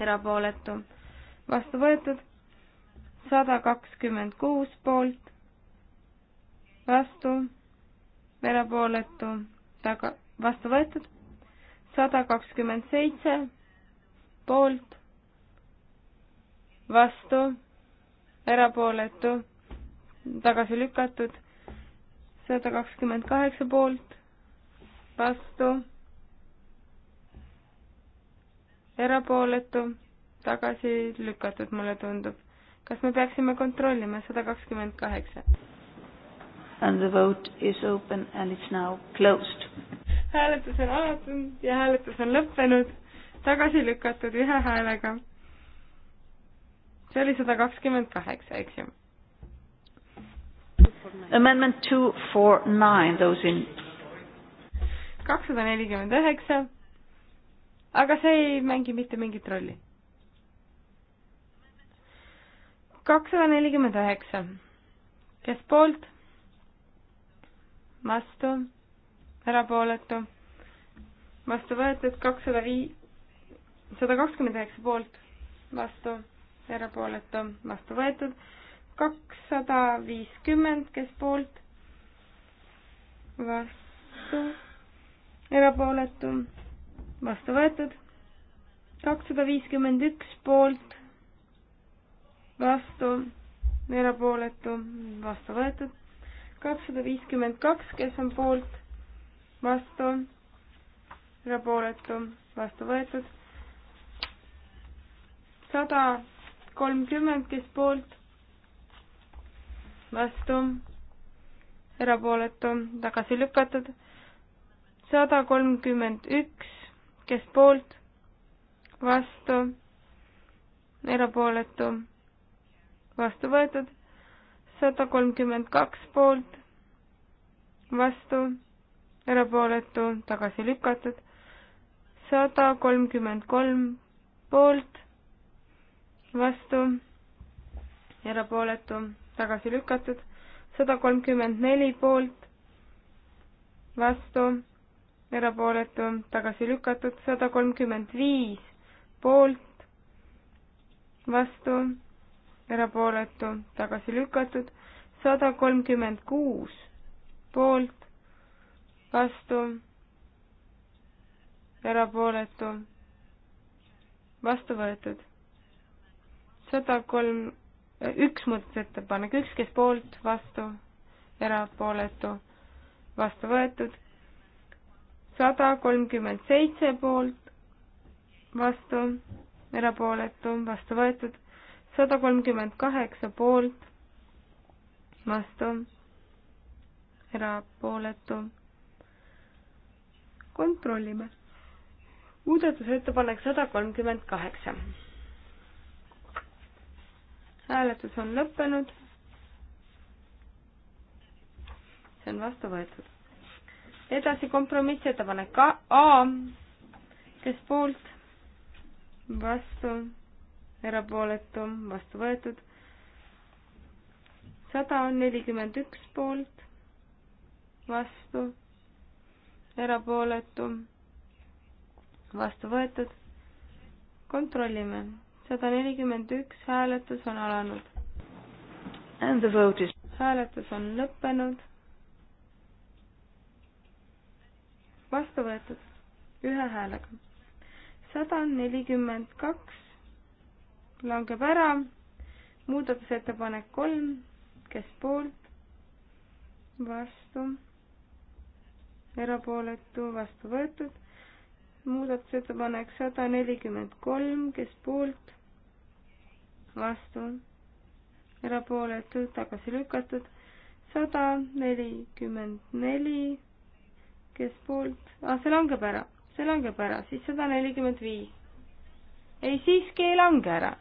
erapooletu, vastu võetud, sada kakskümmend kuus poolt, vastu, erapooletu, taga, vastu võetud sada kakskümmend seitse poolt, vastu, erapooletu, tagasi lükatud, sada kakskümmend kaheksa poolt, vastu, erapooletu, tagasi lükatud, mulle tundub. kas me peaksime kontrollima sada kakskümmend kaheksa? And the vote is open and it's now closed hääletus on alanud ja hääletus on lõppenud, tagasi lükatud ühe häälega. see oli sada kakskümmend kaheksa, eks ju. Amendment two four nine, those in. kakssada nelikümmend üheksa. aga see ei mängi mitte mingit rolli. kakssada nelikümmend üheksa. kes poolt? vastu erapooletu, vastu võetud kakssada vii-, sada kakskümmend üheksa poolt, vastu, erapooletu, vastu võetud, kakssada viiskümmend, kes poolt, vastu, erapooletu, vastu võetud, kakssada viiskümmend üks poolt, vastu, erapooletu, vastu võetud, kakssada viiskümmend kaks, kes on poolt, vastu, erapooletu, vastu võetud. sada kolmkümmend, kes poolt, vastu, erapooletu, tagasi lükatud. sada kolmkümmend üks, kes poolt, vastu, erapooletu, vastu võetud. sada kolmkümmend kaks poolt, vastu erapooletu, tagasi lükatud, sada kolmkümmend kolm poolt, vastu, erapooletu, tagasi lükatud, sada kolmkümmend neli poolt, vastu, erapooletu, tagasi lükatud, sada kolmkümmend viis poolt, vastu, erapooletu, tagasi lükatud, sada kolmkümmend kuus poolt, vastu, erapooletu, vastu võetud. sada kolm, üks muudatusettepanek, üks, kes poolt, vastu, erapooletu, vastu võetud. sada kolmkümmend seitse poolt, vastu, erapooletu, vastu võetud. sada kolmkümmend kaheksa poolt, vastu, erapooletu kontrollime. muudatusettepanek sada kolmkümmend kaheksa. hääletus on lõppenud. see on vastu võetud. edasi kompromissettepanek A, kes poolt, vastu, erapooletu, vastu võetud. sada nelikümmend üks poolt, vastu erapooletu, vastu võetud. kontrollime, sada nelikümmend üks hääletus on alanud. And the vote is. hääletus on lõppenud. vastu võetud ühe häälega. sada nelikümmend kaks langeb ära. muudatusettepanek kolm, kes poolt, vastu erapooletu, vastu võetud. muudatusettepanek sada nelikümmend kolm, kes poolt, vastu, erapooletu, tagasi lükatud. sada nelikümmend neli, kes poolt ah,, see langeb ära, see langeb ära, siis sada nelikümmend viis. ei, siiski ei lange ära.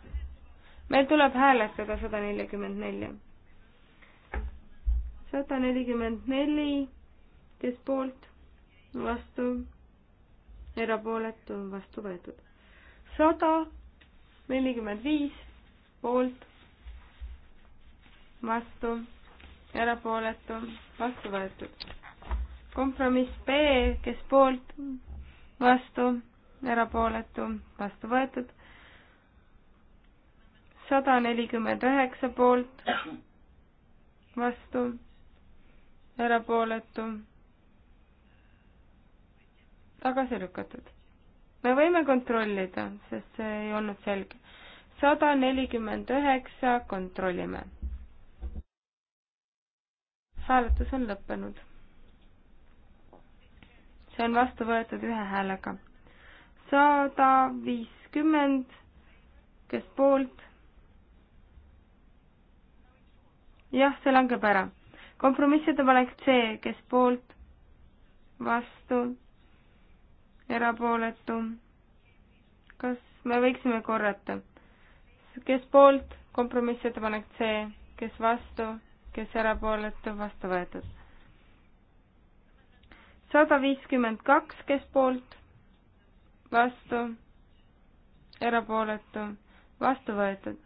meil tuleb hääletada sada nelikümmend nelja. sada nelikümmend neli kes poolt, vastu, erapooletu, vastu võetud. sada nelikümmend viis poolt, vastu, erapooletu, vastu võetud. kompromiss B, kes poolt, vastu, erapooletu, vastu võetud. sada nelikümmend üheksa poolt, vastu, erapooletu tagasi lükatud. me võime kontrollida, sest see ei olnud selge. sada nelikümmend üheksa, kontrollime. hääletus on lõppenud. see on vastu võetud ühe häälega. sada viiskümmend, kes poolt? jah, see langeb ära. kompromissettepanek C, kes poolt? vastu erapooletu. kas me võiksime korrata? kes poolt, kompromissettepanek C, kes vastu, kes erapooletu, vastu võetud. sada viiskümmend kaks, kes poolt, vastu, erapooletu, vastu võetud.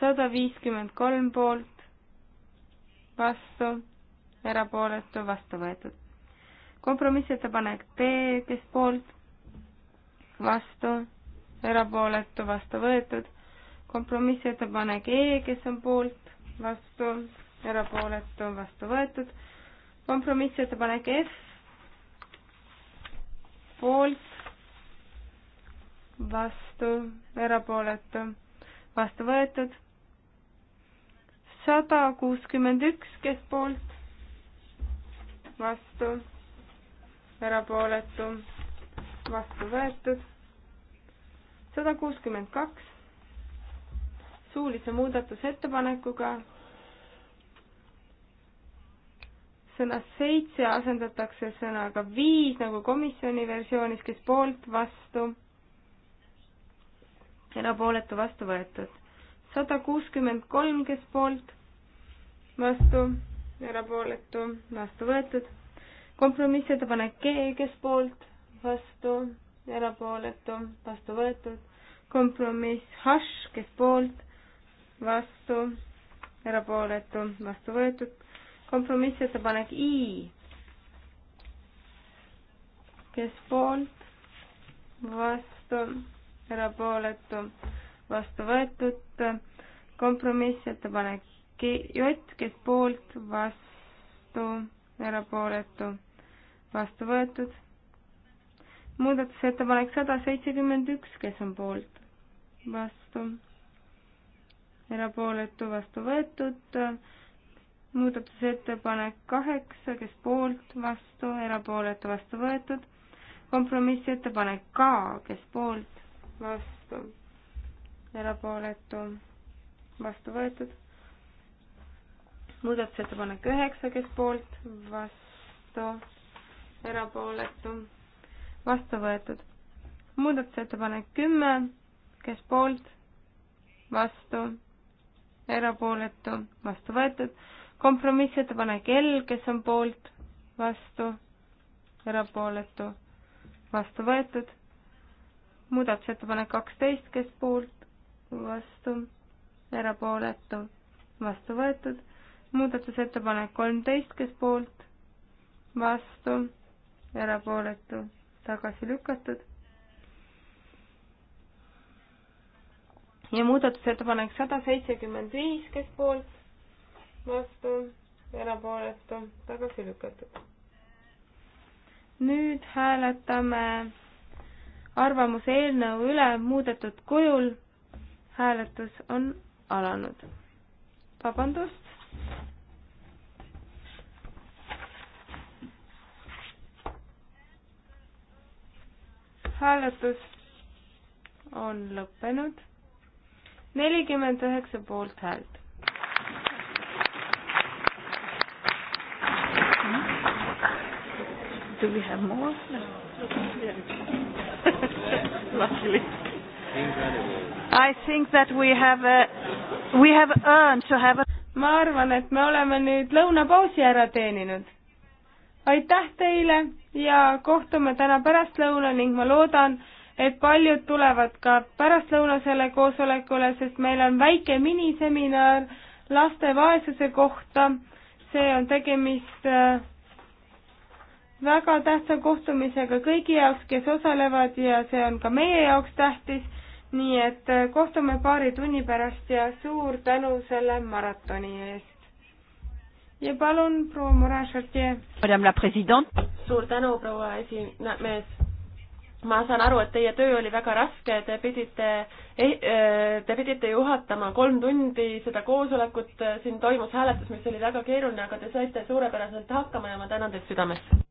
sada viiskümmend kolm poolt, vastu, erapooletu, vastu võetud kompromissettepanek B, kes poolt, vastu, erapooletu, vastu võetud. kompromissettepanek E, kes on poolt, vastu, erapooletu, vastu võetud. kompromissettepanek F, poolt, vastu, erapooletu, vastu võetud. sada kuuskümmend üks, kes poolt, vastu erapooletu, vastu võetud. sada kuuskümmend kaks suulise muudatusettepanekuga sõna seitse asendatakse sõnaga viis nagu komisjoni versioonis, kes poolt, vastu, erapooletu, vastu võetud. sada kuuskümmend kolm, kes poolt, vastu, erapooletu, vastu võetud kompromissettepanek G, kes poolt, vastu, erapooletu, vastu võetud. kompromiss H, kes poolt, vastu, erapooletu, vastu võetud. kompromissettepanek I, kes poolt, vastu, erapooletu, vastu võetud. kompromissettepanek J, kes poolt, vastu, erapooletu vastu võetud. muudatusettepanek sada seitsekümmend üks, kes on poolt, vastu, erapooletu, vastu võetud. muudatusettepanek kaheksa, kes poolt, vastu, erapooletu, vastu võetud. kompromissettepanek ka, kes poolt, vastu, erapooletu, vastu võetud. muudatusettepanek üheksa, kes poolt, vastu erapooletu, vastu võetud. muudatusettepanek kümme, kes poolt, vastu, erapooletu, vastu võetud. kompromissettepanek L, kes on poolt, vastu, erapooletu, vastu võetud. muudatusettepanek kaksteist, kes poolt, vastu, erapooletu, vastu võetud muudatusettepanek kolmteist, kes poolt, vastu, erapooletu, tagasi lükatud. ja muudatusettepanek sada seitsekümmend viis, kes poolt, vastu, erapooletu, tagasi lükatud. nüüd hääletame arvamuse eelnõu üle muudetud kujul. hääletus on alanud. vabandust hääletus on lõppenud. nelikümmend üheksa poolthäält. Do we have more? No. Luckily. I think that we have a, we have earned to have a ma arvan, et me oleme nüüd lõunapausi ära teeninud. aitäh teile! ja kohtume täna pärastlõunal ning ma loodan, et paljud tulevad ka pärastlõunasele koosolekule, sest meil on väike miniseminar laste vaesuse kohta. see on tegemist äh, väga tähtsa kohtumisega kõigi jaoks, kes osalevad ja see on ka meie jaoks tähtis. nii et äh, kohtume paari tunni pärast ja suur tänu selle maratoni eest ja palun, proua Morašartje. suur tänu, proua esimees. ma saan aru, et teie töö oli väga raske, te pidite, e, e, te pidite juhatama kolm tundi seda koosolekut, siin toimus hääletus, mis oli väga keeruline, aga te saite suurepäraselt hakkama ja ma tänan teid südamest.